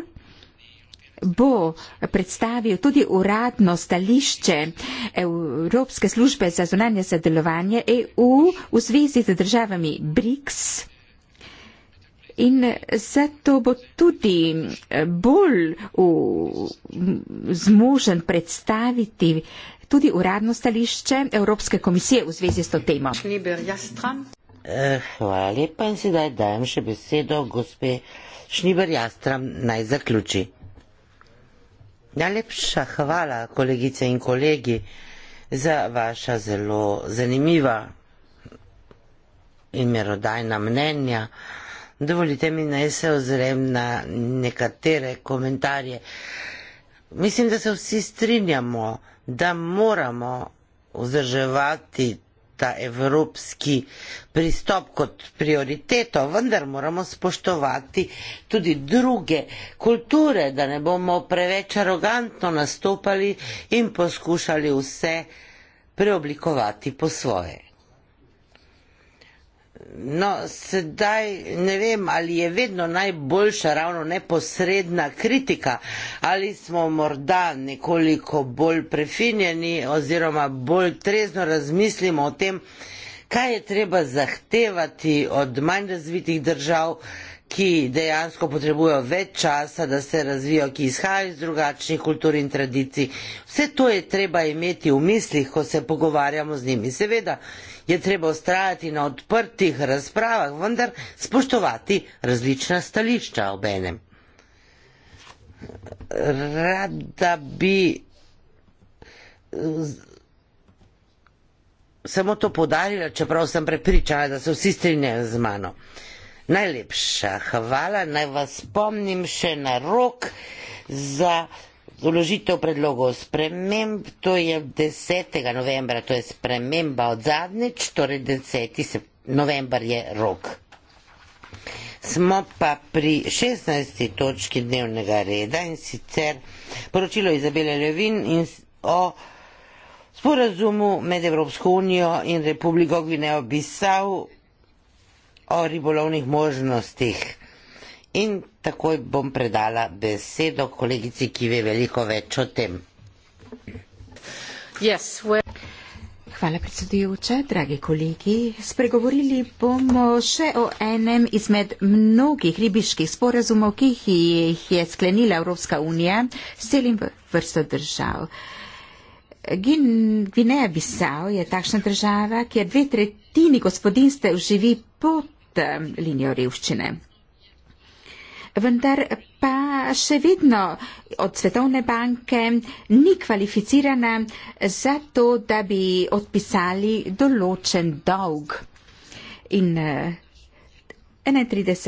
bo predstavil tudi uradno stališče Evropske službe za zunanje sodelovanje EU v zvezi z državami BRICS. In zato bo tudi eh, bolj v, zmožen predstaviti tudi uradno stališče Evropske komisije v zvezi s to temo. Eh, hvala lepa in sedaj dajem še besedo gospe Šnibar Jastram naj zaključi. Najlepša hvala, kolegice in kolegi, za vaša zelo zanimiva in merodajna mnenja. Dovolite mi, naj se ozrem na nekatere komentarje. Mislim, da se vsi strinjamo, da moramo vzdrževati ta evropski pristop kot prioriteto, vendar moramo spoštovati tudi druge kulture, da ne bomo preveč arogantno nastopali in poskušali vse preoblikovati po svoje. No, sedaj ne vem, ali je vedno najboljša ravno neposredna kritika, ali smo morda nekoliko bolj prefinjeni oziroma bolj trezno razmislimo o tem, kaj je treba zahtevati od manj razvitih držav, ki dejansko potrebujejo več časa, da se razvijajo, ki izhajajo iz drugačnih kultur in tradicij. Vse to je treba imeti v mislih, ko se pogovarjamo z njimi. Seveda, je treba ustrajati na odprtih razpravah, vendar spoštovati različna stališča ob enem. Rada bi samo to podarila, čeprav sem prepričana, da se vsi strinjajo z mano. Najlepša hvala, naj vas spomnim še na rok za vložitev predlogov sprememb, to je 10. novembra, to je sprememba od zadnjič, torej 10. november je rok. Smo pa pri 16. točki dnevnega reda in sicer poročilo Izabele Levin in o sporazumu med Evropsko unijo in Republiko Gvinejo Bisav o ribolovnih možnostih in takoj bom predala besedo kolegici, ki ve veliko več o tem. Yes, Hvala predsedujoče, dragi kolegi. Spregovorili bomo še o enem izmed mnogih ribiških sporazumov, ki jih je sklenila Evropska unija s celim vrsto držav. Gvineja Bisao je takšna država, kjer dve tretjini gospodinstev živi pod eh, linijo revščine vendar pa še vedno od Svetovne banke ni kvalificirana za to, da bi odpisali določen dolg. In 31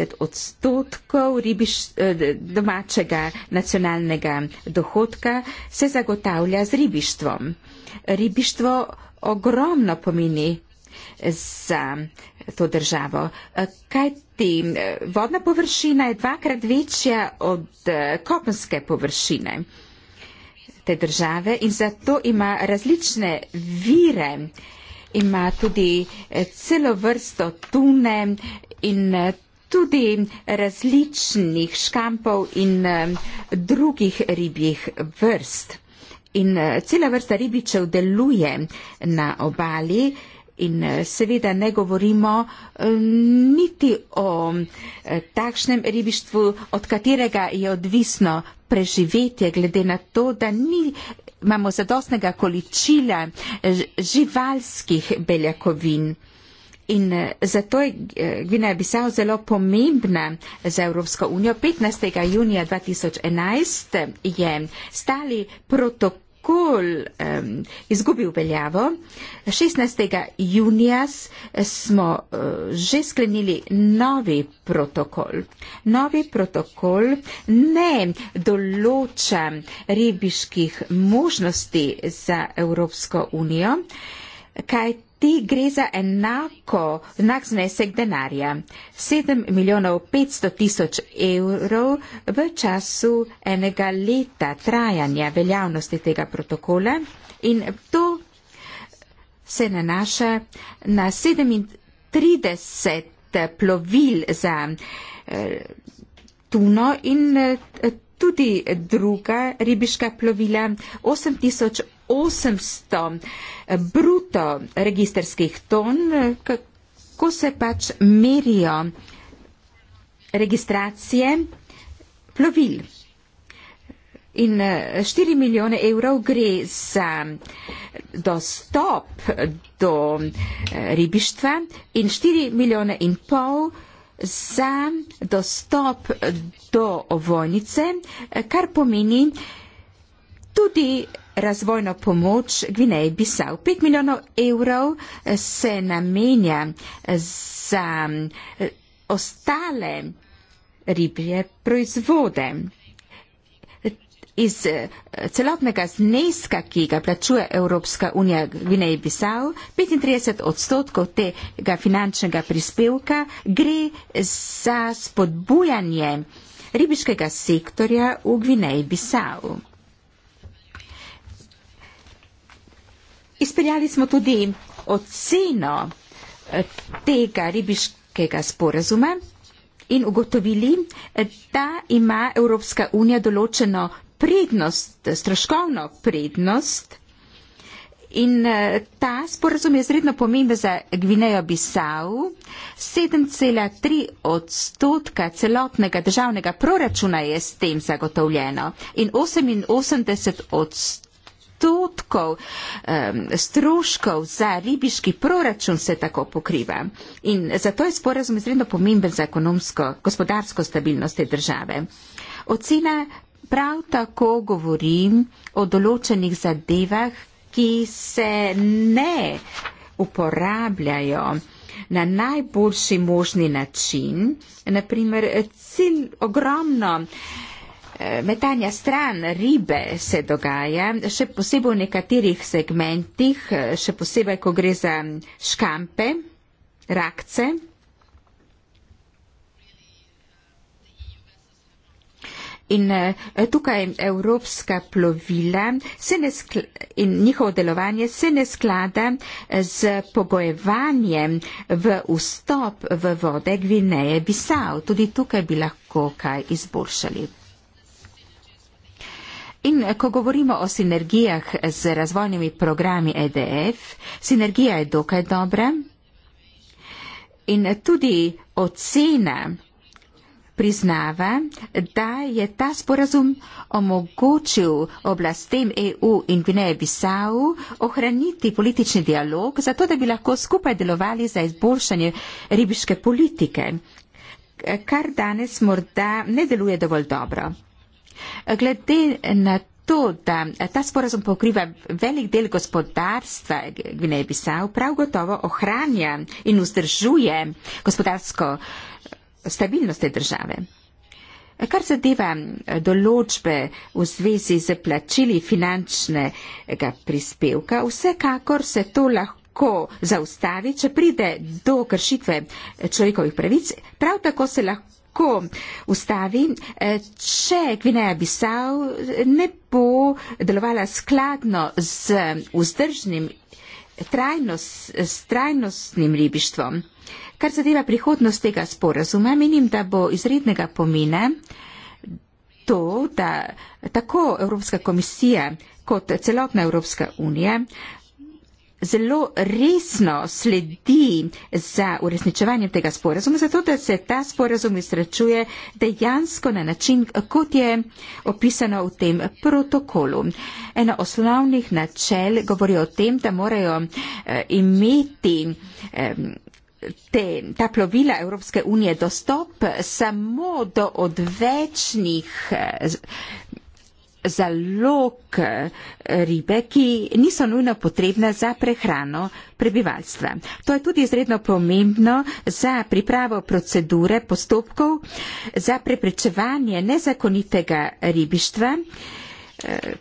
eh, odstotkov ribiš, eh, domačega nacionalnega dohodka se zagotavlja z ribištvom. Ribištvo ogromno pomeni za to državo. Eh, kaj Kajti eh, vodna površina je dvakrat večja od eh, kopenske površine te države in zato ima različne vire, ima tudi eh, celo vrsto tune in tudi različnih škampov in drugih ribjih vrst. In cela vrsta ribičev deluje na obali, in eh, seveda ne govorimo eh, niti o eh, takšnem ribištvu, od katerega je odvisno preživetje, glede na to, da ni, imamo zadostnega količila živalskih beljakovin. In zato je Gvineja Bisao zelo pomembna za Evropsko unijo. 15. junija 2011 je stali protokol kol um, izgubil veljavo. 16. junija smo uh, že sklenili novi protokol. Novi protokol ne določa ribiških možnosti za Evropsko unijo, kaj Ti gre za enako znak znesek denarja. 7 milijonov 500 tisoč evrov v času enega leta trajanja veljavnosti tega protokola in to se nanaša na 37 plovil za eh, tuno in eh, tudi druga ribiška plovila, 8 tisoč 800 eh, bruto registerskih ton, eh, kako se pač merijo registracije plovil. In 4 eh, milijone evrov gre za dostop do ribištva in 4 milijone in pol za dostop do ovojnice, kar pomeni tudi razvojno pomoč Gvineji Bisav. 5 milijonov evrov eh, se namenja eh, za eh, ostale ribje proizvode. Iz celotnega zneska, ki ga plačuje Evropska unija Gvineji Bisav, 35 odstotkov tega finančnega prispevka gre za spodbujanje ribiškega sektorja v Gvineji Bisav. Izpeljali smo tudi oceno eh, tega ribiškega sporazuma in ugotovili, eh, da ima Evropska unija določeno prednost, stroškovno prednost in eh, ta sporazum je izredno pomemben za Gvinejo Bisau. 7,3 odstotka celotnega državnega proračuna je s tem zagotovljeno in 88 odstotka odstotkov um, stroškov za ribiški proračun se tako pokriva. In zato je sporazum izredno pomemben za gospodarsko stabilnost te države. Ocena prav tako govori o določenih zadevah, ki se ne uporabljajo na najboljši možni način. Naprimer, cilj ogromno metanja stran ribe se dogaja, še posebej v nekaterih segmentih, še posebej, ko gre za škampe, rakce. In eh, tukaj evropska plovila in njihovo delovanje se ne sklada eh, z pogojevanjem v vstop v vode Gvineje Bisav. Tudi tukaj bi lahko kaj izboljšali. In ko govorimo o sinergijah z razvojnimi programi EDF, sinergija je dokaj dobra. In tudi ocena priznava, da je ta sporazum omogočil oblastem EU in Gvineje Bisau ohraniti politični dialog, zato da bi lahko skupaj delovali za izboljšanje ribiške politike, kar danes morda ne deluje dovolj dobro. Glede na to, da ta sporazum pokriva velik del gospodarstva Gnebisao, prav gotovo ohranja in vzdržuje gospodarsko stabilnost te države. Kar zadeva določbe v zvezi z plačili finančnega prispevka, vsekakor se to lahko zaustavi, če pride do kršitve človekovih pravic, prav tako se lahko tako ustavi, eh, če Gvineja Bisav ne bo delovala skladno z vzdržnim trajnost, trajnostnim ribištvom. Kar zadeva prihodnost tega sporazuma, menim, da bo izrednega pomene to, da tako Evropska komisija kot celotna Evropska unija zelo resno sledi za uresničevanje tega sporazuma, zato da se ta sporazum izračuje dejansko na način, kot je opisano v tem protokolu. Eno osnovnih načel govori o tem, da morajo eh, imeti eh, te, ta plovila Evropske unije dostop samo do odvečnih. Eh, za lok eh, ribe, ki niso nujno potrebne za prehrano prebivalstva. To je tudi izredno pomembno za pripravo procedure postopkov za preprečevanje nezakonitega ribištva. Eh,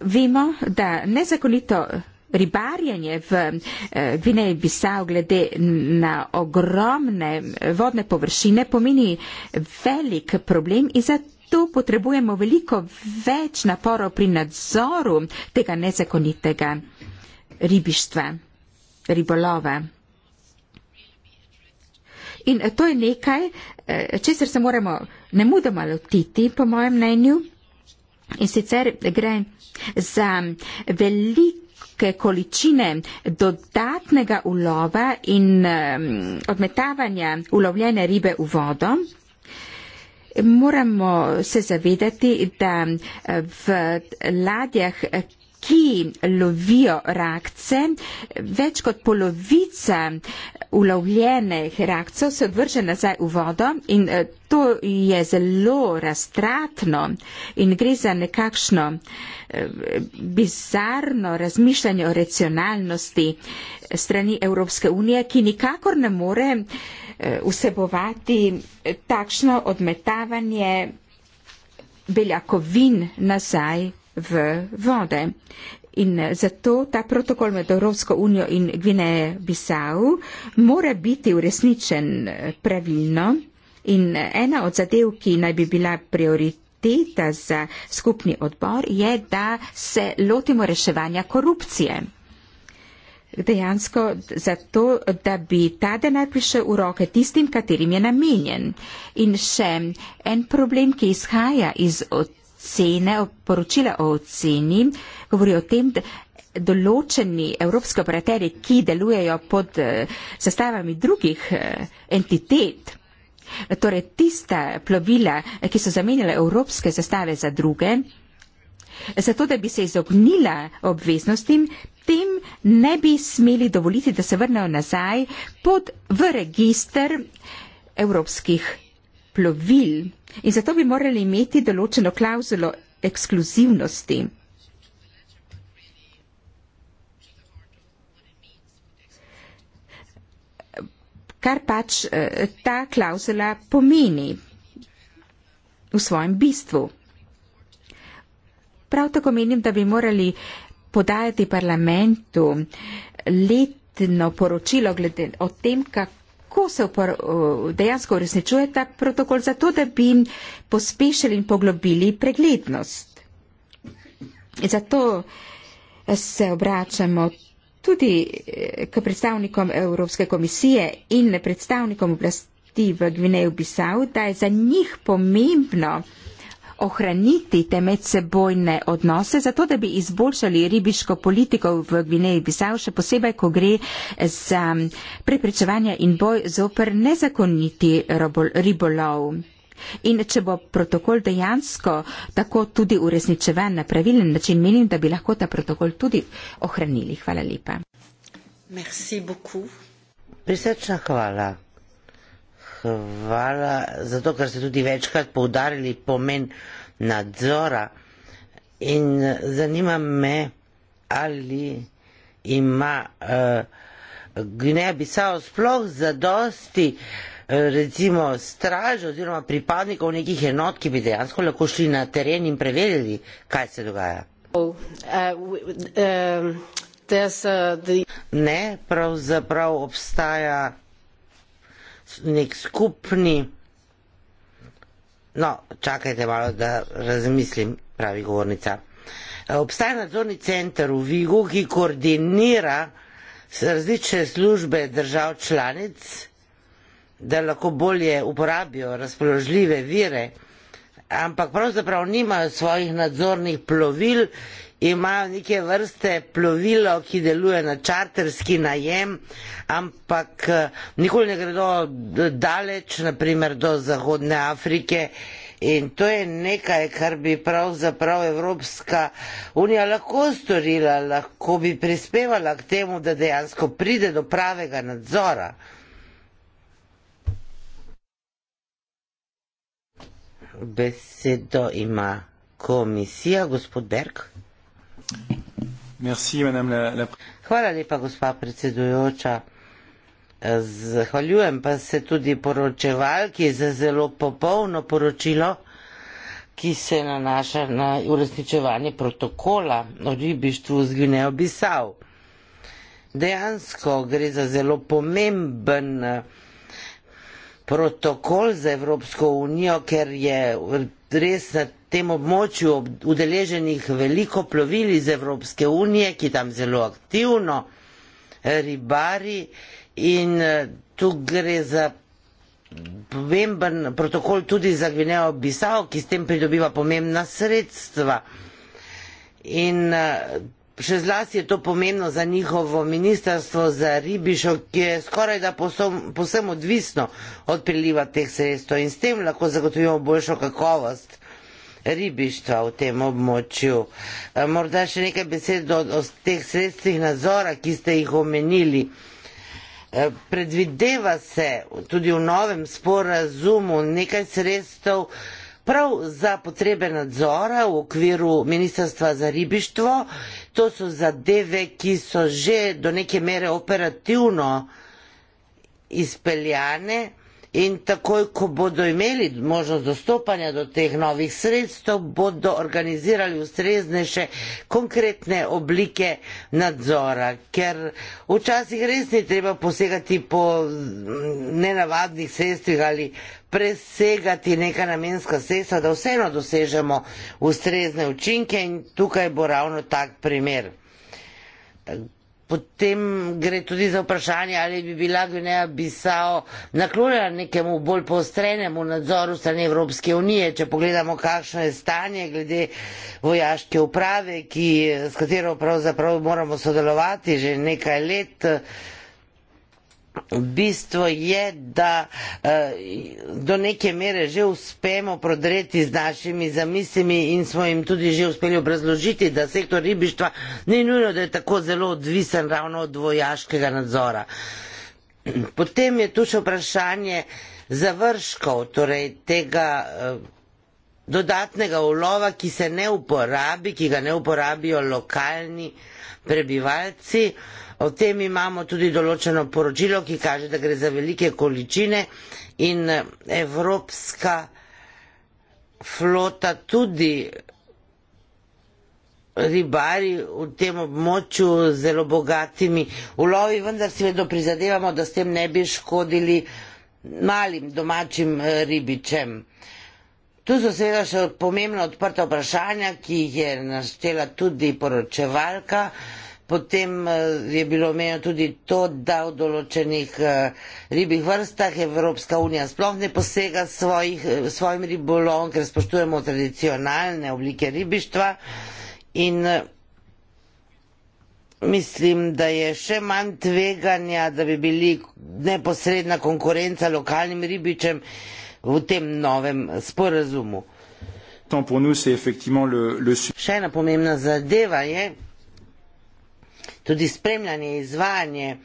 vemo, da nezakonito ribarjenje v eh, Gvineji Bisao glede na ogromne vodne površine pomeni velik problem in zato svetu potrebujemo veliko več naporov pri nadzoru tega nezakonitega ribištva, ribolova. In eh, to je nekaj, eh, česar se moramo nemudoma lotiti, po mojem mnenju. In sicer gre za velike količine dodatnega ulova in eh, odmetavanja ulovljene ribe v vodo moramo se zavedati, da eh, v ladjah ki lovijo rakce, več kot polovica ulovljenih reakcij se vrže nazaj v vodo in eh, to je zelo raztratno in gre za nekakšno eh, bizarno razmišljanje o racionalnosti strani Evropske unije, ki nikakor ne more eh, vsebovati takšno odmetavanje beljakovin nazaj v vode. In eh, zato ta protokol med Evropsko unijo in Gvineje-Bisau mora biti uresničen eh, pravilno in eh, ena od zadev, ki naj bi bila prioriteta za skupni odbor, je, da se lotimo reševanja korupcije. Dejansko zato, da bi ta denar prišel v roke tistim, katerim je namenjen. In še en problem, ki izhaja iz ocene, poročila o oceni, govori o tem, da določeni evropski operaterji, ki delujejo pod sestavami eh, drugih eh, entitet, torej tista plovila, ki so zamenjala evropske sestave za druge, zato da bi se izognila obveznostim, tem ne bi smeli dovoliti, da se vrnejo nazaj pod v register evropskih plovil. In zato bi morali imeti določeno klauzulo ekskluzivnosti. kar pač eh, ta klauzula pomeni v svojem bistvu. Prav tako menim, da bi morali podajati parlamentu letno poročilo glede o tem, kako se eh, dejansko uresničuje ta protokol, zato da bi pospešili in poglobili preglednost. Zato se obračamo tudi eh, k predstavnikom Evropske komisije in predstavnikom oblasti v Gvineju Bisav, da je za njih pomembno ohraniti te medsebojne odnose, zato da bi izboljšali ribiško politiko v Gvineji Bisav, še posebej, ko gre za preprečevanje in boj zoper nezakoniti ribolov. In če bo protokol dejansko tako tudi uresničeven na pravilen način, menim, da bi lahko ta protokol tudi ohranili. Hvala lepa. Merci beaucoup. Prisrčna hvala. Hvala zato, ker ste tudi večkrat poudarili pomen nadzora. In zanima me, ali ima uh, eh, Gneja Bisao sploh zadosti uh, recimo straž oziroma pripadnikov nekih enot, ki bi dejansko lahko šli na teren in preverili, kaj se dogaja. Oh, uh, um, uh, ne, pravzaprav obstaja nek skupni. No, čakajte malo, da razmislim, pravi govornica. Eh, obstaja nadzorni center v Vigu, ki koordinira različne službe držav članic da lahko bolje uporabijo razpoložljive vire, ampak pravzaprav nimajo svojih nadzornih plovil, imajo neke vrste plovilo, ki deluje na čarterski najem, ampak eh, nikoli ne gredo daleč, naprimer do Zahodne Afrike. In to je nekaj, kar bi pravzaprav Evropska unija lahko storila, lahko bi prispevala k temu, da dejansko pride do pravega nadzora. besedo ima komisija, gospod Berg. Merci, le, le... Hvala lepa, gospa predsedujoča. Zahvaljujem pa se tudi poročevalki za zelo popolno poročilo, ki se nanaša na uresničevanje protokola o ribištvu z Gvinejo Bisav. Dejansko gre za zelo pomemben protokol za Evropsko unijo, ker je res na tem območju udeleženih veliko plovil iz Evropske unije, ki tam zelo aktivno eh, ribari in eh, tu gre za pomemben protokol tudi za Gvinejo Bisao, ki s tem pridobiva pomembna sredstva. In eh, Še zlasti je to pomembno za njihovo ministrstvo za ribišo, ki je skoraj da posom, posem odvisno od priliva teh sredstev in s tem lahko zagotovimo boljšo kakovost ribištva v tem območju. E, morda še nekaj besed o, o teh sredstvih nadzora, ki ste jih omenili. E, predvideva se tudi v novem sporazumu nekaj sredstev, Prav za potrebe nadzora v okviru Ministrstva za ribištvo, to so zadeve, ki so že do neke mere operativno izpeljane, in takoj, ko bodo imeli možnost dostopanja do teh novih sredstev, bodo organizirali ustreznejše konkretne oblike nadzora, ker včasih res ni treba posegati po mm, nenavadnih sredstvih ali presegati neka namenska sredstva, da vseeno dosežemo ustrezne učinke in tukaj bo ravno tak primer. Potem gre tudi za vprašanje, ali bi bila Gvineja Bisao naklonjena nekemu bolj postrenemu nadzoru strani Evropske unije, če pogledamo, kakšno je stanje glede vojaške uprave, ki, s katero pravzaprav moramo sodelovati že nekaj let bistvo je, da eh, do neke mere že uspemo prodreti z našimi zamislimi in smo jim tudi že uspeli obrazložiti, da sektor ribištva ni nujno, da je tako zelo odvisen ravno od vojaškega nadzora. Potem je tu še vprašanje završkov, torej tega eh, dodatnega ulova, ki se ne uporabi, ki ga ne uporabijo lokalni prebivalci. O tem imamo tudi določeno poročilo, ki kaže, da gre za velike količine in evropska flota tudi ribari v tem območju zelo bogatimi ulovi, vendar si vedno prizadevamo, da s tem ne bi škodili malim domačim eh, ribičem. Tu so seveda še pomembna odprta vprašanja, ki jih je naštela tudi poročevalka. Potem eh, je bilo omenjeno tudi to, da v določenih eh, ribjih vrstah Evropska unija sploh ne posega svojih, eh, svojim ribolovom, ker spoštujemo tradicionalne oblike ribištva. In mislim, da je še manj tveganja, da bi bili neposredna konkurenca lokalnim ribičem v tem novem sporazumu. Še ena pomembna zadeva je, tudi spremljanje, izvajanje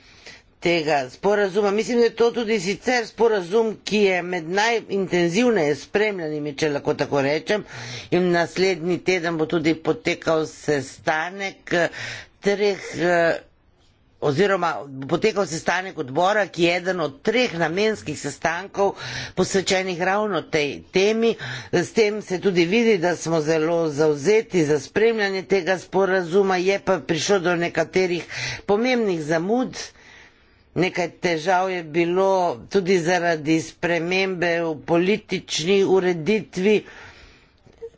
tega sporazuma. Mislim, da je to tudi sicer sporazum, ki je med najintenzivneje spremljanimi, če lahko tako rečem, in naslednji teden bo tudi potekal sestanek eh, treh eh, oziroma potekal sestanek odbora, ki je eden od treh namenskih sestankov posvečenih ravno tej temi. S tem se tudi vidi, da smo zelo zauzeti za spremljanje tega sporazuma, je pa prišlo do nekaterih pomembnih zamud. Nekaj težav je bilo tudi zaradi spremembe v politični ureditvi,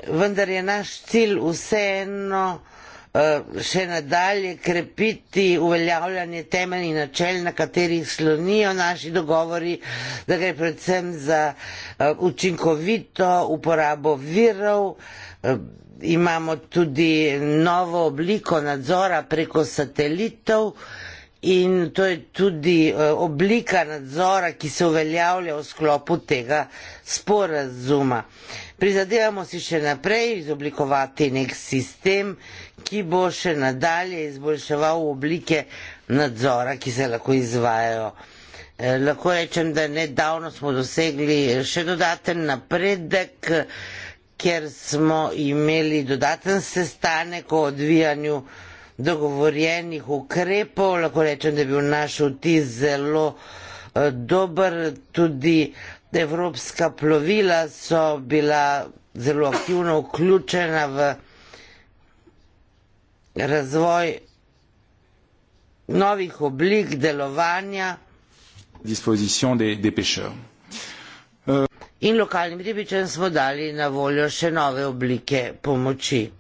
vendar je naš cilj vseeno. Eh, še nadalje krepiti uveljavljanje temeljnih načel, na katerih slonijo naši dogovori, da gre predvsem za eh, učinkovito uporabo virov. Eh, imamo tudi novo obliko nadzora preko satelitov in to je tudi oblika nadzora, ki se uveljavlja v sklopu tega sporazuma. Prizadevamo si še naprej izoblikovati nek sistem, ki bo še nadalje izboljševal oblike nadzora, ki se lahko izvajajo. Eh, lahko rečem, da nedavno smo dosegli še dodaten napredek, ker smo imeli dodaten sestanek o odvijanju dogovorjenih ukrepov. Lahko rečem, da je bil naš vtis zelo eh, dober, tudi evropska plovila so bila zelo aktivno vključena v razvoj novih oblik delovanja euh, in lokalnim ribičem smo dali na voljo še nove oblike pomoči.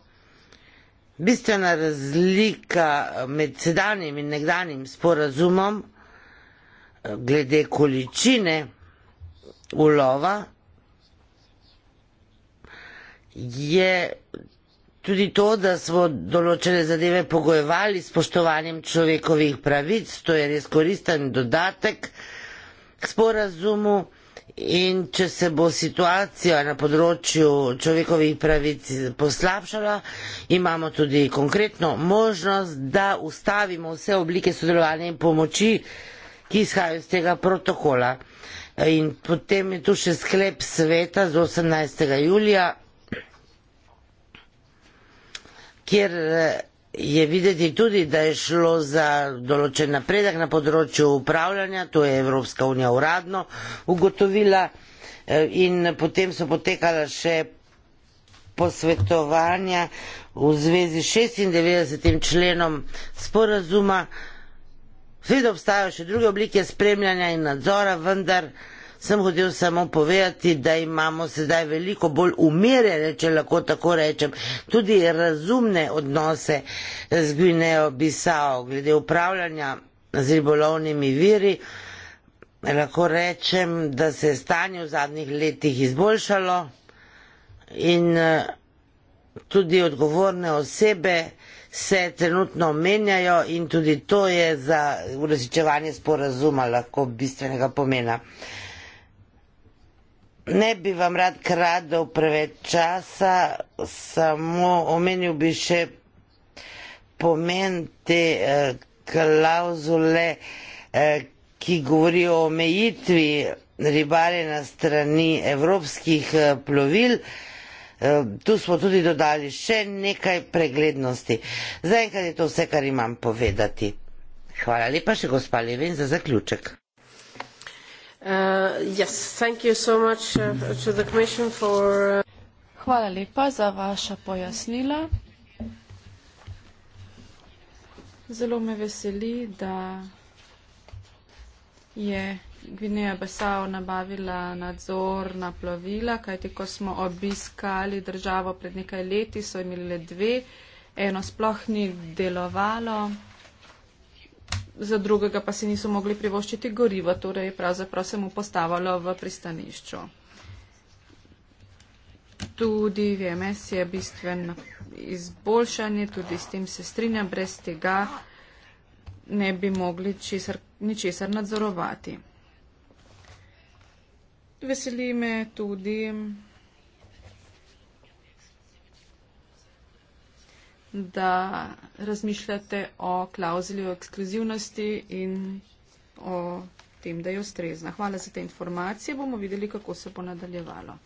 Bistvena razlika med sedanjim in nekdanjim sporazumom eh, glede količine ulova je tudi to, da smo določene zadeve pogojevali s poštovanjem človekovih pravic, to je res koristen dodatek k sporazumu in če se bo situacija na področju človekovih pravic poslabšala, imamo tudi konkretno možnost, da ustavimo vse oblike sodelovanja in pomoči, ki izhajajo iz tega protokola. In potem je tu še sklep sveta z 18. julija, kjer eh, je videti tudi, da je šlo za določen napredek na področju upravljanja, to je Evropska unija uradno ugotovila eh, in potem so potekala še posvetovanja v zvezi s 96. členom sporazuma, Seveda obstajajo še druge oblike spremljanja in nadzora, vendar sem hotel samo povedati, da imamo sedaj veliko bolj umirjene, če lahko tako rečem, tudi razumne odnose z Gvinejo Bisao glede upravljanja z ribolovnimi viri. Lahko rečem, da se je stanje v zadnjih letih izboljšalo in eh, tudi odgovorne osebe, se trenutno menjajo in tudi to je za uresničevanje sporazuma lahko bistvenega pomena. Ne bi vam rad kradel preveč časa, samo omenil bi še pomen te eh, klauzule, eh, ki govori o omejitvi ribare na strani evropskih eh, plovil. Eh, tu smo tudi dodali še nekaj preglednosti. Zaenkrat je to vse, kar imam povedati. Hvala lepa še gospa Levin za zaključek. Uh, yes, thank you so much uh, to the Commission for. Uh... Hvala lepa za vaša pojasnila. Zelo me veseli, da je. Yeah. Gvineja Besav nabavila nadzor na plovila, kajti ko smo obiskali državo pred nekaj leti, so imeli le dve, eno sploh ni delovalo, za drugega pa si niso mogli privoščiti goriva, torej pravzaprav se mu postavalo v pristanišču. Tudi VMS je bistven izboljšanje, tudi s tem se strinjam, brez tega ne bi mogli česar, ničesar nadzorovati. Veseli me tudi, da razmišljate o klauzuli o ekskluzivnosti in o tem, da je ustrezna. Hvala za te informacije. Bomo videli, kako se bo nadaljevalo.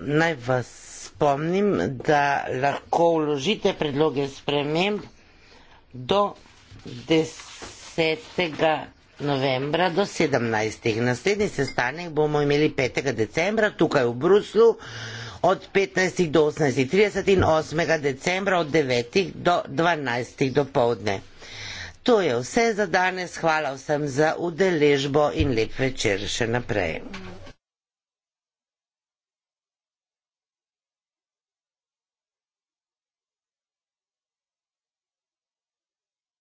Naj vas spomnim, da lahko vložite predloge sprememb do 10. novembra, do 17. Naslednji sestanek bomo imeli 5. decembra tukaj v Bruslu od 15. do 18.30 in 8. decembra od 9. do 12. do povdne. To je vse za danes. Hvala vsem za udeležbo in lep večer še naprej.